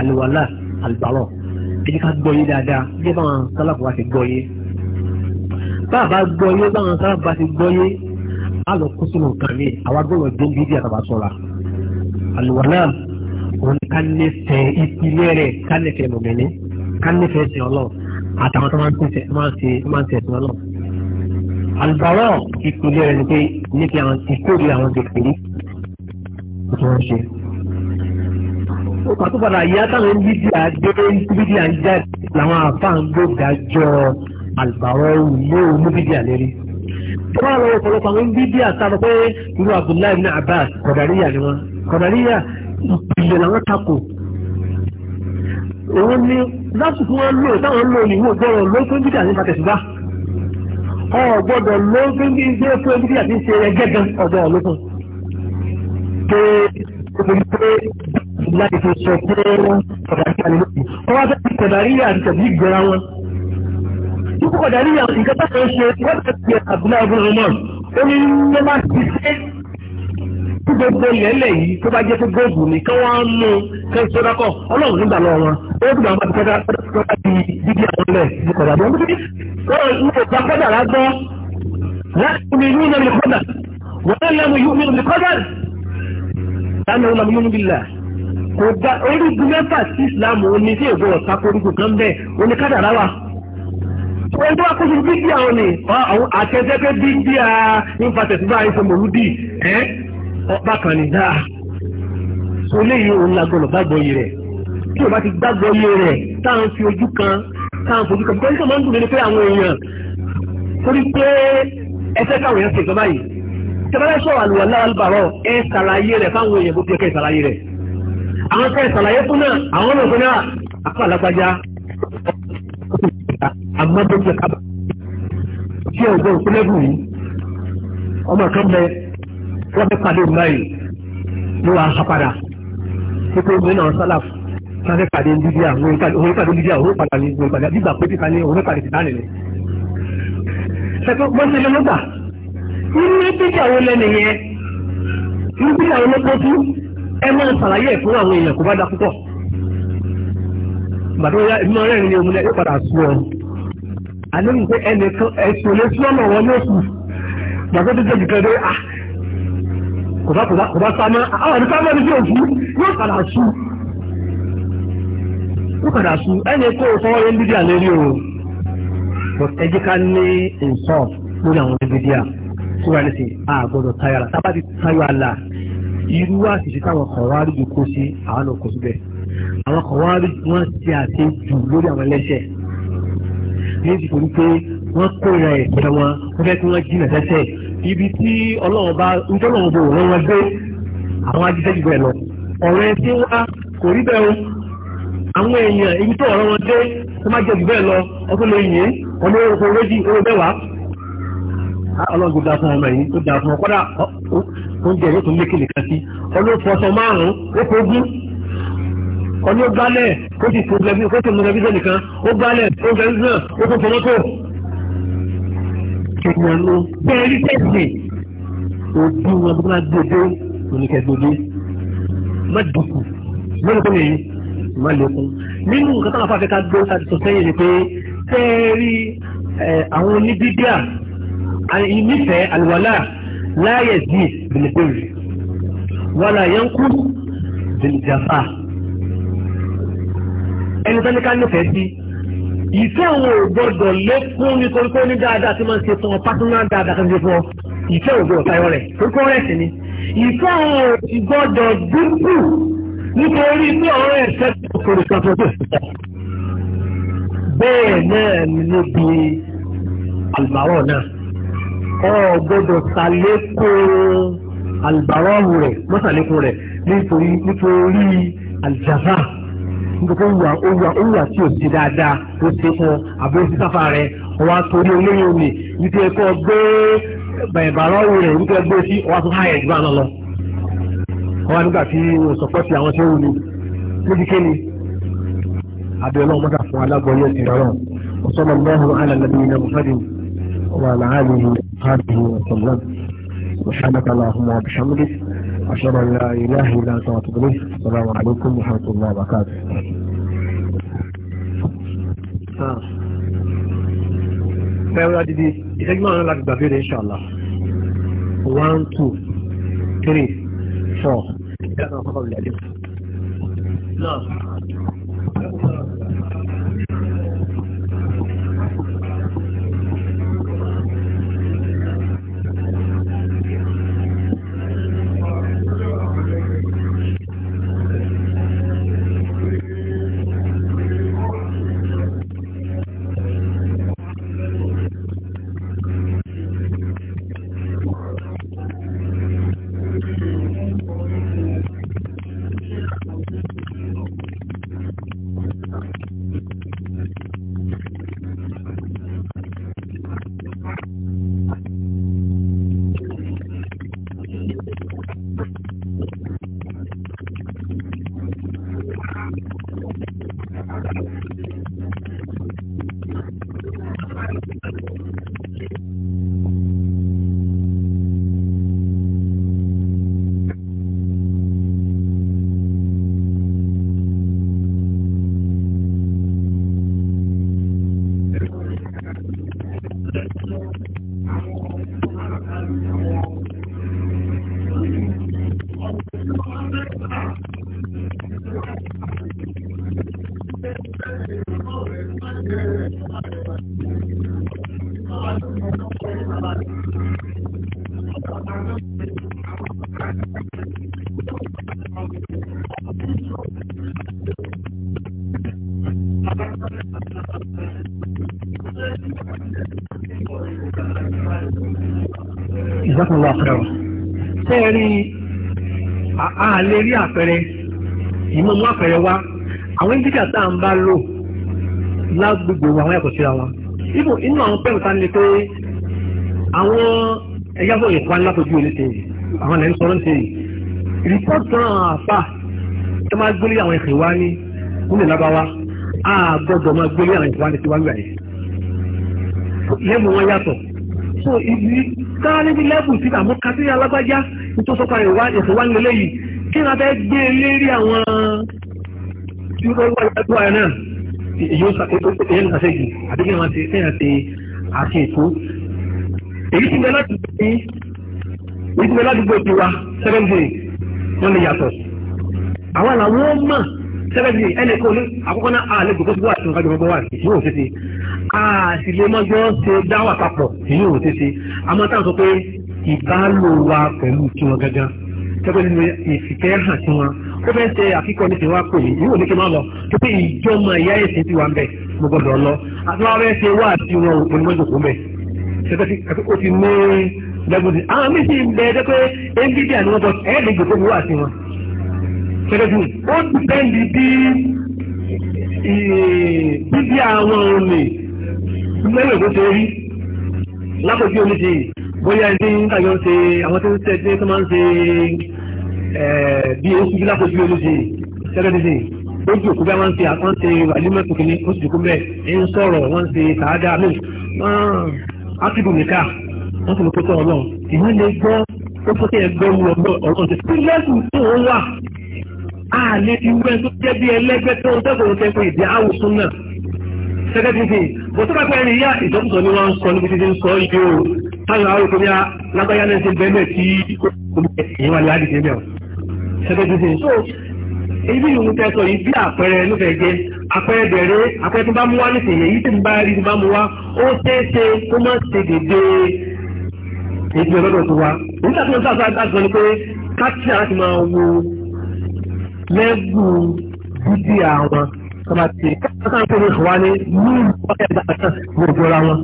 alùwàlá alùbàwọ̀ èyí ká gbọ́ yé dáadáa bí báwọn sálàkùn wa ti gbọ́ yé bá a bá gbọ́ yé báwọn sálàkùn wa ti gbọ́ yé á lọ kó sínú nǹkan mi àwa gbọ́dọ̀ jó ń bí bí àtàbà sọ̀ra àlùwàlá òun ká nífẹ̀ẹ́ ìpìlẹ̀ rẹ̀ ká nífẹ̀ẹ́ mọ̀mẹ́ni ká nífẹ̀ẹ́ sí ọlọ́ àtàwọn tó máa ń tẹ̀sẹ̀ máa ń ṣe máa ń tẹ̀sẹ̀ ọlọ́ àlùbárọ̀ ìpìlẹ̀ rẹ̀ ni pé níbi àwọn ìkórè àwọn kékeré tó wọ́n ṣe. ó kà tó padà yá táwọn bíbí àgbé bíbí àjáde làwọn àfáà ń gbé dájọ́ àlùbárọ̀ ìlú òun bíbí àlérí tọ́lá lọ́wọ́ ọ̀pọ̀lọpọ̀ àwọn bíbí àtàwọn pé irú Abdullahi ibn Abbas kọ̀dàríyà ni wọ́n kọ̀dàríyà ìpìlẹ̀ làwọn takò òun ni lásìkò wọn lò táwọn lò ní ìwọ̀n gbọ́rọ̀ ló fún bíbí àti pàtẹ́sùbá ọ̀gbọ́dọ̀ ló fún bíbí fún bíbí àti ṣe ẹgẹ́ gan ọ̀gbọ́dọ̀ ló fún pé obìnrin pé láti fi sọ pé kọ̀dàríyà ni wọ́n kọ́ wá fẹ́ kọ̀dàríyà àti tẹ̀bí gbọ́ra wọn tó kọ̀ dàrí àwọn nǹkan tó fẹ́ ṣe wọ́n ti ṣe àbúlá ọgbọ́n ọmọ ó ní ló máa ti ṣe tí gbogbo ilẹ̀ yìí tó bá jẹ́ tó gbóògùn ní kí wọ́n mú kẹ́hìn sọ́dákọ̀ ọlọ́run nígbà lọ wọn ó dùn àwọn àti kọ́dá kọ́dá di dídí àwọn ilẹ̀ ní kọ̀dà bí wọ́n ti ní ìgbà kọ́dà lágbọ́ láti ní yúnú ní kọ́dà wọ́n lẹ́nu yúnú ní kọ́dà láti ní yúnú ní kọ́dà kò dá orígun mẹ́fà sí ìsìlámù oní tí ègbò ọ̀sá koríko kan bẹ́ẹ̀ oní kádàrá wa ẹni tó wà kó ni àtẹ́jẹ́ pé bíbí à ìfàtẹ̀sí bá ìfẹ́ mòlúdì ẹ́ bákan ni dáa so léyìí òun lágbọ́nà gbàgbọ́ yìí rẹ̀ tí o bá ti gbàgbọ́ yìí rẹ̀ táwọn fi ojú kan táwọn fojú kan bíkọ́ máa ń dùn ní pé àwọn èèyàn torí pé ẹsẹ̀ káwọn èèyàn ṣe ìjọba yìí tẹ́lẹ̀ sọ̀rọ̀ àlùwà láràlùbàrọ̀ ẹ ṣàlàyé rẹ̀ fáwọn èèyàn bó ti ẹ̀kẹ́ ìṣàlàyé rẹ̀ àwọn ẹ̀kẹ́ ìṣàlàyé fún náà àwọn ọ̀nà ìpínlẹ̀ àpá àlágbájá àmọ́ tó ti kábà tí ọjọ́ ìpínlẹ̀bù yìí ọmọ kan bẹ wọ́n fẹ́ pàdé ìgbà yìí ló wà á padà pípé ìgbé náà sálà sáfẹ́ pàdé lídíà òun pàdé lídíà òun padà ní ìgbà ìpàdé àdìgbà pé kíkà ní òun pàdé tìtánì ni. ṣètò bọ́sẹ̀ ló gbà nínú bíjà wo lẹ́nu yẹn nínú bíjà wo ló kọ́ sí ẹ máa ṣàlàyé ẹ̀ fún àwọn èèyàn kó bá da púpọ̀ gbàdúrà yá ìmọ̀ rẹ̀ ni òmìnira yóò padà sú ọ. àlejò pé ẹnìkan ẹ̀sùn lè sún ọ̀nà wọn yóò kù gbàgbọ́ tó tẹ̀jú kẹrẹ́ à kò bá kò bá kò bá sámá àwọn àti sámá ni yóò kú yóò padà sú yóò padà sú ẹnì kó o fọwọ́ yẹn dídí àlẹ́ rí o ẹ jẹ́ ká ní nsọ́ọ̀ lórí àwọn dídí à síwá ní sè a gbọ́dọ̀ tayọ àlà tábàdì tayọ àlà irú àṣìṣe táwọn kọ̀ọ̀rọ̀ àdúgbò kó sí àwọn náà kó síbẹ̀. àwọn kan wá rí wọ́n ti àti jù lórí àwọn ẹlẹ́ṣẹ̀ méjì pé wọ́n kóra ẹ̀ṣẹ̀ wọn wọ́n fẹ́ kí wọ́n ibi tí ọlọ́run bá nítorí ọlọ́run bò wọ́n àwọn ajíṣẹ́ jù bẹ́ẹ̀ lọ ọ̀rọ̀ ẹ̀ tí kò rí bẹ́ẹ̀ o àwọn èèyàn ibi tó ọ̀rọ̀ wọn dé má jẹ́ kọ́ni ó gbálẹ̀ ó sì fún ẹbí ó sì mú ẹbí sẹ́ni kan ó gbálẹ̀ ó fẹ́ ẹbí náà ó tó fọwọ́ tó. èèyàn ló bẹ́ẹ̀ rí tẹ̀sí òbí wọn bí wọ́n gbèdé oníkẹ́gbèdé má dùkù mẹ́rin tó lè yí má lékún. nínú nǹkan táwọn afáfẹ́ ká gbé sáà sọ sẹ́yìn ni pé tẹ́ẹ̀rí àwọn oníbíbíà ìnífẹ̀ẹ́ àlùwàlà láàyè dì bìlìbìlì wàlà yẹn kú bìlìjàfà ẹni tó ní ká nífẹ̀ẹ́ sí ìfẹ́ òun ò gbọ́dọ̀ lékún nítorí pé ó ní dáadáa tí máa ń ṣe fún ọ pásínà dáadáa kan ṣe fún ọ ìfẹ́ òun gbọ́dọ̀ tayọ rẹ̀ torí pé rẹ̀ sí ni ìfẹ́ òun ò gbọ́dọ̀ dínkù nítorí pé ọ̀rọ̀ ẹ̀ṣẹ́ kòkòrò kan tó bẹ́ẹ̀ náà ni níbi àlùbáwọ̀ náà ọ gbọ́dọ̀ gbogbo ìwà ìwà ìwà tí o ti dáadáa o ti fún àbí o ti sáfà rẹ ọwọ́ àtòrí olóyè omi nítorí ẹ̀kọ́ gbé eh, bàbá ọ̀rọ̀ rẹ̀ nítorí ẹgbẹ́ sí ọwọ́ àtúntò háyà ìdúrà náà lọ. ọwọ́ nígbà tí o sọ̀pọ̀ ti àwọn tó wù ní níbi kéde abiola ọmọdé fún alágbọ̀nyẹ ti أشهد أن لا إله إلا أنت وأتوب إليك السلام عليكم ورحمة الله وبركاته Fẹ́rẹ́ adìdí, ìṣẹ́gbọ́n àwọn láti bèèrè ìṣàlá. One, two, three, four. Ìjọba àwọn ọkọ̀ ìyàdí. Náà. Jazakumullahu khairan. ṣé ẹ rí a lè rí àpẹẹrẹ ìmọ̀ mú àpẹẹrẹ wá àwọn ìdíjà tá à ń bá lò lágbègbè àwọn ẹ̀kọ́ síra wọn. ibò inú àwọn pẹ̀lú ta ni pé àwọn ẹ̀yà sọ̀rọ̀ ìkọ́ aláfojú ilé tèyí àwọn ẹ̀yà sọ̀rọ̀ tèyí. rìpọ́tù náà àpá tó máa gbélé àwọn ẹ̀sìn wá ní nílẹ̀ lábáwá a gbọ́dọ̀ máa gbélé àwọn ẹ̀sìn wá ní tiwájú àyè. ìyẹn mú wọn yàtọ̀ so ìlú káwá níbi lẹ́bù sí àmọ́ kásí alágbájá tó sọ́kọ̀ ìwà ìfowá nílé yìí kí ni a fẹ́ gbé lérí àwọn tí ó wà lẹ́bù àyẹ̀ náà èyí ó èyí nǹkan ṣẹ́gi àti kí ni wọ́n ti ṣẹ́yìn àti àti ètò èyí ti bẹ láti gbé èyí ti bẹ láti gbé tiwa seven day wọ́n lè yàtọ̀ àwọn làwọn mọ̀ seven day ẹnì kan ní àkọ́kọ́ náà àlejò kó ti wà àti nǹkan jọ̀mọ́ bọ́ wà ní ìṣòro òṣèṣe àṣìlè mọ́jọ́ ṣe dáwà papọ̀ èyí ò tètè àmọ́ táwọn sọ pé ìbálò wa pẹ̀lú tiwọn gangan tẹ́gbẹ́ nínú ìfìkẹ́ hàn sí wọn ó fẹ́ ṣe àkíkọ́ ní tiwa pè mí ìwò ní kí n máa lọ tó pé ìjọmọ ìyá ẹ̀sìn ti wà ń bẹ̀ mo gbọ́dọ̀ lọ àti wọn fẹ́ ṣe wá àti wọn ò ní mọ́jọ́ kó mẹ́ ṣẹ́gbẹ́ ó ti mú lẹ́gbọ̀dì àwọn méjì ń bẹ ẹgbẹ́ pé ndidi àni wọn bọ ẹ̀ẹ́dì gbogbo wà sí wọn ṣẹ́gbẹ́ ó dìpẹ́ndì bí bíbí àwọn òní mẹ́rin ló ṣe rí lápòjú omi ti bóyá ẹni nígbàjọ ń ṣe àwọn tó ń tẹ́ tí wọ́n máa ń ṣe bí oṣù bí lápòjú omi ti ṣẹ́gẹ́dì sí ó jù òkú bí wọ́n ṣe àwọn ṣe wàlúmọ̀ kìíní ó sì jù kú bẹ́ẹ̀ ń sọ̀rọ̀ wọ́n ṣe tààdà mí ákìdù nìka wọ́n sì ló pẹ́ sọ̀rọ̀ náà ìmọ̀ lè gbọ́ ó fọ́tẹ́ ẹgbẹ́ wu ọ̀gbọ́n ṣe tí lẹ́sùn tó ń wà á lè fi wẹ́ tó jẹ́ bí ẹlẹ́gbẹ́ tó ń tẹ́kọ̀ọ́ tẹ́kọ̀ọ́ ìdí àwòsùn náà ṣẹ́gẹ́dì sí mo tó bá pẹ́ ẹni yá ìsọkúsọ ni wọ́n ń sọ níbi títí ń sọ yìí o táwọn àwọn òkú ní alágbáyá náà ṣe bẹ́ẹ̀ tí ìyẹn wà ní àdìsí bẹ́ẹ̀ ṣẹ́gbẹ́ tó ṣe so ibi ìhun tẹ́ sọ yìí bí àpẹẹrẹ nífẹ̀ẹ́ jẹ àpẹẹrẹ bẹ̀rẹ̀ àpẹẹrẹ tó bá mú wá nísìnyí èyí tí ń bá rí ti bá mú wá ó ṣeé ṣe kó má ṣe dédé ètò ọlọ́dọ̀ tó wá nígbà tó ń sáà sáà sọ tọ́ba ti káàkiri tó ní ìwà ní ní ìwọ́kẹ́ ìdáta gbogbo ra wọn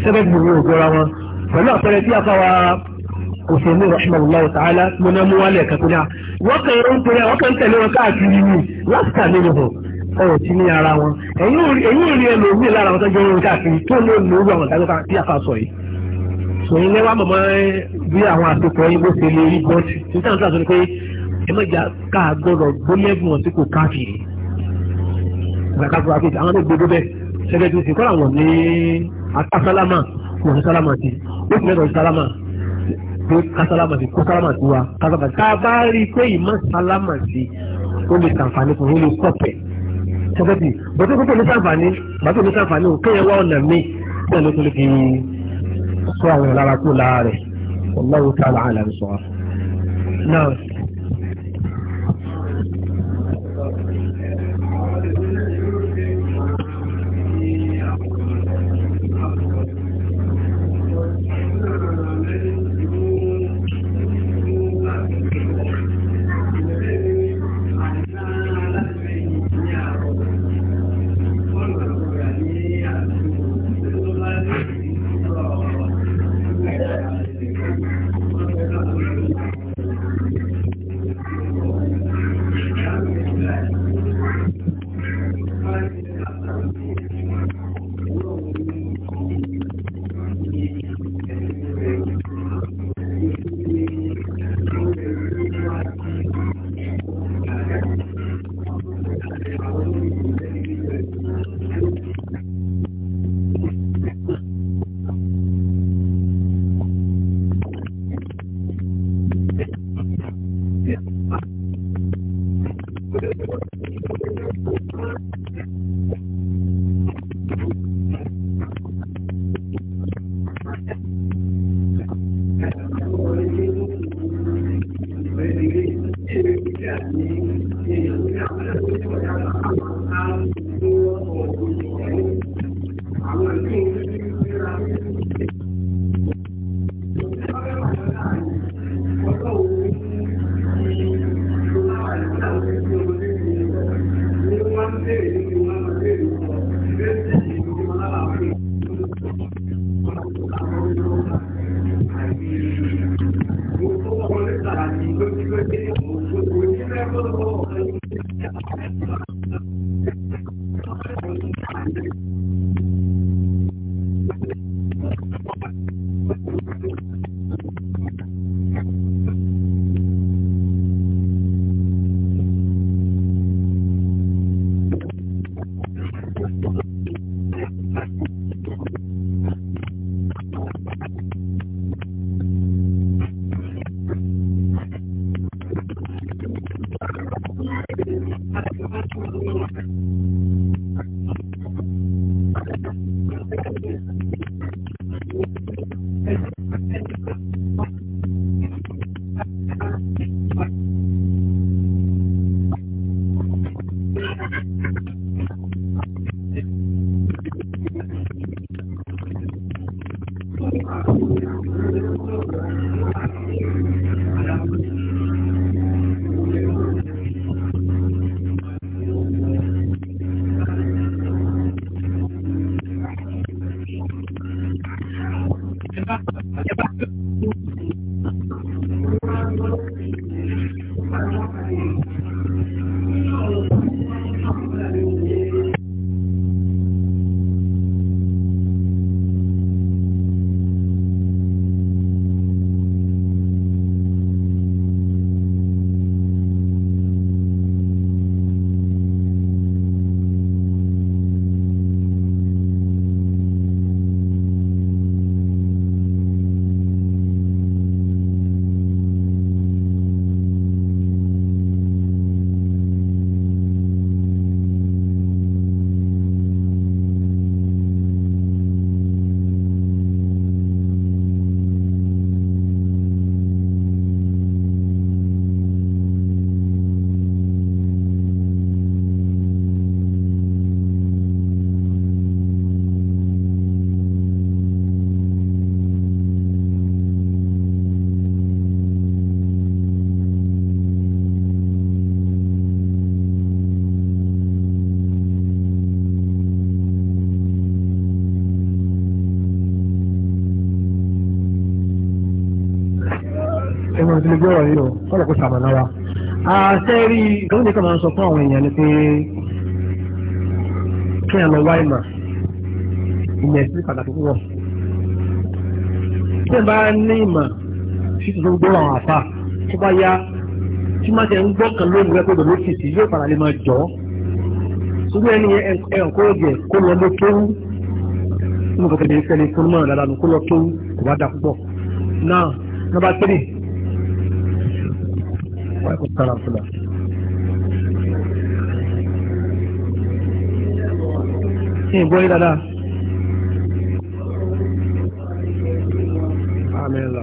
sẹ́fẹ́ gbogbo gbogbo ra wọn pẹ̀lú àpẹẹrẹ tí afáwa òṣèlú rahimahullahu ta'ala mo náà mú wálẹ̀ kankan náà wọ́n kàn ń tẹ̀lé wọ́n kàn ń tẹ̀lé wọn káàkiri ní láti tàbí nìbọn ọ̀rọ̀ tí ní ara wọn ẹ̀yìn òrí ẹlòmíì lára wọn tó jẹ́ orin káàkiri tó lè lórí àwọn ìdájọ́ tí afá sọ yìí sòyìn lẹ́wà mọ̀mọ́ bí àwọn àtòkọ̀ yìí bó ṣe lè rí bọ́ọ̀tì nítorí àwọn tó àtúntò pé ẹ mọ̀jà ká gbọ́dọ̀ gbólẹ́gùn ọ̀sìn kò káàkiri zakatu akéde àwọn olóògbé bẹ́ẹ̀ sẹ́gẹ́tì sí kọ́lá wọn ní akásálámà wọn ní sálámà sí ó sì lẹ́dọ̀ sálámà tó kásálámà sí kó sálámà sí wa kásálámà tá a bá rí i pé ìmọ̀ sálámà sí ó lè sàǹfààní fún ó lè sọ̀pẹ̀ sẹ́gẹ́tì bàtú kókó ní sàǹfààní bàtú ní sàǹfààní ò kéye wá ọ̀nà mi bẹ́ẹ̀ ló tún lè fi sọ àwọn ìlara kó lára rẹ̀ wọ́n náà wọ́n ta àlàyé sọ̀rọ̀ náà. gbọ́rọ̀ yìí o kọ́lọ̀ kó sàmànà wa. àṣẹ́rí ìgbàlú nìkan máa ń sọ fún àwọn èèyàn ni pé kí ẹ lọ wá ìmọ̀ ìmọ̀ ẹ̀sìn pàtàkì púpọ̀. tí ẹ bá ní ìmọ̀ sí tuntun gbọ́rọ̀ àwọn àfà tó bá yá tí má tẹ̀ ń gbọ́ kan lónìí rẹ pé bẹ̀rẹ̀ lókìtì yóò fara lè máa jọ ọ́. ṣùgbọ́n ẹni ẹ̀ǹkọ́ ọ̀jẹ̀ kó lọ ló kéwú nínú kọ̀ọ̀kan ìfẹ́ ni fún mọ́ ìlànà kó lọ kéwú kò bá dà púpọ̀. náà nọ́mbà tírì ọ̀sánàfúnà. Ṣé ìgbọ́ yìí dáadáa? Amẹ́lá.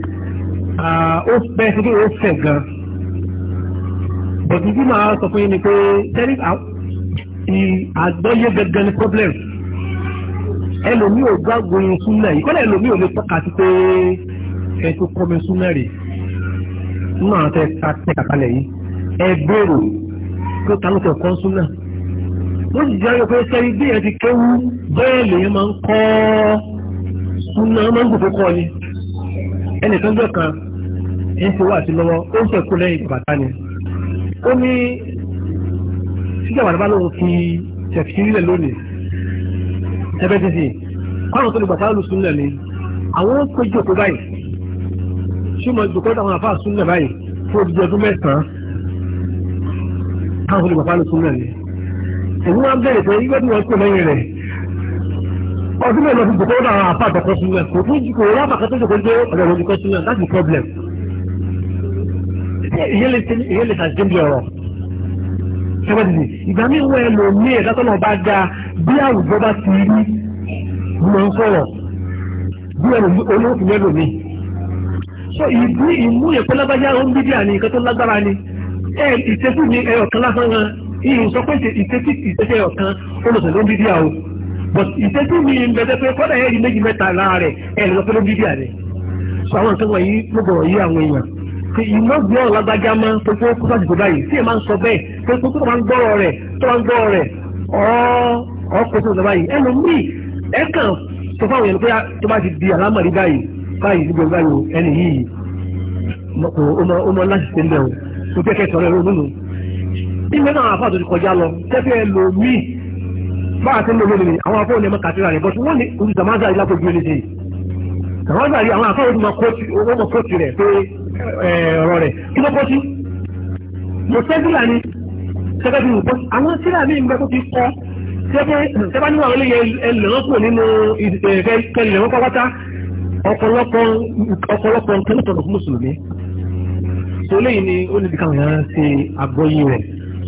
Ah, ó fẹ́ sí pé ó fẹ́ gan bọ̀dù tí màá sọ fún yín ni pé tẹ́lí àgbọ́yé gangan ni problem ẹlòmíì ò gbàgbọ́ yín súnà yìí kọ́lá ẹlòmíì ò lè tọ́ka sí pé ẹ tó kọ́ mi súnà rè nínú àwọn tẹ ká tẹ kàkálẹ̀ yìí ẹ bèrò pé ta ló tẹ kọ́ súnà wọ́n sì jẹ́ pé sẹ́rí bí ẹ ti kéwú bẹ́ẹ̀ lèyìn máa ń kọ́ súnà máa ń gbòkó kọ́ ni ẹnì tó ń gbọ́ kan ń ṣe wá sí lọ́wọ́ ó ń sẹ̀kú lẹ́yìn bàtà ni ó ní síjàmbá bá lóun fi tẹ̀sí nílẹ̀ lónìí tẹ́bẹ́tẹ́sì kọ́nà tó lè gbàtà lù sùn lẹ́ni àwọn ó péjú òkú báyìí ṣùgbọ́n ìdòkọ́ táwọn àfáà sùn lẹ̀ báyìí fún odidi ọdún mẹ́sàn-án káwọn tó lè gbàtà lù sùn lẹ́ni òun wá bẹ̀rẹ̀ pé ìgbẹ́dùn wọn kò lẹ́yìn rẹ̀ ọdún mẹ́rin lọ́dún gbogbo náà àpá àtọ̀kọ́ sí náà kò tún jù kò wá bàkẹ́ tó jù kó ọ̀rẹ́ lójú kọ́ sí náà that's the problem. ìyẹn lè ṣàṣìṣe bí ọ̀rọ̀ ṣẹ́wọ́dìdì ìgbà mi wọ ẹlòmí ẹ̀ látọ̀ náà bá ga bí àwùjọ bá ti rí mò ń sọ̀rọ̀ bí olóòtú mẹ́lòmí. sọ ìdí ìmú ìpẹ́ ó ń bí díà ní nǹkan lágbára ni ẹ but ìṣẹ́jú mi ń bẹ̀rẹ̀ pé kọ́dà ẹ̀rí méjì mẹ́ta lára rẹ̀ ẹ̀rí lọ́pẹ́ ló bíbí àrẹ̀ so àwọn nǹkan wọ̀nyí ló bọ̀rọ̀ yí àwọn èèyàn ti iná gbọ́ lágbájá máa ń tó fún kókó àdìgbò báyìí tí ẹ máa ń sọ bẹ́ẹ̀ pé kókó tó máa ń gbọ́rọ̀ rẹ̀ tó máa ń gbọ́rọ̀ rẹ̀ ọ̀ọ́ kókó tó báyìí ẹnu mí ẹ kàn tó fáwọn èèyàn pé tó bá ti di àlámọ̀rí báyìí báyìí nígbà báyìí ẹni yìí ọmọ láti ṣe ń bẹ̀rù kó jẹ́ kẹsàn-án rẹ̀ ronú nù. ìgbẹ́ náà àfáà tó ti kọjá lọ tẹ́fẹ́ ẹlòmíì bá a ti ń lò lónìí àwọn afọ́ òní ẹ̀mọ́ kàtírà rẹ̀ bọ́sù wọ́n ní olùdàmáza yìí lápò gbélé sí i àwọn àrí àwọn afọ́ òní ọmọ kóòtù rẹ̀ pé ọ̀rọ̀ rẹ̀ kí ló kó sí. mo sẹ́dúlà ni sẹ́kẹ́tì rìpọ́t àwọn sílà mi ń bẹ́ tó ti kọ́ sẹ́fẹ́ nínú àwọn eléyẹ ẹlẹ́rọ́pọ̀ nínú ẹlẹ́rọ́pọ̀ pátá ọ̀pọ̀lọpọ̀ nǹkan tó tọ̀nà fún mùsùlùmí. tó léyìn ni ó ní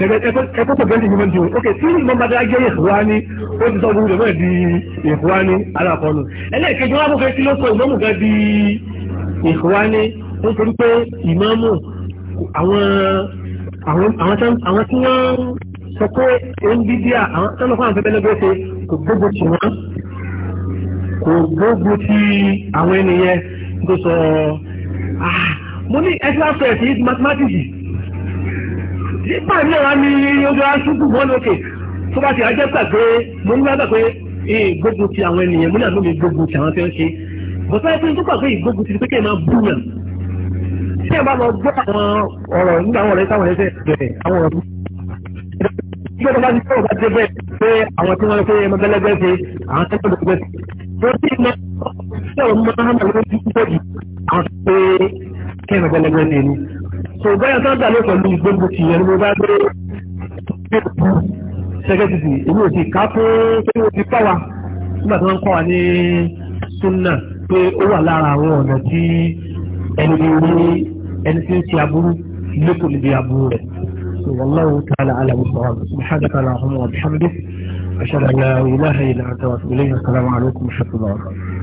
ẹgbẹ́ tó bẹ́ẹ̀ ní human being ok tí ìmọ̀ bá dá jẹ́ ìfúwání ó ti sọ gbogbo ìmọ̀ di ìfúwání alákọ̀ọ́nù ẹlẹ́ẹ̀kejì wọn amúfẹ́ tí ló sọ ìmọ̀mù gan di ìfúwání ó torí pé ìmọ̀mù àwọn àwọn tí wọ́n sọ pé òun dídí àwọn tọ́lọ́ fún àwọn fẹ́fẹ́ lọ́gbẹ́ ṣe kò gbogbo tì wọ́n kò gbogbo ti àwọn ènìyàn tó sọ ah, mo ní extra press mathematics nígbà náà ni ojú aṣúkú wọn lókè tó bá ti ajẹ́ pà pé mo ń gbàgbà pé ìgbógun ti àwọn ènìyàn múlẹ̀ ló mi gbógun ti àwọn fẹ́ ṣe bọ́tá ẹgbẹ́ tó pàgbé ìgbógun ti pé kẹ́ máa bú yàn tí ẹ bá lọ gbọ́ àwọn ọ̀rọ̀ nígbà àwọn ọ̀rẹ́ táwọn ẹ̀fẹ́ bẹ̀rẹ̀ àwọn ọ̀rọ̀ ìgbẹ́ tó bá ti sọ̀rọ̀ bá ti bẹ̀ pé àwọn tí wọ́n fẹ́ ẹmọ gẹ́lẹ́gẹ́ ṣe àwọn tó gbọ́dọ̀ gbẹ́ tó sì mọ sọ̀rọ̀ mọ́ àwọn ọmọ lórí àwọn tó fẹ́ kẹ́ ẹmọ gẹ́lẹ́gẹ́ ṣe ni kò báyà sábà ló pẹ̀lú gbogbo tìyẹn ni mo bá gbé sẹ́kẹ́tìtì èmi ò sì ká fún pé ó ti pàwà nígbà tí wọ́n ń kọ́ wa ní súnà pé ó wà lára àwọn ọ̀nà tí ẹni tí ní ẹni tí ń ṣe aburú lókò níbi aburú rẹ̀. والله تعالى على مستوى سبحانك اللهم وبحمدك أشهد أن لا إله إلا أنت وأتوب إليك السلام عليكم ورحمة الله وبركاته